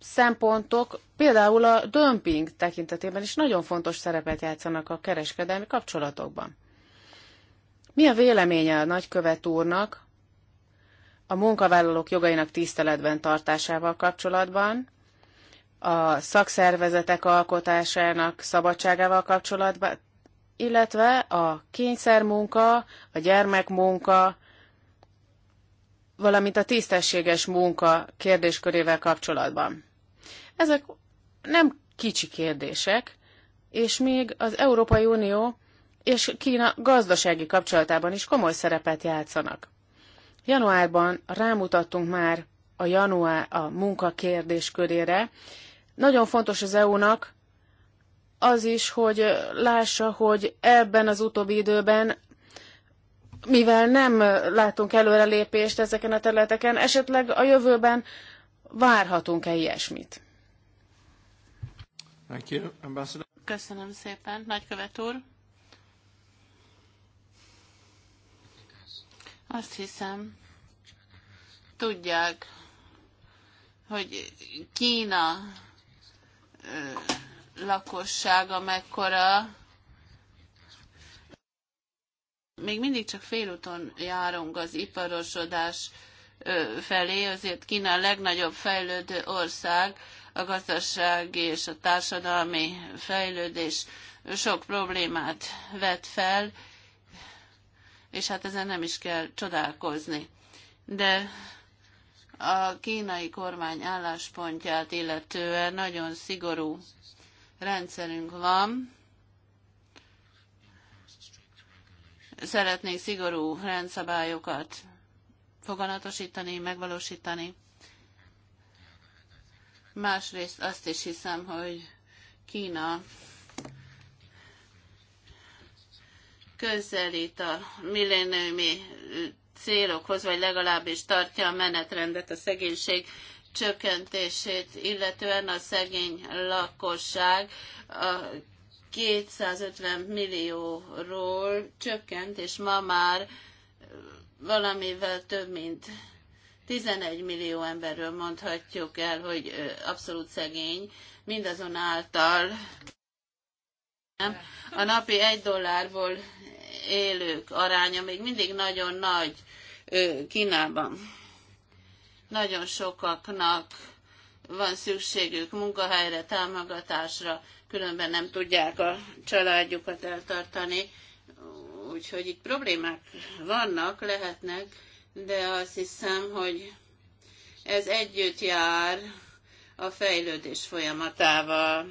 [SPEAKER 1] szempontok például a dömping tekintetében is nagyon fontos szerepet játszanak a kereskedelmi kapcsolatokban. Mi a véleménye a nagykövet úrnak a munkavállalók jogainak tiszteletben tartásával kapcsolatban, a szakszervezetek alkotásának szabadságával kapcsolatban, illetve a kényszermunka, a gyermekmunka, valamint a tisztességes munka kérdéskörével kapcsolatban. Ezek nem kicsi kérdések, és még az Európai Unió és Kína gazdasági kapcsolatában is komoly szerepet játszanak. Januárban rámutattunk már a január a munka kérdéskörére. Nagyon fontos az EU-nak az is, hogy lássa, hogy ebben az utóbbi időben mivel nem látunk előrelépést ezeken a területeken, esetleg a jövőben várhatunk-e ilyesmit?
[SPEAKER 3] Köszönöm szépen, nagykövet úr. Azt hiszem, tudják, hogy Kína lakossága mekkora, még mindig csak félúton járunk az iparosodás felé, azért Kína a legnagyobb fejlődő ország, a gazdasági és a társadalmi fejlődés sok problémát vet fel, és hát ezen nem is kell csodálkozni. De a kínai kormány álláspontját illetően nagyon szigorú rendszerünk van. Szeretnék szigorú rendszabályokat foganatosítani, megvalósítani. Másrészt azt is hiszem, hogy Kína közelít a millenőmi célokhoz, vagy legalábbis tartja a menetrendet a szegénység csökkentését, illetően a szegény lakosság a 250 millióról csökkent, és ma már valamivel több mint 11 millió emberről mondhatjuk el, hogy abszolút szegény, mindazonáltal nem, a napi egy dollárból élők aránya még mindig nagyon nagy Kínában. Nagyon sokaknak van szükségük munkahelyre, támogatásra, különben nem tudják a családjukat eltartani. Úgyhogy itt problémák vannak, lehetnek, de azt hiszem, hogy ez együtt jár a fejlődés folyamatával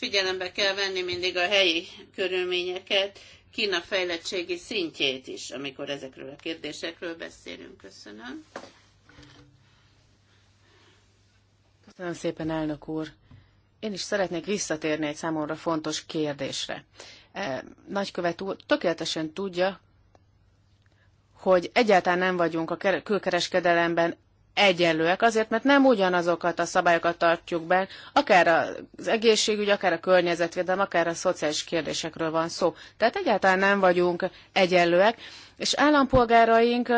[SPEAKER 3] Figyelembe kell venni mindig a helyi körülményeket, Kína fejlettségi szintjét is, amikor ezekről a kérdésekről beszélünk. Köszönöm.
[SPEAKER 1] Köszönöm szépen, elnök úr. Én is szeretnék visszatérni egy számomra fontos kérdésre. E, nagykövet úr tökéletesen tudja, hogy egyáltalán nem vagyunk a külkereskedelemben egyenlőek, azért mert nem ugyanazokat a szabályokat tartjuk be, akár az egészségügy, akár a környezetvédelem, akár a szociális kérdésekről van szó. Tehát egyáltalán nem vagyunk egyenlőek, és állampolgáraink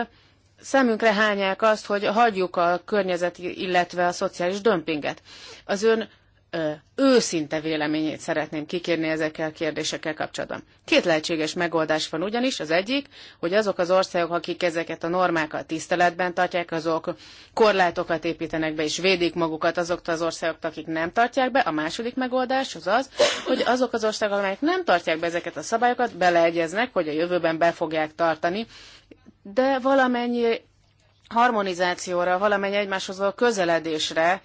[SPEAKER 1] szemünkre hányák azt, hogy hagyjuk a környezeti, illetve a szociális dömpinget. Az ön őszinte véleményét szeretném kikérni ezekkel a kérdésekkel kapcsolatban. Két lehetséges megoldás van ugyanis, az egyik, hogy azok az országok, akik ezeket a normákat tiszteletben tartják, azok korlátokat építenek be és védik magukat azoktól az országok, akik nem tartják be. A második megoldás az az, hogy azok az országok, amelyek nem tartják be ezeket a szabályokat, beleegyeznek, hogy a jövőben be fogják tartani, de valamennyi harmonizációra, valamennyi egymáshoz való közeledésre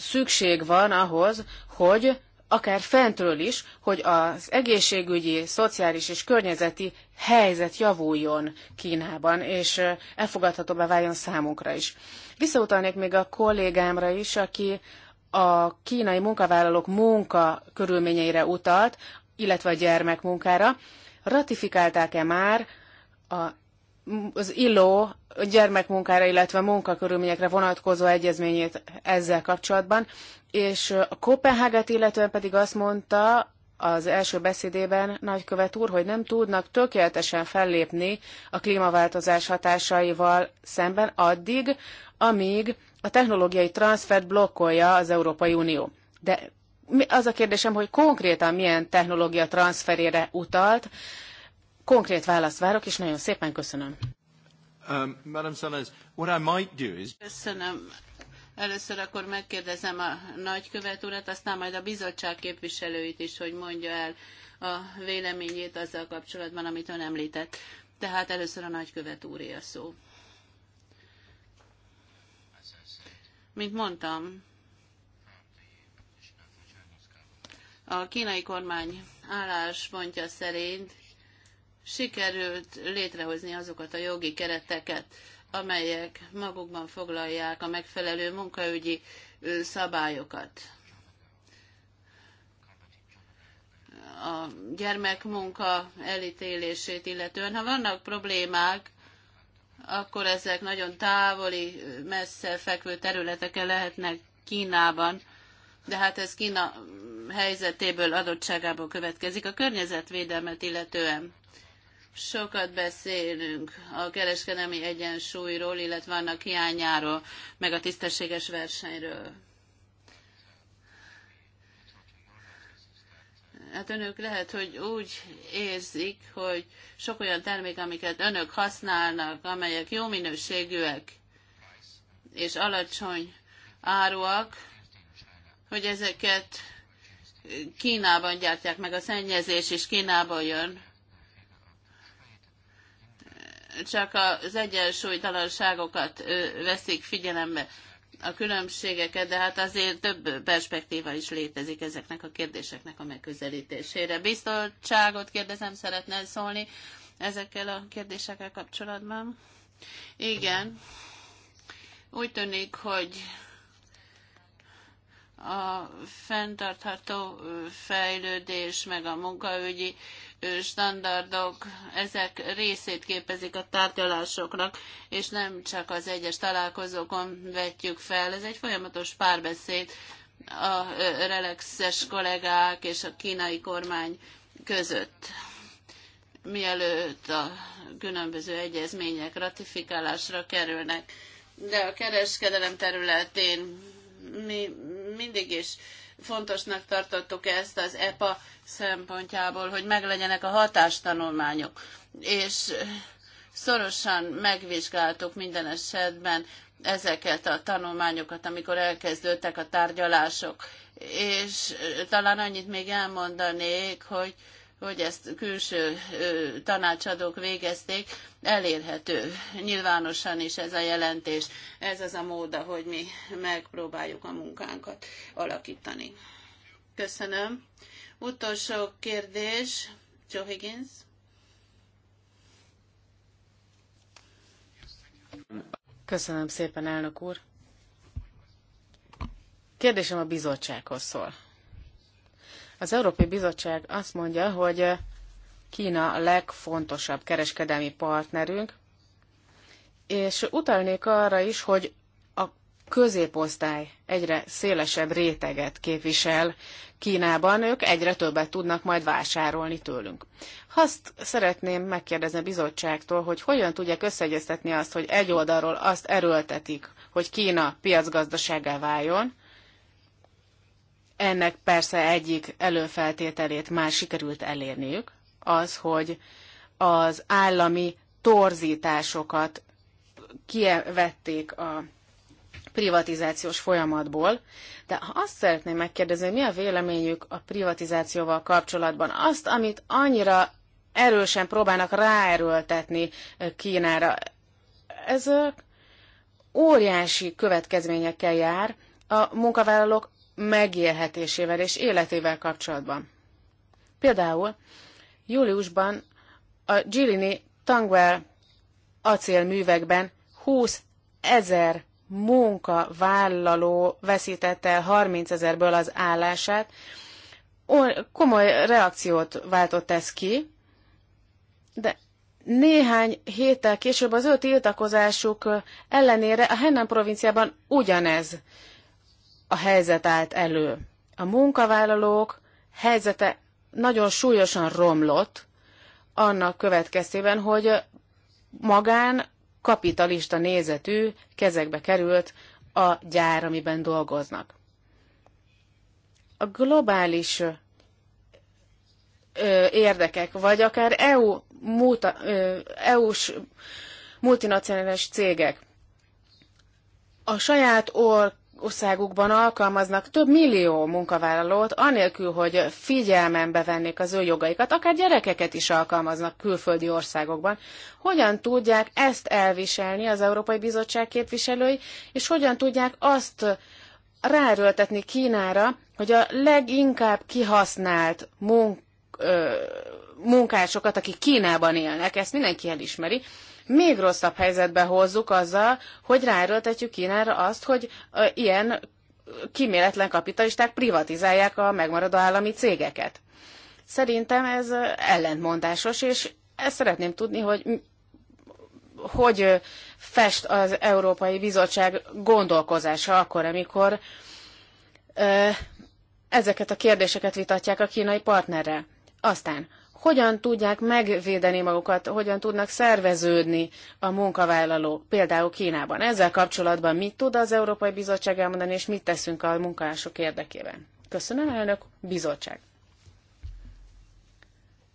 [SPEAKER 1] szükség van ahhoz, hogy akár fentről is, hogy az egészségügyi, szociális és környezeti helyzet javuljon Kínában, és elfogadhatóbbá váljon számunkra is. Visszautalnék még a kollégámra is, aki a kínai munkavállalók munka körülményeire utalt, illetve a gyermekmunkára. Ratifikálták-e már a az ILO gyermekmunkára, illetve munkakörülményekre vonatkozó egyezményét ezzel kapcsolatban, és a Kopenhágát illetően pedig azt mondta az első beszédében nagykövet úr, hogy nem tudnak tökéletesen fellépni a klímaváltozás hatásaival szemben addig, amíg a technológiai transfert blokkolja az Európai Unió. De az a kérdésem, hogy konkrétan milyen technológia transferére utalt, Konkrét választ várok, és nagyon szépen köszönöm.
[SPEAKER 2] Um, Madam Sellers, what I might do is...
[SPEAKER 3] Köszönöm. Először akkor megkérdezem a nagykövet urat, aztán majd a bizottság képviselőit is, hogy mondja el a véleményét azzal kapcsolatban, amit ön említett. Tehát először a nagykövet úré a szó. Mint mondtam, a kínai kormány álláspontja szerint sikerült létrehozni azokat a jogi kereteket, amelyek magukban foglalják a megfelelő munkaügyi szabályokat. A gyermekmunka elítélését illetően, ha vannak problémák, akkor ezek nagyon távoli, messze fekvő területeken lehetnek Kínában, de hát ez Kína helyzetéből, adottságából következik a környezetvédelmet illetően Sokat beszélünk a kereskedelmi egyensúlyról, illetve annak hiányáról, meg a tisztességes versenyről. Hát önök lehet, hogy úgy érzik, hogy sok olyan termék, amiket önök használnak, amelyek jó minőségűek és alacsony áruak, hogy ezeket Kínában gyártják meg, a szennyezés is kínában jön csak az egyensúlytalanságokat veszik figyelembe a különbségeket, de hát azért több perspektíva is létezik ezeknek a kérdéseknek a megközelítésére. Biztonságot kérdezem, szeretne szólni ezekkel a kérdésekkel kapcsolatban? Igen. Úgy tűnik, hogy a fenntartható fejlődés, meg a munkaügyi standardok, ezek részét képezik a tárgyalásoknak, és nem csak az egyes találkozókon vetjük fel. Ez egy folyamatos párbeszéd a relaxes kollégák és a kínai kormány között mielőtt a különböző egyezmények ratifikálásra kerülnek. De a kereskedelem területén mi mindig is fontosnak tartottuk ezt az EPA szempontjából, hogy meglegyenek a hatástanulmányok. És szorosan megvizsgáltuk minden esetben ezeket a tanulmányokat, amikor elkezdődtek a tárgyalások. És talán annyit még elmondanék, hogy hogy ezt külső tanácsadók végezték, elérhető nyilvánosan is ez a jelentés. Ez az a mód, hogy mi megpróbáljuk a munkánkat alakítani. Köszönöm. Utolsó kérdés, Joe Higgins.
[SPEAKER 1] Köszönöm szépen, elnök úr. Kérdésem a bizottsághoz szól. Az Európai Bizottság azt mondja, hogy Kína a legfontosabb kereskedelmi partnerünk, és utalnék arra is, hogy a középosztály egyre szélesebb réteget képvisel Kínában, ők egyre többet tudnak majd vásárolni tőlünk. Azt szeretném megkérdezni a bizottságtól, hogy hogyan tudják összeegyeztetni azt, hogy egy oldalról azt erőltetik, hogy Kína piacgazdasággá váljon, ennek persze egyik előfeltételét már sikerült elérniük, az, hogy az állami torzításokat kivették a privatizációs folyamatból, de azt szeretném megkérdezni, hogy mi a véleményük a privatizációval kapcsolatban? Azt, amit annyira erősen próbálnak ráerőltetni Kínára, ez óriási következményekkel jár. A munkavállalók megélhetésével és életével kapcsolatban. Például júliusban a Gilini Tangwell acélművekben 20 ezer munkavállaló veszítette el 30 ezerből az állását. Komoly reakciót váltott ez ki, de néhány héttel később az ő tiltakozásuk ellenére a Henan provinciában ugyanez a helyzet állt elő. A munkavállalók helyzete nagyon súlyosan romlott annak következtében, hogy magán kapitalista nézetű kezekbe került a gyár, amiben dolgoznak. A globális érdekek, vagy akár EU, multa, EU-s multinacionális cégek a saját or országukban alkalmaznak több millió munkavállalót, anélkül, hogy figyelmembe vennék az ő jogaikat, akár gyerekeket is alkalmaznak külföldi országokban. Hogyan tudják ezt elviselni az Európai Bizottság képviselői, és hogyan tudják azt ráerőltetni Kínára, hogy a leginkább kihasznált munk, ö, munkásokat, akik Kínában élnek, ezt mindenki elismeri, még rosszabb helyzetbe hozzuk azzal, hogy ráerőltetjük Kínára azt, hogy ilyen kiméletlen kapitalisták privatizálják a megmaradó állami cégeket. Szerintem ez ellentmondásos, és ezt szeretném tudni, hogy hogy fest az Európai Bizottság gondolkozása akkor, amikor ezeket a kérdéseket vitatják a kínai partnerrel. Aztán hogyan tudják megvédeni magukat, hogyan tudnak szerveződni a munkavállalók, például Kínában. Ezzel kapcsolatban mit tud az Európai Bizottság elmondani, és mit teszünk a munkások érdekében? Köszönöm, elnök, bizottság.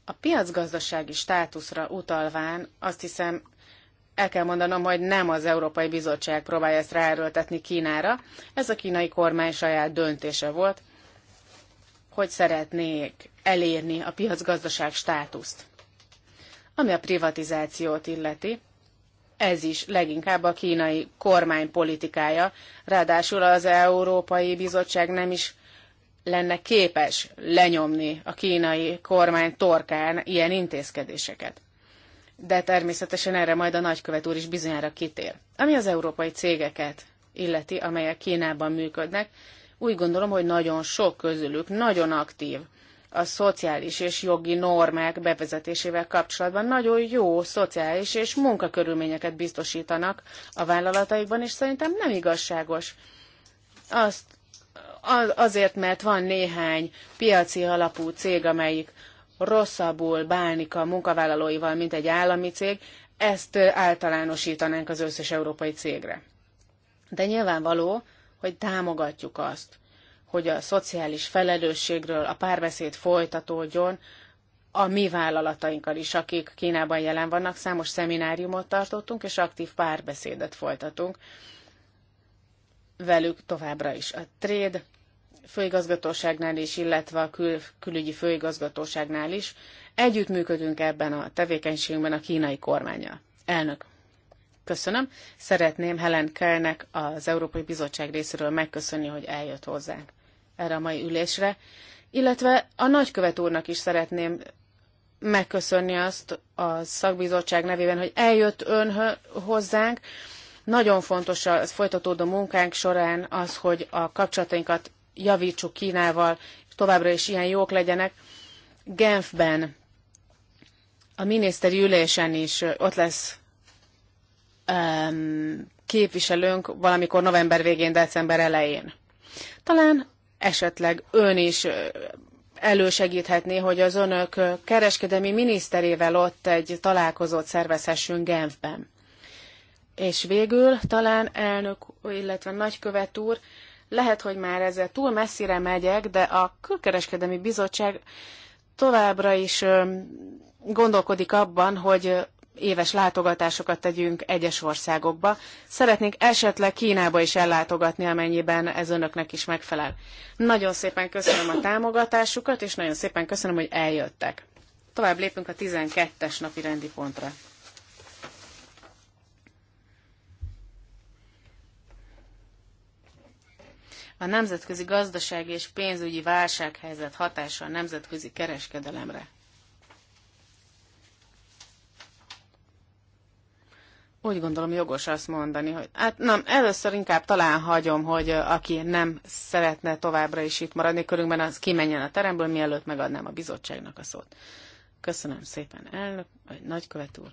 [SPEAKER 1] A piacgazdasági státuszra utalván azt hiszem el kell mondanom, hogy nem az Európai Bizottság próbálja ezt ráerőltetni Kínára. Ez a kínai kormány saját döntése volt, hogy szeretnék elérni a piacgazdaság státuszt. Ami a privatizációt illeti, ez is leginkább a kínai kormány politikája, ráadásul az Európai Bizottság nem is lenne képes lenyomni a kínai kormány torkán ilyen intézkedéseket. De természetesen erre majd a nagykövet úr is bizonyára kitér. Ami az európai cégeket illeti, amelyek Kínában működnek, úgy gondolom, hogy nagyon sok közülük nagyon aktív a szociális és jogi normák bevezetésével kapcsolatban nagyon jó szociális és munkakörülményeket biztosítanak a vállalataikban, és szerintem nem igazságos. Azt, azért, mert van néhány piaci alapú cég, amelyik rosszabbul bánik a munkavállalóival, mint egy állami cég, ezt általánosítanánk az összes európai cégre. De nyilvánvaló, hogy támogatjuk azt, hogy a szociális felelősségről a párbeszéd folytatódjon a mi vállalatainkkal is, akik Kínában jelen vannak. Számos szemináriumot tartottunk, és aktív párbeszédet folytatunk velük továbbra is. A trade főigazgatóságnál is, illetve a kül, külügyi főigazgatóságnál is együttműködünk ebben a tevékenységben a kínai kormányjal. Elnök, köszönöm. Szeretném Helen Kellnek az Európai Bizottság részéről megköszönni, hogy eljött hozzánk erre a mai ülésre, illetve a nagykövet úrnak is szeretném megköszönni azt a szakbizottság nevében, hogy eljött ön hozzánk. Nagyon fontos a folytatódó munkánk során az, hogy a kapcsolatainkat javítsuk Kínával, és továbbra is ilyen jók legyenek. Genfben a miniszteri ülésen is ott lesz um, képviselőnk valamikor november végén, december elején. Talán esetleg ön is elősegíthetné, hogy az önök kereskedelmi miniszterével ott egy találkozót szervezhessünk Genfben. És végül talán elnök, illetve nagykövet úr, lehet, hogy már ezzel túl messzire megyek, de a külkereskedelmi bizottság továbbra is gondolkodik abban, hogy éves látogatásokat tegyünk egyes országokba. Szeretnénk esetleg Kínába is ellátogatni, amennyiben ez önöknek is megfelel. Nagyon szépen köszönöm a támogatásukat, és nagyon szépen köszönöm, hogy eljöttek. Tovább lépünk a 12-es napi rendi pontra. A nemzetközi gazdasági és pénzügyi válsághelyzet hatása a nemzetközi kereskedelemre. Úgy gondolom jogos azt mondani, hogy hát nem, először inkább talán hagyom, hogy aki nem szeretne továbbra is itt maradni körünkben, az kimenjen a teremből, mielőtt megadnám a bizottságnak a szót. Köszönöm szépen, elnök, nagykövet úr.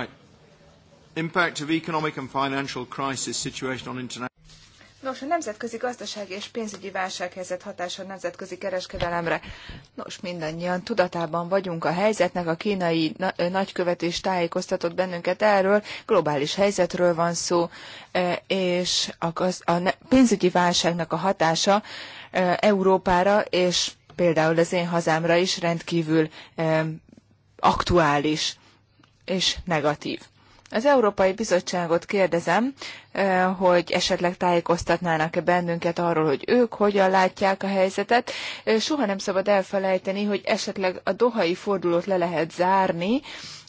[SPEAKER 2] Right. Impact of economic and financial crisis situation on international... Nos, a nemzetközi gazdaság és pénzügyi válsághelyzet hatása a nemzetközi kereskedelemre. Nos, mindannyian tudatában vagyunk a helyzetnek, a kínai na- nagykövet is tájékoztatott bennünket erről, globális helyzetről van szó, és a, gaz- a pénzügyi válságnak a hatása Európára és például az én hazámra is rendkívül aktuális és negatív. Az Európai Bizottságot kérdezem, eh, hogy esetleg tájékoztatnának-e bennünket arról, hogy ők hogyan látják a helyzetet. Eh, soha nem szabad elfelejteni, hogy esetleg a dohai fordulót le lehet zárni,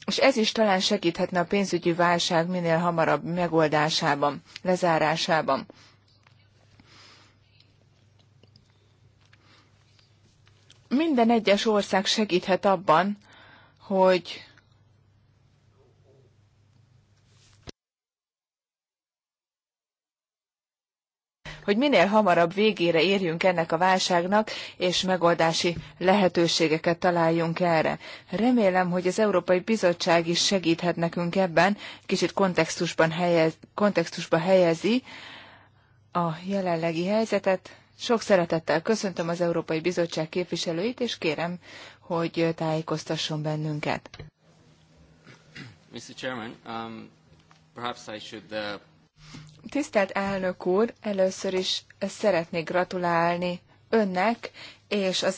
[SPEAKER 2] és ez is talán segíthetne a pénzügyi válság minél hamarabb megoldásában, lezárásában. Minden egyes ország segíthet abban, hogy hogy minél hamarabb végére érjünk ennek a válságnak, és megoldási lehetőségeket találjunk erre. Remélem, hogy az Európai Bizottság is segíthet nekünk ebben, kicsit kontextusban helyez, kontextusba helyezi a jelenlegi helyzetet. Sok szeretettel köszöntöm az Európai Bizottság képviselőit, és kérem, hogy tájékoztasson bennünket.
[SPEAKER 3] Mr. Chairman, um, perhaps I should uh,
[SPEAKER 2] Tisztelt elnök úr, először is szeretnék gratulálni önnek és az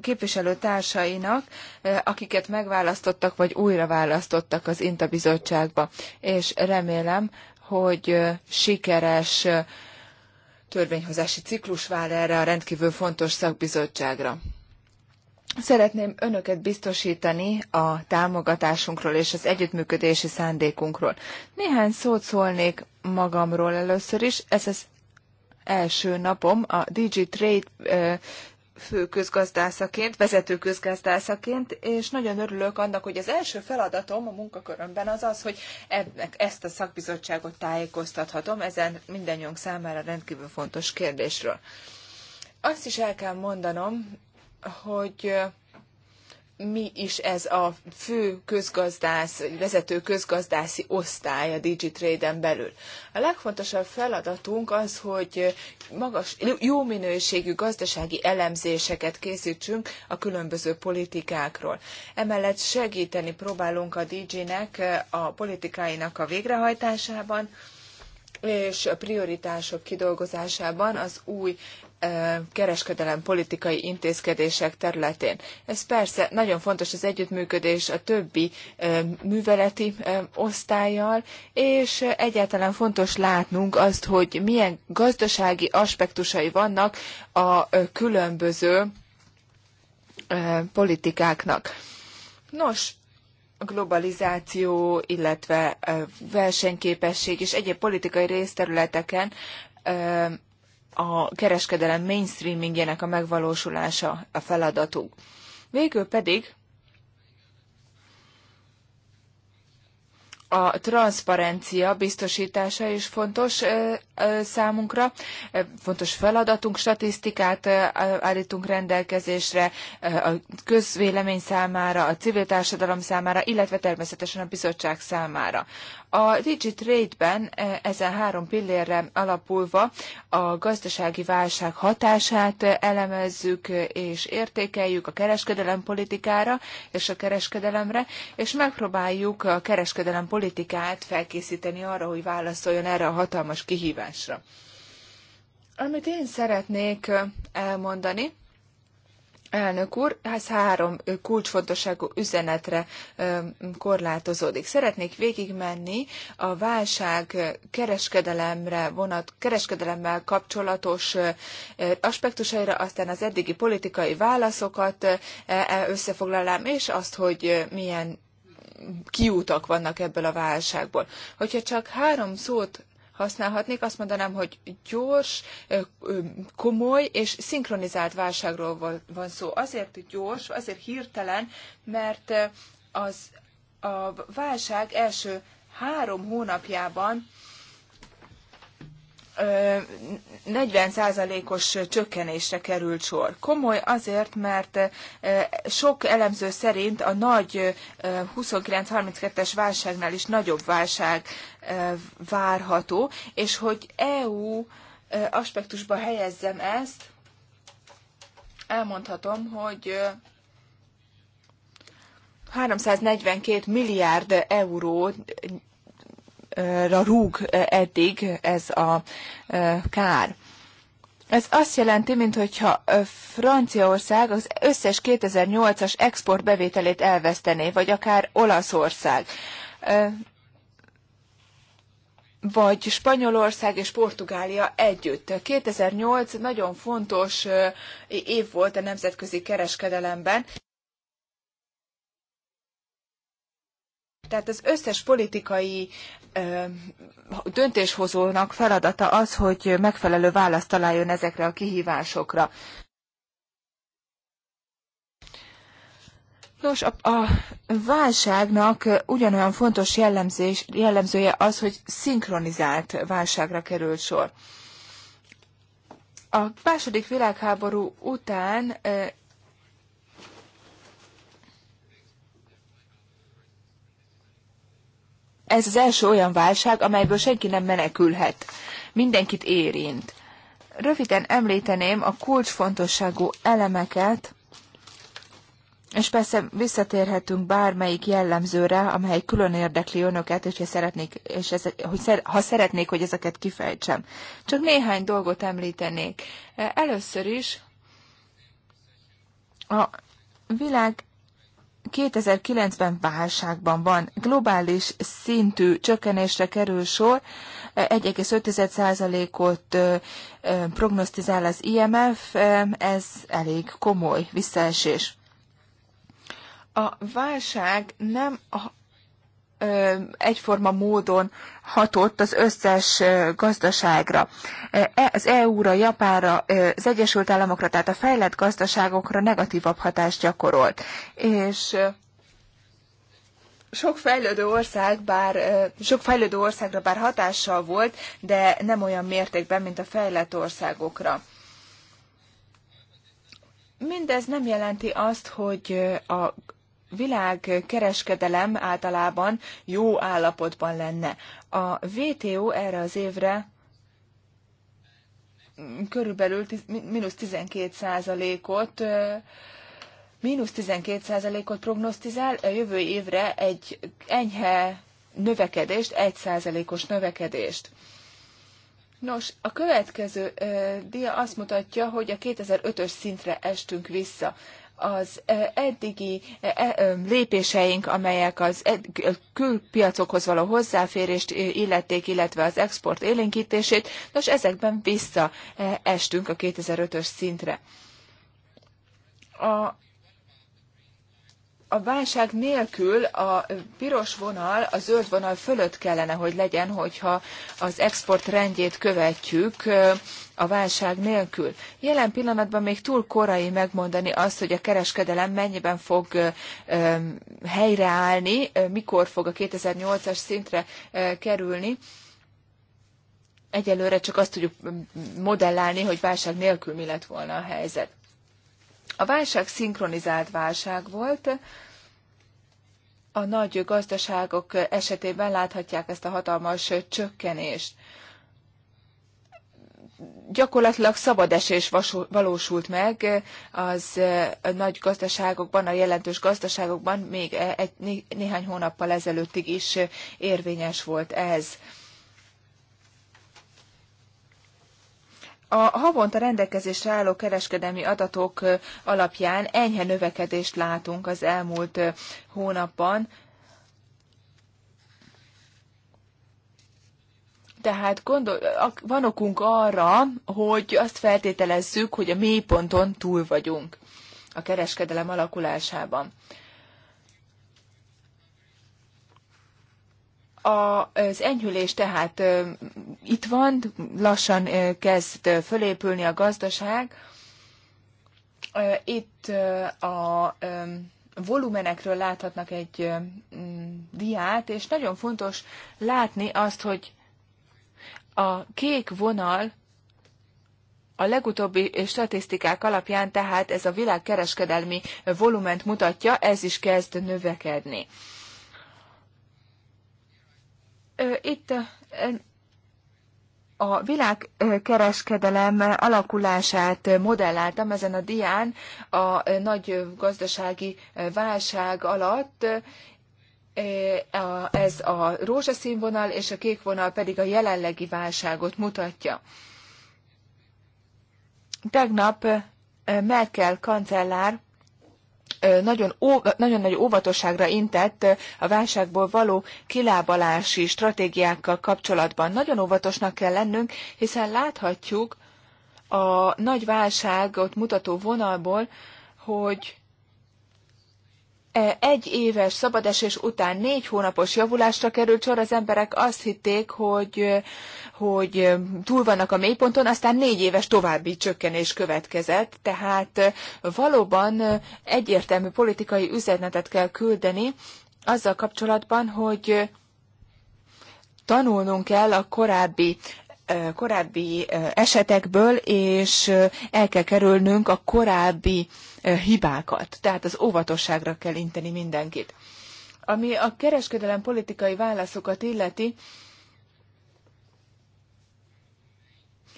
[SPEAKER 2] képviselőtársainak, eh, akiket megválasztottak vagy újra választottak az INTA bizottságba, és remélem, hogy eh, sikeres eh, törvényhozási ciklus vár erre a rendkívül fontos szakbizottságra. Szeretném önöket biztosítani a támogatásunkról és az együttműködési szándékunkról. Néhány szót szólnék magamról először is. Ez az első napom a DigiTrade közgazdászaként, vezető közgazdászaként, és nagyon örülök annak, hogy az első feladatom a munkakörömben az az, hogy ennek, ezt a szakbizottságot tájékoztathatom ezen mindannyiunk számára rendkívül fontos kérdésről. Azt is el kell mondanom, hogy mi is ez a fő közgazdász, vezető közgazdászi osztály a Digitrade-en belül. A legfontosabb feladatunk az, hogy magas, jó minőségű gazdasági elemzéseket készítsünk a különböző politikákról. Emellett segíteni próbálunk a DG-nek a politikáinak a végrehajtásában, és a prioritások kidolgozásában az új kereskedelem politikai intézkedések területén. Ez persze nagyon fontos az együttműködés a többi műveleti osztályjal, és egyáltalán fontos látnunk azt, hogy milyen gazdasági aspektusai vannak a különböző politikáknak. Nos, a globalizáció, illetve versenyképesség és egyéb politikai részterületeken a kereskedelem mainstreamingjének a megvalósulása a feladatunk. Végül pedig a transzparencia biztosítása is fontos számunkra, fontos feladatunk, statisztikát állítunk rendelkezésre a közvélemény számára, a civil társadalom számára, illetve természetesen a bizottság számára. A trade ben e, ezen három pillérre alapulva a gazdasági válság hatását e, elemezzük e, és értékeljük a kereskedelem politikára és a kereskedelemre, és megpróbáljuk a kereskedelem politikát felkészíteni arra, hogy válaszoljon erre a hatalmas kihívásra. Amit én szeretnék elmondani, Elnök úr, ez három kulcsfontosságú üzenetre korlátozódik. Szeretnék végigmenni a válság kereskedelemre vonat, kereskedelemmel kapcsolatos aspektusaira, aztán az eddigi politikai válaszokat e, e, összefoglalám, és azt, hogy milyen kiútak vannak ebből a válságból. Hogyha csak három szót használhatnék. Azt mondanám, hogy gyors, komoly és szinkronizált válságról van szó. Azért gyors, azért hirtelen, mert az a válság első három hónapjában 40%-os csökkenésre került sor. Komoly azért, mert sok elemző szerint a nagy 29-32-es válságnál is nagyobb válság várható, és hogy EU aspektusba helyezzem ezt, elmondhatom, hogy 342 milliárd euró rúg eddig ez a kár. Ez azt jelenti, mintha Franciaország az összes 2008-as exportbevételét elvesztené, vagy akár Olaszország, vagy Spanyolország és Portugália együtt. 2008 nagyon fontos év volt a nemzetközi kereskedelemben. Tehát az összes politikai döntéshozónak feladata az, hogy megfelelő választ találjon ezekre a kihívásokra. Nos, a, a válságnak ugyanolyan fontos jellemzés, jellemzője az, hogy szinkronizált válságra került sor. A második világháború után ez az első olyan válság, amelyből senki nem menekülhet. Mindenkit érint. Röviden említeném a kulcsfontosságú elemeket, és persze visszatérhetünk bármelyik jellemzőre, amely külön érdekli önöket, és, szeretnék, és ez, hogy szer, ha szeretnék, hogy ezeket kifejtsem. Csak néhány dolgot említenék. Először is a világ 2009-ben válságban van. Globális szintű csökkenésre kerül sor, 1,5%-ot prognosztizál az IMF, ez elég komoly visszaesés. A válság nem egyforma módon hatott az összes gazdaságra. E, az EU-ra, Japánra, az Egyesült Államokra, tehát a fejlett gazdaságokra negatívabb hatást gyakorolt. És sok fejlődő ország, bár sok fejlődő országra bár hatással volt, de nem olyan mértékben, mint a fejlett országokra. Mindez nem jelenti azt, hogy a világkereskedelem általában jó állapotban lenne. A WTO erre az évre körülbelül mínusz 12 százalékot mínusz 12 százalékot prognosztizál, a jövő évre egy enyhe növekedést, 1 százalékos növekedést. Nos, a következő ö, dia azt mutatja, hogy a 2005-ös szintre estünk vissza. Az eddigi e, lépéseink, amelyek az külpiacokhoz való hozzáférést illették, illetve az export élénkítését, nos, ezekben visszaestünk a 2005-ös szintre. A a válság nélkül a piros vonal, a zöld vonal fölött kellene, hogy legyen, hogyha az export rendjét követjük a válság nélkül. Jelen pillanatban még túl korai megmondani azt, hogy a kereskedelem mennyiben fog helyreállni, mikor fog a 2008-as szintre kerülni. Egyelőre csak azt tudjuk modellálni, hogy válság nélkül mi lett volna a helyzet. A válság szinkronizált válság volt, a nagy gazdaságok esetében láthatják ezt a hatalmas csökkenést. Gyakorlatilag szabad esés valósult meg az nagy gazdaságokban, a jelentős gazdaságokban, még e- egy, néhány hónappal ezelőttig is érvényes volt ez. a havonta rendelkezésre álló kereskedelmi adatok alapján enyhe növekedést látunk az elmúlt hónapban. Tehát gondol, van okunk arra, hogy azt feltételezzük, hogy a mélyponton túl vagyunk a kereskedelem alakulásában. az enyhülés tehát itt van, lassan kezd fölépülni a gazdaság. Itt a volumenekről láthatnak egy diát, és nagyon fontos látni azt, hogy a kék vonal a legutóbbi statisztikák alapján tehát ez a világkereskedelmi volument mutatja, ez is kezd növekedni. Itt a világkereskedelem alakulását modelláltam ezen a dián a nagy gazdasági válság alatt. Ez a rózsaszín vonal és a kék vonal pedig a jelenlegi válságot mutatja. Tegnap Merkel kancellár nagyon, ó, nagyon nagy óvatosságra intett a válságból való kilábalási stratégiákkal kapcsolatban. Nagyon óvatosnak kell lennünk, hiszen láthatjuk a nagy válságot mutató vonalból, hogy E, egy éves szabadesés után négy hónapos javulásra került sor, az emberek azt hitték, hogy, hogy túl vannak a mélyponton, aztán négy éves további csökkenés következett, tehát valóban egyértelmű politikai üzenetet kell küldeni azzal kapcsolatban, hogy tanulnunk kell a korábbi e, korábbi e, esetekből, és el kell kerülnünk a korábbi hibákat. Tehát az óvatosságra kell inteni mindenkit. Ami a kereskedelem politikai válaszokat illeti,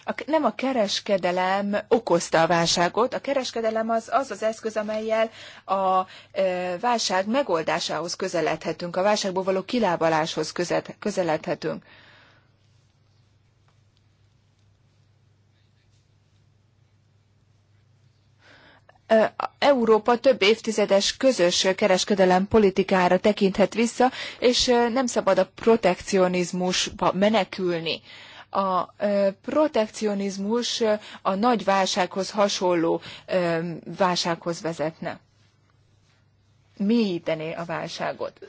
[SPEAKER 2] a, nem a kereskedelem okozta a válságot, a kereskedelem az az, az eszköz, amelyel a e, válság megoldásához közeledhetünk, a válságból való kilábaláshoz közeledhetünk. Európa több évtizedes közös kereskedelem politikára tekinthet vissza, és nem szabad a protekcionizmusba menekülni. A protekcionizmus a nagy válsághoz hasonló válsághoz vezetne. Mélyítené a válságot.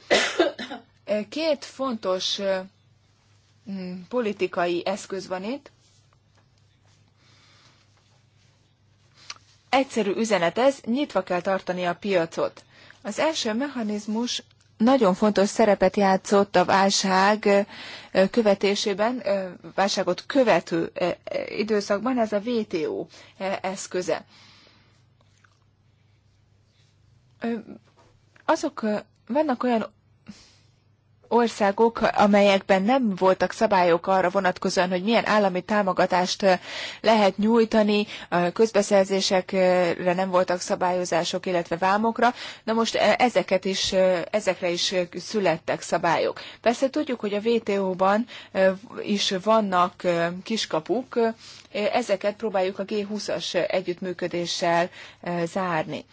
[SPEAKER 2] Két fontos politikai eszköz van itt. Egyszerű üzenet ez, nyitva kell tartani a piacot. Az első mechanizmus nagyon fontos szerepet játszott a válság követésében, válságot követő időszakban, ez a WTO eszköze. Azok vannak olyan országok, amelyekben nem voltak szabályok arra vonatkozóan, hogy milyen állami támogatást lehet nyújtani, közbeszerzésekre nem voltak szabályozások, illetve vámokra. Na most ezeket is, ezekre is születtek szabályok. Persze tudjuk, hogy a WTO-ban is vannak kiskapuk, ezeket próbáljuk a G20-as együttműködéssel zárni.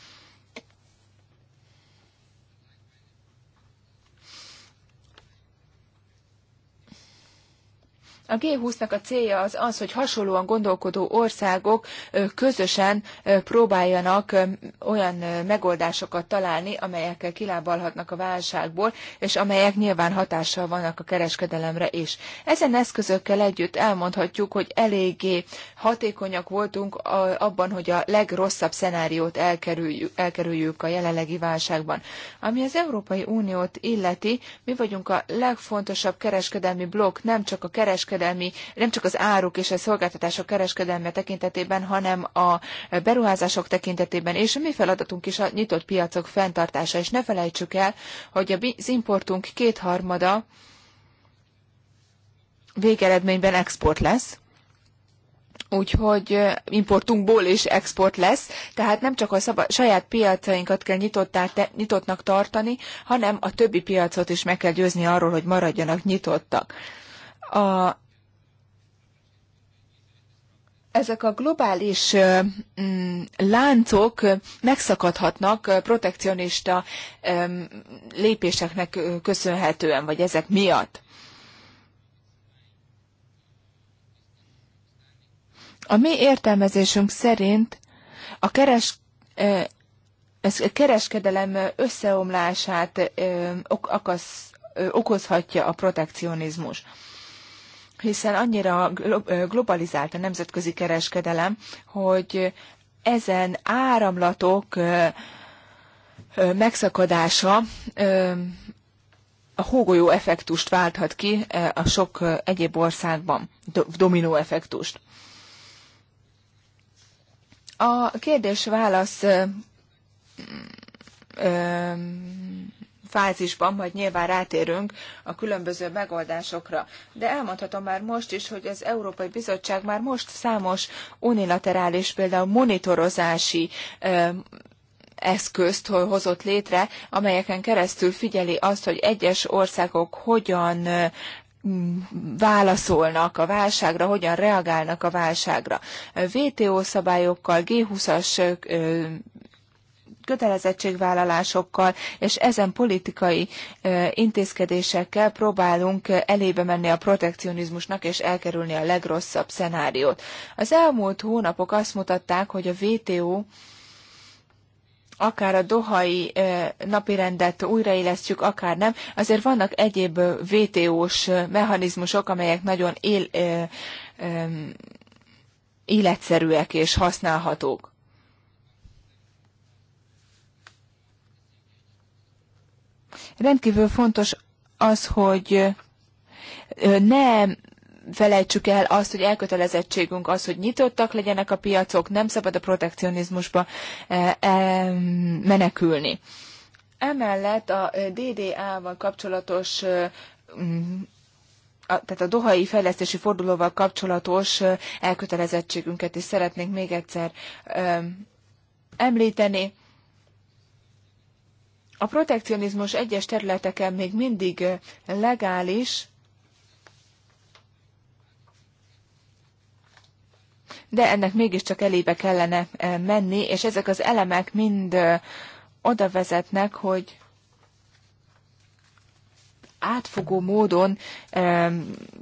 [SPEAKER 2] A G20-nak a célja az az, hogy hasonlóan gondolkodó országok közösen próbáljanak olyan megoldásokat találni, amelyekkel kilábalhatnak a válságból, és amelyek nyilván hatással vannak a kereskedelemre is. Ezen eszközökkel együtt elmondhatjuk, hogy eléggé hatékonyak voltunk abban, hogy a legrosszabb szenáriót elkerüljük, elkerüljük a jelenlegi válságban. Ami az Európai Uniót illeti, mi vagyunk a legfontosabb kereskedelmi blokk, nem csak a kereskedelmi kereskedelmi, nem csak az áruk és a szolgáltatások kereskedelme tekintetében, hanem a beruházások tekintetében, és a mi feladatunk is a nyitott piacok fenntartása, és ne felejtsük el, hogy az importunk kétharmada végeredményben export lesz, úgyhogy importunkból is export lesz, tehát nem csak a szab- saját piacainkat kell te- nyitottnak tartani, hanem a többi piacot is meg kell győzni arról, hogy maradjanak nyitottak. A ezek a globális mm, láncok megszakadhatnak protekcionista lépéseknek köszönhetően, vagy ezek miatt. A mi értelmezésünk szerint a keres, ez a kereskedelem összeomlását okozhatja a protekcionizmus hiszen annyira globalizált a nemzetközi kereskedelem, hogy ezen áramlatok megszakadása a hógolyó effektust válthat ki a sok egyéb országban, dominó effektust. A kérdés-válasz fázisban, majd nyilván rátérünk a különböző megoldásokra. De elmondhatom már most is, hogy az Európai Bizottság már most számos unilaterális, például monitorozási eszközt hozott létre, amelyeken keresztül figyeli azt, hogy egyes országok hogyan válaszolnak a válságra, hogyan reagálnak a válságra. VTO szabályokkal, G20-as kötelezettségvállalásokkal és ezen politikai intézkedésekkel próbálunk elébe menni a protekcionizmusnak és elkerülni a legrosszabb szenáriót. Az elmúlt hónapok azt mutatták, hogy a WTO akár a dohai napirendet újraélesztjük, akár nem, azért vannak egyéb VTO-s mechanizmusok, amelyek nagyon él, életszerűek és használhatók. Rendkívül fontos az, hogy ne felejtsük el azt, hogy elkötelezettségünk az, hogy nyitottak legyenek a piacok, nem szabad a protekcionizmusba e, e, menekülni. Emellett a DDA-val kapcsolatos tehát a dohai fejlesztési fordulóval kapcsolatos elkötelezettségünket is szeretnénk még egyszer említeni. A protekcionizmus egyes területeken még mindig legális, de ennek mégiscsak elébe kellene menni, és ezek az elemek mind oda vezetnek, hogy átfogó módon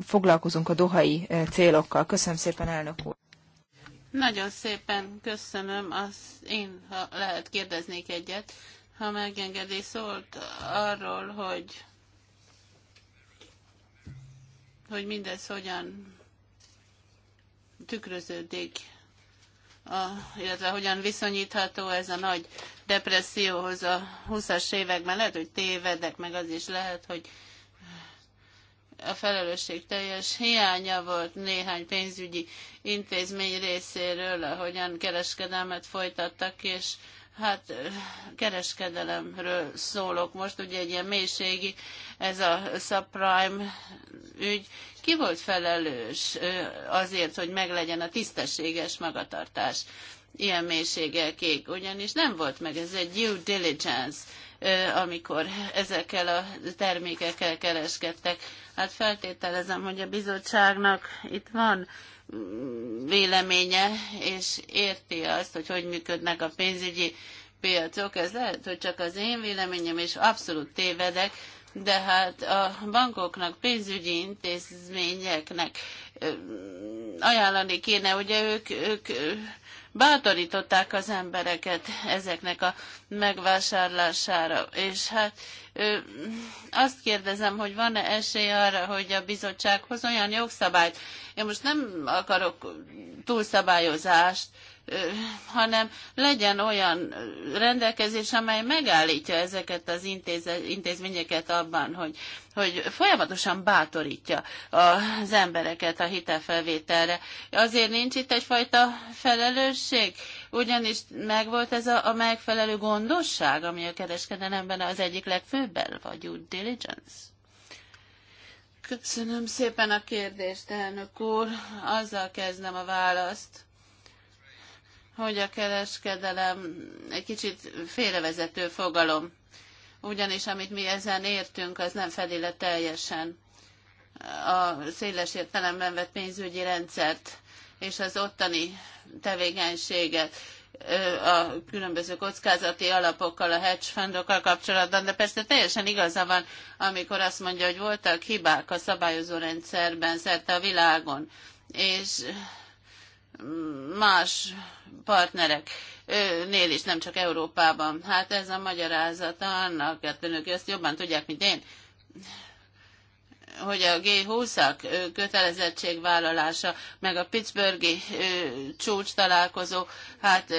[SPEAKER 2] foglalkozunk a dohai célokkal. Köszönöm szépen, elnök úr!
[SPEAKER 3] Nagyon szépen köszönöm, az én, ha lehet, kérdeznék egyet ha megengedi, szólt arról, hogy, hogy mindez hogyan tükröződik, a, illetve hogyan viszonyítható ez a nagy depresszióhoz a 20-as években. Lehet, hogy tévedek, meg az is lehet, hogy a felelősség teljes hiánya volt néhány pénzügyi intézmény részéről, ahogyan kereskedelmet folytattak, és Hát kereskedelemről szólok most, ugye egy ilyen mélységi, ez a subprime ügy. Ki volt felelős azért, hogy meglegyen a tisztességes magatartás ilyen mélységekig? Ugyanis nem volt meg, ez egy due diligence, amikor ezekkel a termékekkel kereskedtek. Hát feltételezem, hogy a bizottságnak itt van véleménye, és érti azt, hogy hogy működnek a pénzügyi piacok. Ez lehet, hogy csak az én véleményem, és abszolút tévedek, de hát a bankoknak, pénzügyi intézményeknek ajánlani kéne, ugye ők, ők bátorították az embereket ezeknek a megvásárlására. És hát ö, azt kérdezem, hogy van-e esély arra, hogy a bizottsághoz olyan jogszabályt, én most nem akarok túlszabályozást, hanem legyen olyan rendelkezés, amely megállítja ezeket az intéz, intézményeket abban, hogy, hogy folyamatosan bátorítja az embereket a hitelfelvételre. Azért nincs itt egyfajta felelősség, ugyanis megvolt ez a, a megfelelő gondosság, ami a kereskedelemben az egyik legfőbb elv, vagy due diligence. Köszönöm szépen a kérdést, elnök úr. Azzal kezdem a választ, hogy a kereskedelem egy kicsit félrevezető fogalom, ugyanis amit mi ezen értünk, az nem fedi le teljesen a széles értelemben vett pénzügyi rendszert és az ottani tevékenységet a különböző kockázati alapokkal, a hedge fundokkal kapcsolatban, de persze teljesen igaza van, amikor azt mondja, hogy voltak hibák a szabályozó rendszerben szerte a világon, és más partnerek nél is, nem csak Európában. Hát ez a magyarázat annak, hát önök ezt jobban tudják, mint én, hogy a G20-ak kötelezettségvállalása, meg a Pittsburghi csúcs találkozó, hát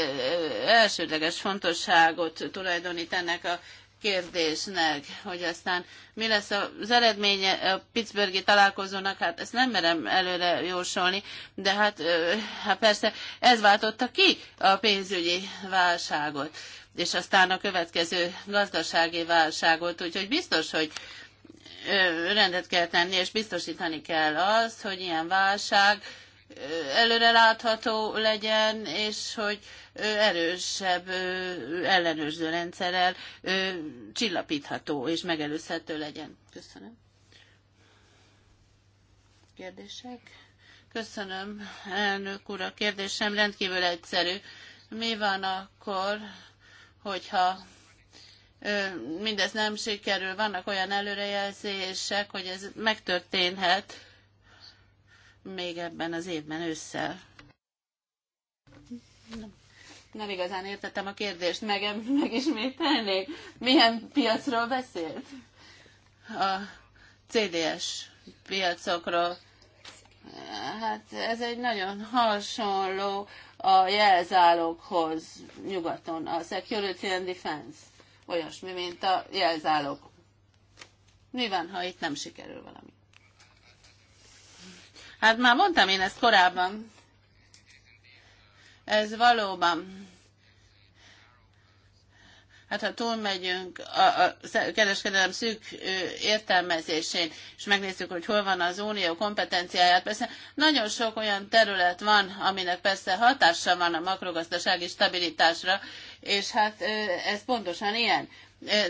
[SPEAKER 3] elsődleges fontosságot tulajdonít ennek a kérdésnek, hogy aztán mi lesz az eredménye a Pittsburghi találkozónak, hát ezt nem merem előre jósolni, de hát, hát persze ez váltotta ki a pénzügyi válságot, és aztán a következő gazdasági válságot, úgyhogy biztos, hogy rendet kell tenni, és biztosítani kell azt, hogy ilyen válság, előre látható legyen, és hogy erősebb ellenőrző rendszerrel csillapítható és megelőzhető legyen. Köszönöm. Kérdések? Köszönöm, elnök úr, a kérdésem rendkívül egyszerű. Mi van akkor, hogyha mindez nem sikerül, vannak olyan előrejelzések, hogy ez megtörténhet, még ebben az évben ősszel. Nem, nem igazán értettem a kérdést, meg, megismételnék. Milyen piacról beszélt? A CDS piacokról. Hát ez egy nagyon hasonló a jelzáloghoz nyugaton, a Security and Defense. Olyasmi, mint a jelzálog. Mi van, ha itt nem sikerül valami? Hát már mondtam én ezt korábban. Ez valóban. Hát ha túlmegyünk a, a kereskedelem szűk értelmezésén, és megnézzük, hogy hol van az unió kompetenciáját, persze nagyon sok olyan terület van, aminek persze hatása van a makrogazdasági stabilitásra, és hát ez pontosan ilyen.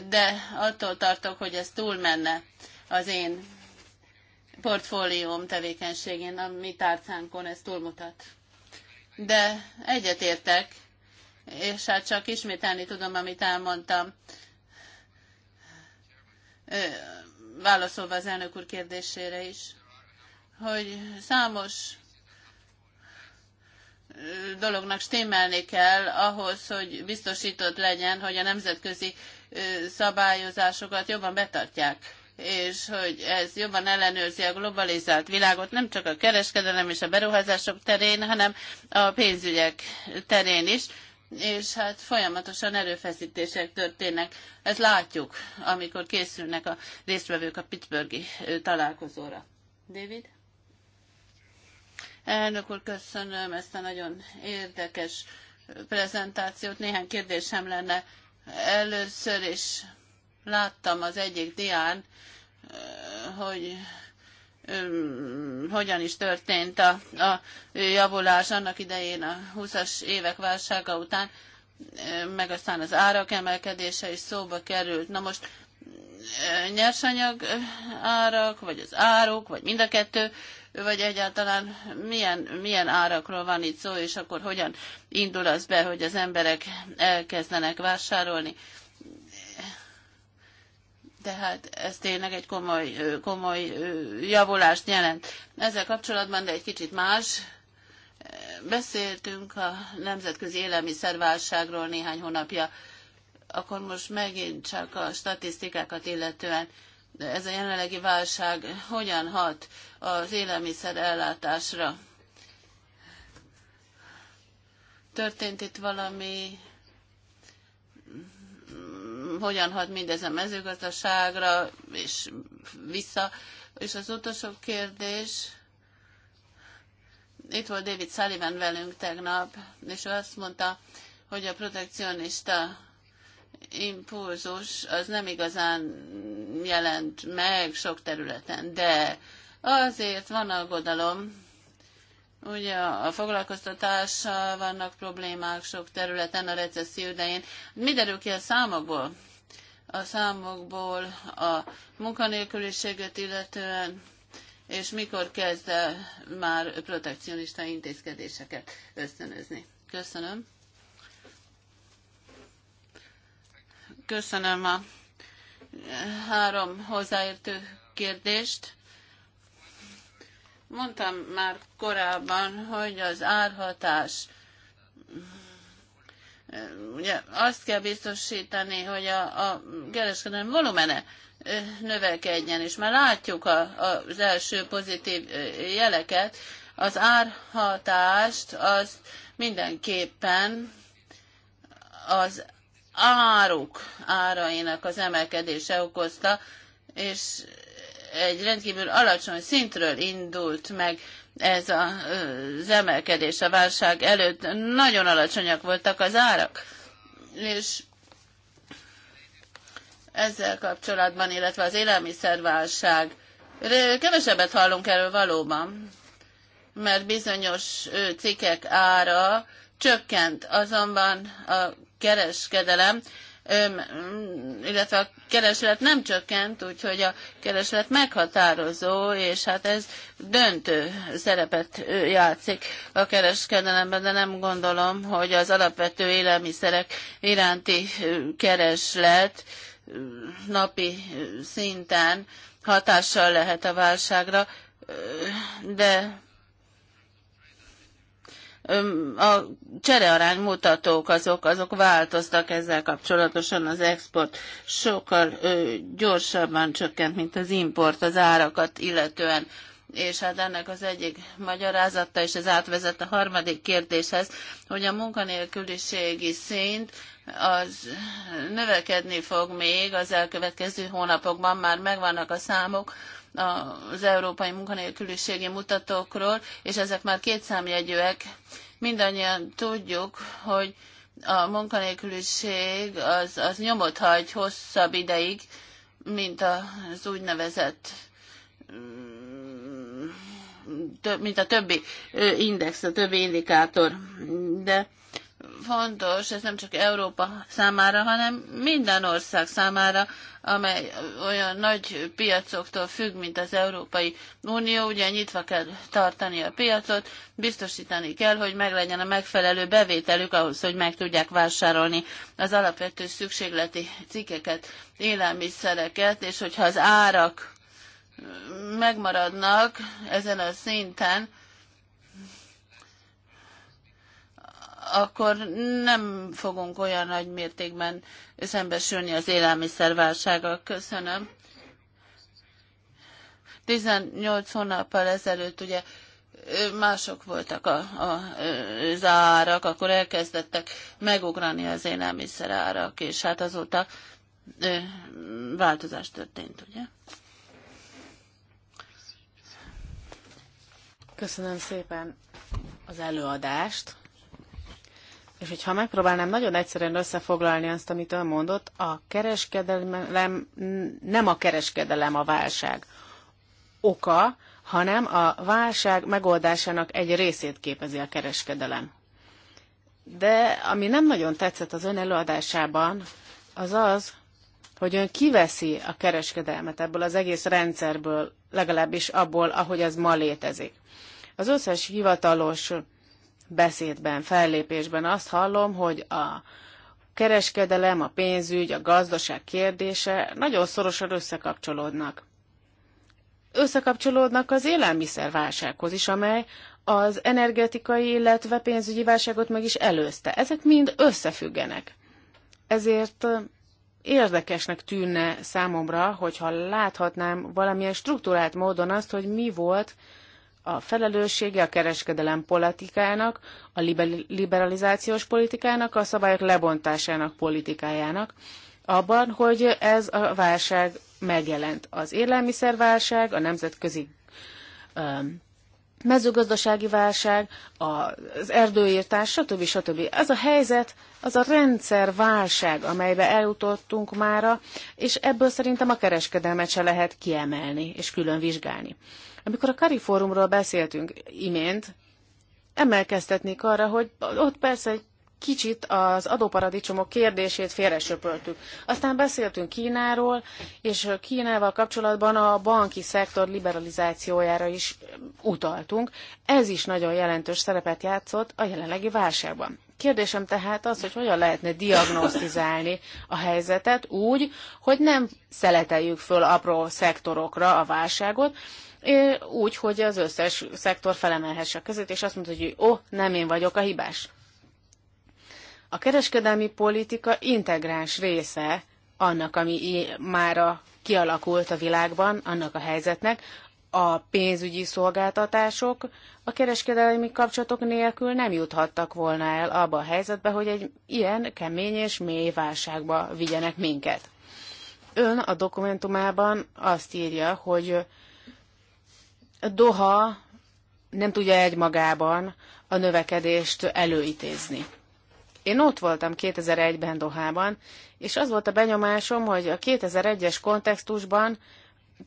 [SPEAKER 3] De attól tartok, hogy ez túlmenne az én portfólióm tevékenységén, a mi tárcánkon ez túlmutat. De egyetértek, és hát csak ismételni tudom, amit elmondtam. Válaszolva az elnök úr kérdésére is, hogy számos dolognak stimmelni kell ahhoz, hogy biztosított legyen, hogy a nemzetközi szabályozásokat jobban betartják és hogy ez jobban ellenőrzi a globalizált világot, nem csak a kereskedelem és a beruházások terén, hanem a pénzügyek terén is, és hát folyamatosan erőfeszítések történnek. Ezt látjuk, amikor készülnek a résztvevők a Pittsburghi találkozóra. David? Elnök úr, köszönöm ezt a nagyon érdekes prezentációt. Néhány kérdésem lenne először is láttam az egyik dián, eh, hogy eh, hogyan is történt a, a javulás annak idején a 20-as évek válsága után, eh, meg aztán az árak emelkedése is szóba került. Na most nyersanyag árak, vagy az áruk, vagy mind a kettő, vagy egyáltalán milyen, milyen árakról van itt szó, és akkor hogyan indul az be, hogy az emberek elkezdenek vásárolni. Tehát ez tényleg egy komoly, komoly javulást jelent. Ezzel kapcsolatban, de egy kicsit más, beszéltünk a nemzetközi élelmiszerválságról néhány hónapja, akkor most megint csak a statisztikákat illetően ez a jelenlegi válság hogyan hat az élelmiszer ellátásra? Történt itt valami hogyan hat mindez a mezőgazdaságra, és vissza. És az utolsó kérdés, itt volt David Sullivan velünk tegnap, és ő azt mondta, hogy a protekcionista impulzus az nem igazán jelent meg sok területen, de azért van aggodalom, Ugye a foglalkoztatással vannak problémák sok területen a recesszió idején. Mi derül ki a számokból? A számokból a munkanélküliséget illetően, és mikor kezd el már protekcionista intézkedéseket ösztönözni? Köszönöm. Köszönöm a három hozzáértő kérdést. Mondtam már korábban, hogy az árhatás ugye azt kell biztosítani, hogy a, a kereskedelmi volumene növekedjen, és már látjuk a, a, az első pozitív jeleket, az árhatást az mindenképpen az áruk árainak az emelkedése okozta, és egy rendkívül alacsony szintről indult meg ez a, az emelkedés a válság előtt. Nagyon alacsonyak voltak az árak, és ezzel kapcsolatban, illetve az élelmiszerválság. Kevesebbet hallunk erről valóban, mert bizonyos cikkek ára csökkent, azonban a kereskedelem illetve a kereslet nem csökkent, úgyhogy a kereslet meghatározó, és hát ez döntő szerepet játszik a kereskedelemben, de nem gondolom, hogy az alapvető élelmiszerek iránti kereslet napi szinten hatással lehet a válságra, de a cserearány mutatók azok, azok változtak ezzel kapcsolatosan, az export sokkal gyorsabban csökkent, mint az import az árakat illetően és hát ennek az egyik magyarázata, és ez átvezet a harmadik kérdéshez, hogy a munkanélküliségi szint az növekedni fog még az elkövetkező hónapokban, már megvannak a számok, az európai munkanélküliségi mutatókról, és ezek már kétszámjegyűek. Mindannyian tudjuk, hogy a munkanélküliség az, az nyomot hagy hosszabb ideig, mint az úgynevezett mm, mint a többi index, a többi indikátor. De fontos, ez nem csak Európa számára, hanem minden ország számára, amely olyan nagy piacoktól függ, mint az Európai Unió. Ugye nyitva kell tartani a piacot, biztosítani kell, hogy meglegyen a megfelelő bevételük ahhoz, hogy meg tudják vásárolni az alapvető szükségleti cikkeket, élelmiszereket, és hogyha az árak megmaradnak ezen a szinten, akkor nem fogunk olyan nagy mértékben szembesülni az élelmiszerválsággal. Köszönöm. 18 hónappal ezelőtt ugye mások voltak a, a, az árak, akkor elkezdettek megugrani az élelmiszer árak, és hát azóta ö, változás történt, ugye?
[SPEAKER 1] Köszönöm szépen az előadást. És hogyha megpróbálnám nagyon egyszerűen összefoglalni azt, amit ön mondott, a kereskedelem nem a kereskedelem a válság oka, hanem a válság megoldásának egy részét képezi a kereskedelem. De ami nem nagyon tetszett az ön előadásában, az az, hogy ön kiveszi a kereskedelmet ebből az egész rendszerből, legalábbis abból, ahogy ez ma létezik. Az összes hivatalos beszédben, fellépésben azt hallom, hogy a kereskedelem, a pénzügy, a gazdaság kérdése nagyon szorosan összekapcsolódnak. Összekapcsolódnak az élelmiszerválsághoz is, amely az energetikai, illetve pénzügyi válságot meg is előzte. Ezek mind összefüggenek. Ezért érdekesnek tűnne számomra, hogyha láthatnám valamilyen struktúrált módon azt, hogy mi volt a felelőssége a kereskedelem politikának, a liberalizációs politikának, a szabályok lebontásának politikájának, abban, hogy ez a válság megjelent. Az élelmiszerválság, a nemzetközi um, mezőgazdasági válság, az erdőírtás, stb. stb. Ez a helyzet, az a rendszerválság, amelybe eljutottunk mára, és ebből szerintem a kereskedelmet se lehet kiemelni és külön vizsgálni. Amikor a Kari Fórumról beszéltünk imént, emelkeztetnék arra, hogy ott persze egy kicsit az adóparadicsomok kérdését félresöpöltük. Aztán beszéltünk Kínáról, és Kínával kapcsolatban a banki szektor liberalizációjára is utaltunk. Ez is nagyon jelentős szerepet játszott a jelenlegi válságban. Kérdésem tehát az, hogy hogyan lehetne diagnosztizálni a helyzetet úgy, hogy nem szeleteljük föl apró szektorokra a válságot, úgy, hogy az összes szektor felemelhesse a között, és azt mondta, hogy ó, oh, nem én vagyok a hibás. A kereskedelmi politika integráns része annak, ami már kialakult a világban, annak a helyzetnek, a pénzügyi szolgáltatások a kereskedelmi kapcsolatok nélkül nem juthattak volna el abba a helyzetbe, hogy egy ilyen kemény és mély válságba vigyenek minket. Ön a dokumentumában azt írja, hogy a Doha nem tudja egymagában a növekedést előítézni. Én ott voltam 2001-ben Dohában, és az volt a benyomásom, hogy a 2001-es kontextusban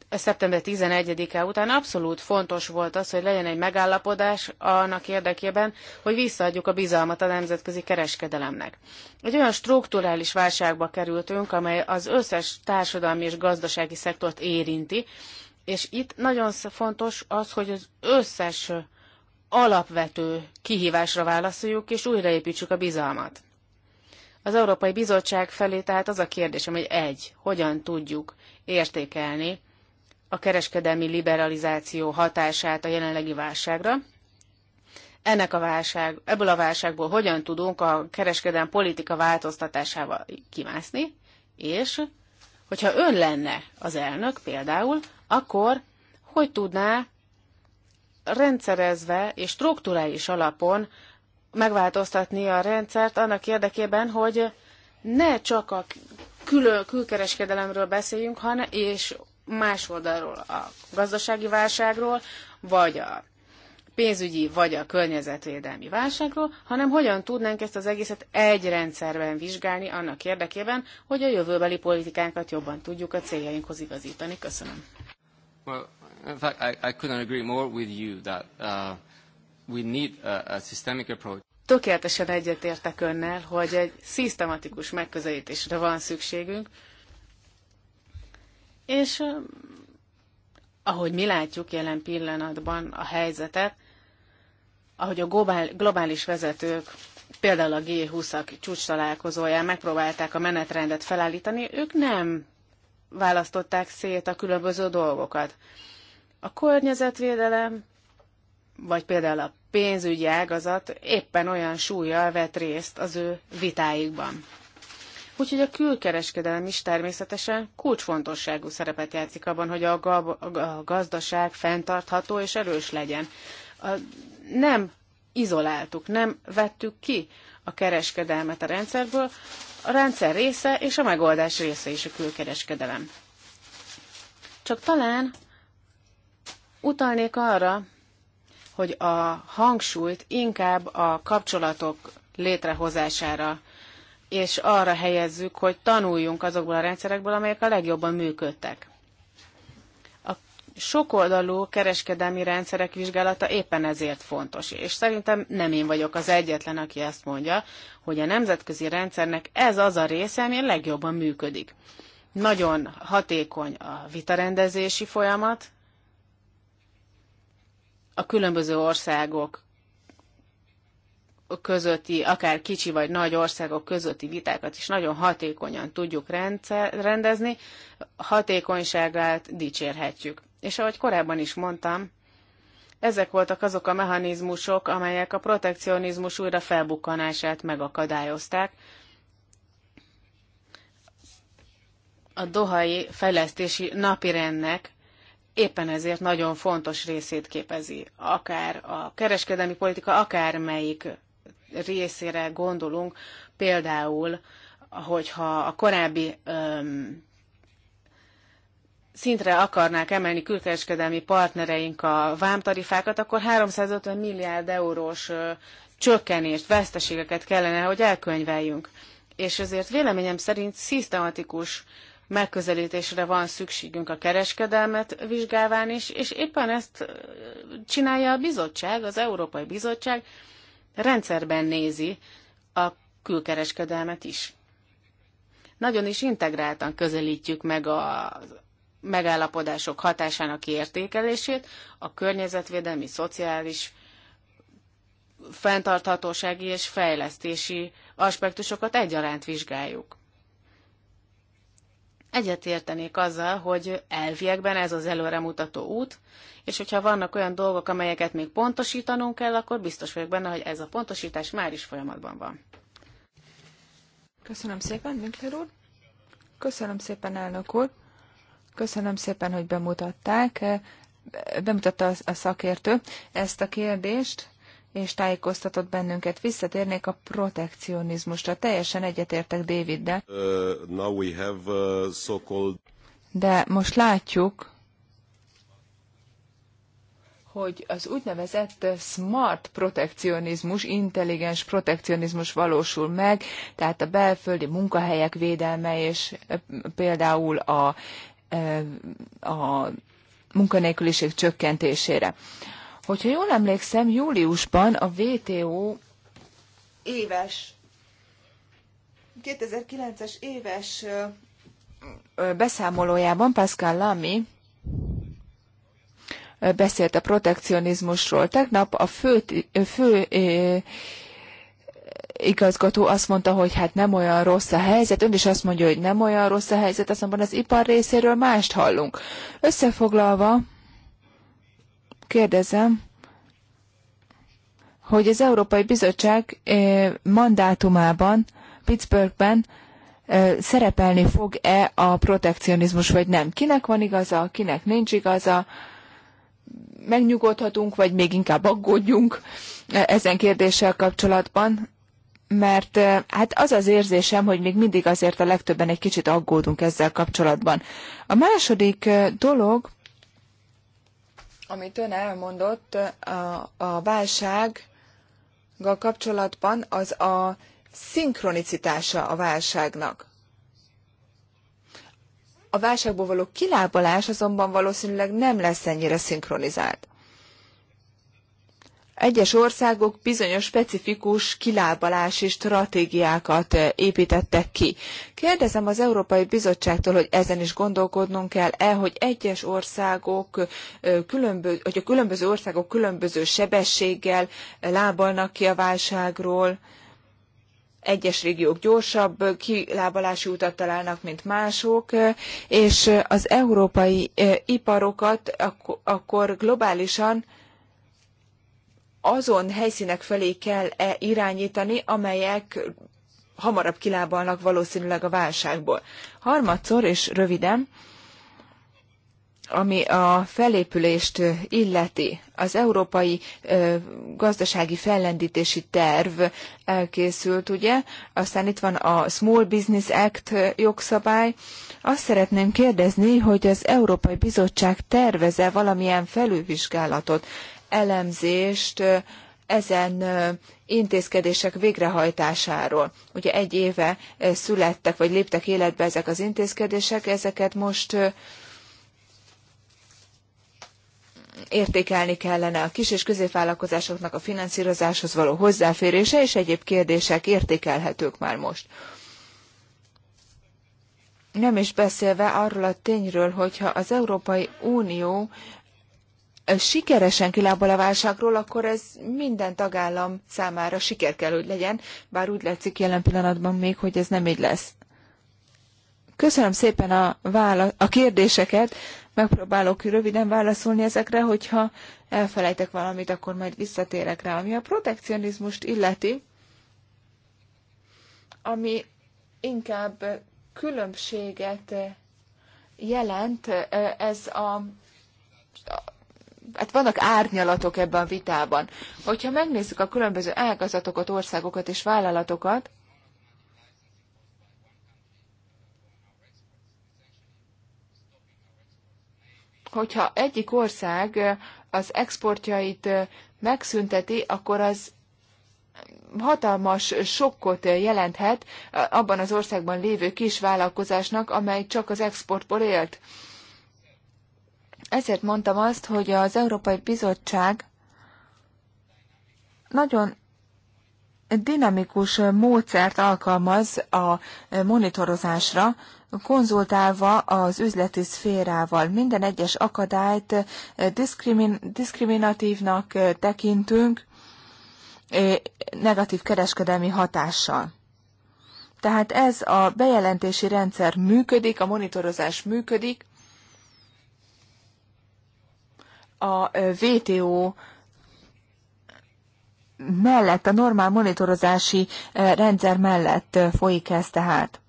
[SPEAKER 1] a szeptember 11-e után abszolút fontos volt az, hogy legyen egy megállapodás annak érdekében, hogy visszaadjuk a bizalmat a nemzetközi kereskedelemnek. Egy olyan strukturális válságba kerültünk, amely az összes társadalmi és gazdasági szektort érinti, és itt nagyon fontos az, hogy az összes alapvető kihívásra válaszoljuk, és újraépítsük a bizalmat. Az Európai Bizottság felé tehát az a kérdésem, hogy egy, hogyan tudjuk értékelni a kereskedelmi liberalizáció hatását a jelenlegi válságra, ennek a válság, ebből a válságból hogyan tudunk a kereskedelmi politika változtatásával kimászni, és hogyha ön lenne az elnök például, akkor hogy tudná rendszerezve és strukturális alapon megváltoztatni a rendszert annak érdekében, hogy ne csak a külön, külkereskedelemről beszéljünk, hanem és más oldalról a gazdasági válságról, vagy a pénzügyi, vagy a környezetvédelmi válságról, hanem hogyan tudnánk ezt az egészet egy rendszerben vizsgálni annak érdekében, hogy a jövőbeli politikánkat jobban tudjuk a céljainkhoz igazítani. Köszönöm. Well,
[SPEAKER 3] in fact, I, I couldn't agree more with you that uh, we need a, a systemic approach.
[SPEAKER 1] Tökéletesen egyetértek önnel, hogy egy szisztematikus megközelítésre van szükségünk, és ahogy mi látjuk jelen pillanatban a helyzetet, ahogy a globális vezetők például a G20-ak csúcs találkozóján megpróbálták a menetrendet felállítani, ők nem választották szét a különböző dolgokat. A környezetvédelem, vagy például a pénzügyi ágazat éppen olyan súlyjal vett részt az ő vitáikban. Úgyhogy a külkereskedelem is természetesen kulcsfontosságú szerepet játszik abban, hogy a gazdaság fenntartható és erős legyen. Nem izoláltuk, nem vettük ki a kereskedelmet a rendszerből, a rendszer része és a megoldás része is a külkereskedelem. Csak talán utalnék arra, hogy a hangsúlyt inkább a kapcsolatok létrehozására és arra helyezzük, hogy tanuljunk azokból a rendszerekből, amelyek a legjobban működtek sokoldalú kereskedelmi rendszerek vizsgálata éppen ezért fontos. És szerintem nem én vagyok az egyetlen, aki ezt mondja, hogy a nemzetközi rendszernek ez az a része, ami a legjobban működik. Nagyon hatékony a vitarendezési folyamat, a különböző országok közötti, akár kicsi vagy nagy országok közötti vitákat is nagyon hatékonyan tudjuk rendszer, rendezni, hatékonyságát dicsérhetjük. És ahogy korábban is mondtam, ezek voltak azok a mechanizmusok, amelyek a protekcionizmus újra felbukkanását megakadályozták. A dohai fejlesztési napirendnek éppen ezért nagyon fontos részét képezi. Akár a kereskedelmi politika, akár melyik részére gondolunk, például, hogyha a korábbi öm, szintre akarnák emelni külkereskedelmi partnereink a vámtarifákat, akkor 350 milliárd eurós csökkenést, veszteségeket kellene, hogy elkönyveljünk. És ezért véleményem szerint szisztematikus megközelítésre van szükségünk a kereskedelmet vizsgálván is, és éppen ezt csinálja a bizottság, az Európai Bizottság rendszerben nézi a külkereskedelmet is. Nagyon is integráltan közelítjük meg az megállapodások hatásának értékelését, a környezetvédelmi, szociális, fenntarthatósági és fejlesztési aspektusokat egyaránt vizsgáljuk. Egyet értenék azzal, hogy elviekben ez az előremutató út, és hogyha vannak olyan dolgok, amelyeket még pontosítanunk kell, akkor biztos vagyok benne, hogy ez a pontosítás már is folyamatban van.
[SPEAKER 2] Köszönöm szépen, Winkler úr. Köszönöm szépen, elnök úr. Köszönöm szépen, hogy bemutatták, eh, bemutatta a szakértő ezt a kérdést, és tájékoztatott bennünket. Visszatérnék a protekcionizmusra. Teljesen egyetértek Daviddel.
[SPEAKER 1] Uh,
[SPEAKER 3] now we have, uh, so -called...
[SPEAKER 2] De most látjuk, hogy az úgynevezett smart protekcionizmus, intelligens protekcionizmus valósul meg, tehát a belföldi munkahelyek védelme és eh, például a a munkanélküliség csökkentésére. Hogyha jól emlékszem, júliusban a WTO éves 2009-es éves beszámolójában Pascal Lamy beszélt a protekcionizmusról. Tegnap a fő, fő igazgató azt mondta, hogy hát nem olyan rossz a helyzet, ön is azt mondja, hogy nem olyan rossz a helyzet, azonban az ipar részéről mást hallunk. Összefoglalva, kérdezem, hogy az Európai Bizottság eh, mandátumában, Pittsburghben eh, szerepelni fog-e a protekcionizmus, vagy nem. Kinek van igaza, kinek nincs igaza, megnyugodhatunk, vagy még inkább aggódjunk eh, ezen kérdéssel kapcsolatban mert hát az az érzésem, hogy még mindig azért a legtöbben egy kicsit aggódunk ezzel kapcsolatban. A második dolog, amit ön elmondott a, a válsággal kapcsolatban, az a szinkronicitása a válságnak. A válságból való kilábalás azonban valószínűleg nem lesz ennyire szinkronizált egyes országok bizonyos specifikus kilábalási stratégiákat eh, építettek ki. Kérdezem az Európai Bizottságtól, hogy ezen is gondolkodnunk kell-e, hogy egyes országok, eh, különböző, hogy a különböző országok különböző sebességgel eh, lábalnak ki a válságról, egyes régiók gyorsabb kilábalási utat találnak, mint mások, és az európai iparokat akkor globálisan azon helyszínek felé kell-e irányítani, amelyek hamarabb kilábalnak valószínűleg a válságból. Harmadszor és röviden, ami a felépülést illeti, az európai ö, gazdasági fellendítési terv elkészült, ugye? Aztán itt van a Small Business Act jogszabály. Azt szeretném kérdezni, hogy az Európai Bizottság terveze valamilyen felülvizsgálatot elemzést ezen intézkedések végrehajtásáról. Ugye egy éve születtek, vagy léptek életbe ezek az intézkedések, ezeket most értékelni kellene a kis és középvállalkozásoknak a finanszírozáshoz való hozzáférése, és egyéb kérdések értékelhetők már most. Nem is beszélve arról a tényről, hogyha az Európai Unió sikeresen kilábal a válságról, akkor ez minden tagállam számára siker kell, hogy legyen, bár úgy látszik jelen pillanatban még, hogy ez nem így lesz. Köszönöm szépen a, vála- a kérdéseket, megpróbálok röviden válaszolni ezekre, hogyha elfelejtek valamit, akkor majd visszatérek rá. Ami a protekcionizmust illeti, ami inkább különbséget jelent, ez a hát vannak árnyalatok ebben a vitában. Hogyha megnézzük a különböző ágazatokat, országokat és vállalatokat, hogyha egyik ország az exportjait megszünteti, akkor az hatalmas sokkot jelenthet abban az országban lévő kis vállalkozásnak, amely csak az exportból élt. Ezért mondtam azt, hogy az Európai Bizottság nagyon dinamikus módszert alkalmaz a monitorozásra, konzultálva az üzleti szférával. Minden egyes akadályt diszkrimin, diszkriminatívnak tekintünk, eh, negatív kereskedelmi hatással. Tehát ez a bejelentési rendszer működik, a monitorozás működik, a VTO mellett, a normál monitorozási rendszer mellett folyik ez tehát.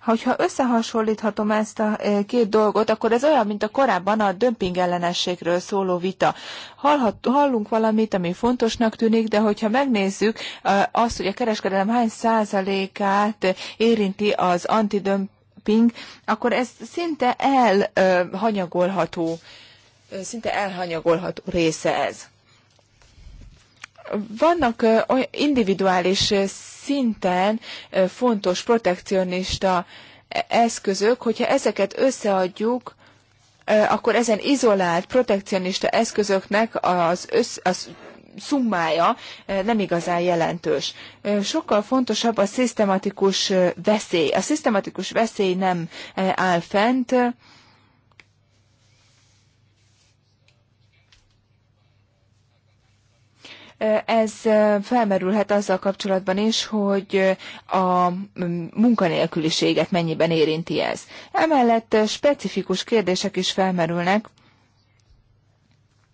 [SPEAKER 2] Hogyha összehasonlíthatom ezt a két dolgot, akkor ez olyan, mint a korábban a dömping ellenességről szóló vita. Hallhat, hallunk valamit, ami fontosnak tűnik, de hogyha megnézzük azt, hogy a kereskedelem hány százalékát érinti az antidömp dömping, akkor ez szinte elhanyagolható, szinte elhanyagolható része ez. Vannak individuális szinten fontos protekcionista e, eszközök, hogyha ezeket összeadjuk, akkor ezen izolált protekcionista eszközöknek az, össz, az szummája eh, nem igazán jelentős. Eh, sokkal fontosabb a szisztematikus eh, veszély. A szisztematikus veszély nem áll fent, Ez felmerülhet azzal kapcsolatban is, hogy a mm, munkanélküliséget mennyiben érinti ez. Emellett specifikus kérdések is felmerülnek,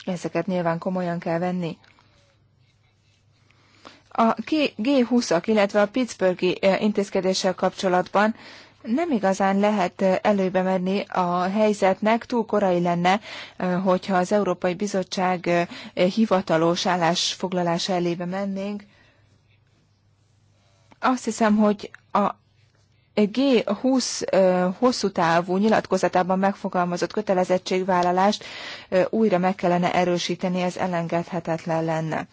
[SPEAKER 2] ezeket nyilván komolyan kell venni. A G20-ak, illetve a Pittsburghi eh, intézkedéssel kapcsolatban nem igazán lehet eh, előbe menni a helyzetnek, túl korai lenne, eh, hogyha az Európai Bizottság hivatalos állásfoglalása elébe mennénk. Azt hiszem, hogy a G20 hosszú távú nyilatkozatában megfogalmazott kötelezettségvállalást újra meg kellene erősíteni, ez elengedhetetlen lenne.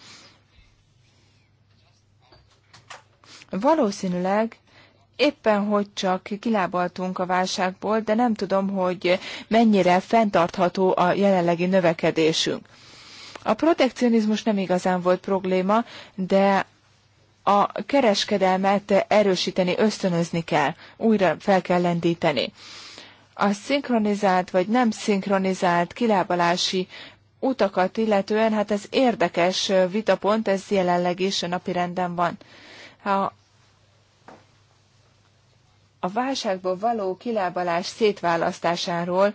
[SPEAKER 2] Valószínűleg éppen hogy csak kilábaltunk a válságból, de nem tudom, hogy mennyire fenntartható a jelenlegi növekedésünk. A protekcionizmus nem igazán volt probléma, de a kereskedelmet erősíteni, ösztönözni kell, újra fel kell lendíteni. A szinkronizált vagy nem szinkronizált kilábalási utakat illetően, hát ez érdekes vitapont, ez jelenleg is renden van. Ha a válságból való kilábalás szétválasztásáról,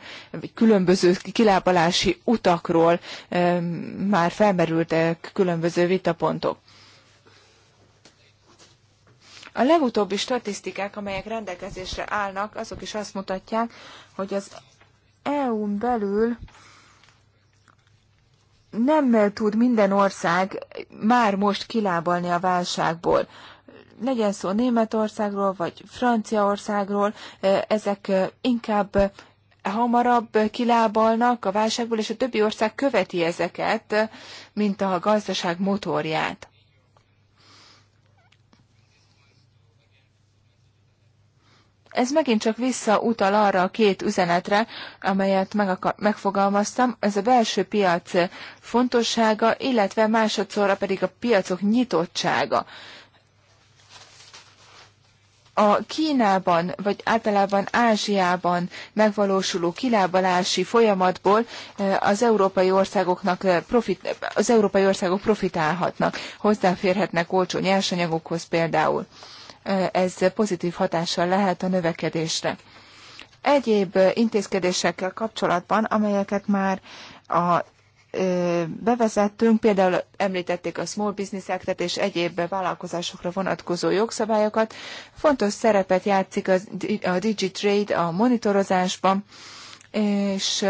[SPEAKER 2] különböző kilábalási utakról már felmerültek különböző vitapontok. A legutóbbi statisztikák, amelyek rendelkezésre állnak, azok is azt mutatják, hogy az EU-n belül nem tud minden ország már most kilábalni a válságból legyen szó Németországról vagy Franciaországról, ezek inkább hamarabb kilábalnak a válságból, és a többi ország követi ezeket, mint a gazdaság motorját. Ez megint csak visszautal arra a két üzenetre, amelyet meg akar, megfogalmaztam, ez a belső piac fontossága, illetve másodszorra pedig a piacok nyitottsága a Kínában, vagy általában Ázsiában megvalósuló kilábalási folyamatból az európai országoknak profit, az európai országok profitálhatnak, hozzáférhetnek olcsó nyersanyagokhoz például. Ez pozitív hatással lehet a növekedésre. Egyéb intézkedésekkel kapcsolatban, amelyeket már a bevezettünk, például említették a Small Business Act-et és egyéb vállalkozásokra vonatkozó jogszabályokat. Fontos szerepet játszik a, a DigiTrade a monitorozásban, és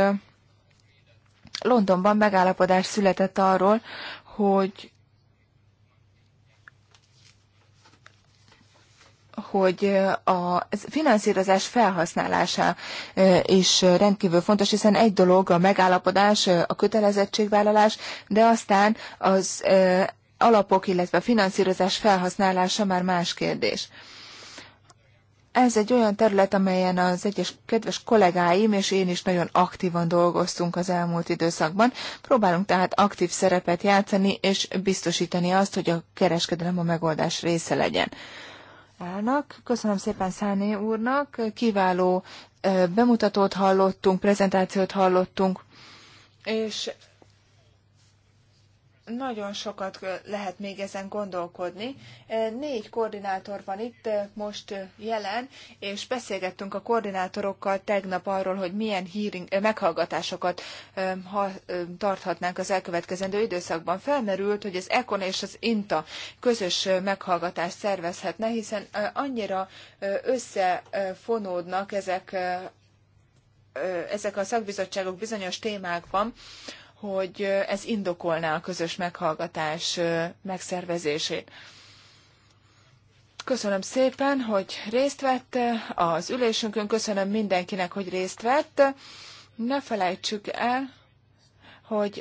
[SPEAKER 2] Londonban megállapodás született arról, hogy hogy a finanszírozás felhasználása is rendkívül fontos, hiszen egy dolog a megállapodás, a kötelezettségvállalás, de aztán az alapok, illetve a finanszírozás felhasználása már más kérdés. Ez egy olyan terület, amelyen az egyes kedves kollégáim és én is nagyon aktívan dolgoztunk az elmúlt időszakban. Próbálunk tehát aktív szerepet játszani és biztosítani azt, hogy a kereskedelem a megoldás része legyen állnak. Köszönöm szépen Száné úrnak, kiváló bemutatót hallottunk, prezentációt hallottunk, és nagyon sokat lehet még ezen gondolkodni. Négy koordinátor van itt most jelen, és beszélgettünk a koordinátorokkal tegnap arról, hogy milyen hearing, meghallgatásokat ha, tarthatnánk az elkövetkezendő időszakban. Felmerült, hogy az ECON és az INTA közös meghallgatást szervezhetne, hiszen annyira összefonódnak ezek ezek a szakbizottságok bizonyos témákban, hogy ez indokolná a közös meghallgatás megszervezését. Köszönöm szépen, hogy részt vett az ülésünkön, köszönöm mindenkinek, hogy részt vett. Ne felejtsük el, hogy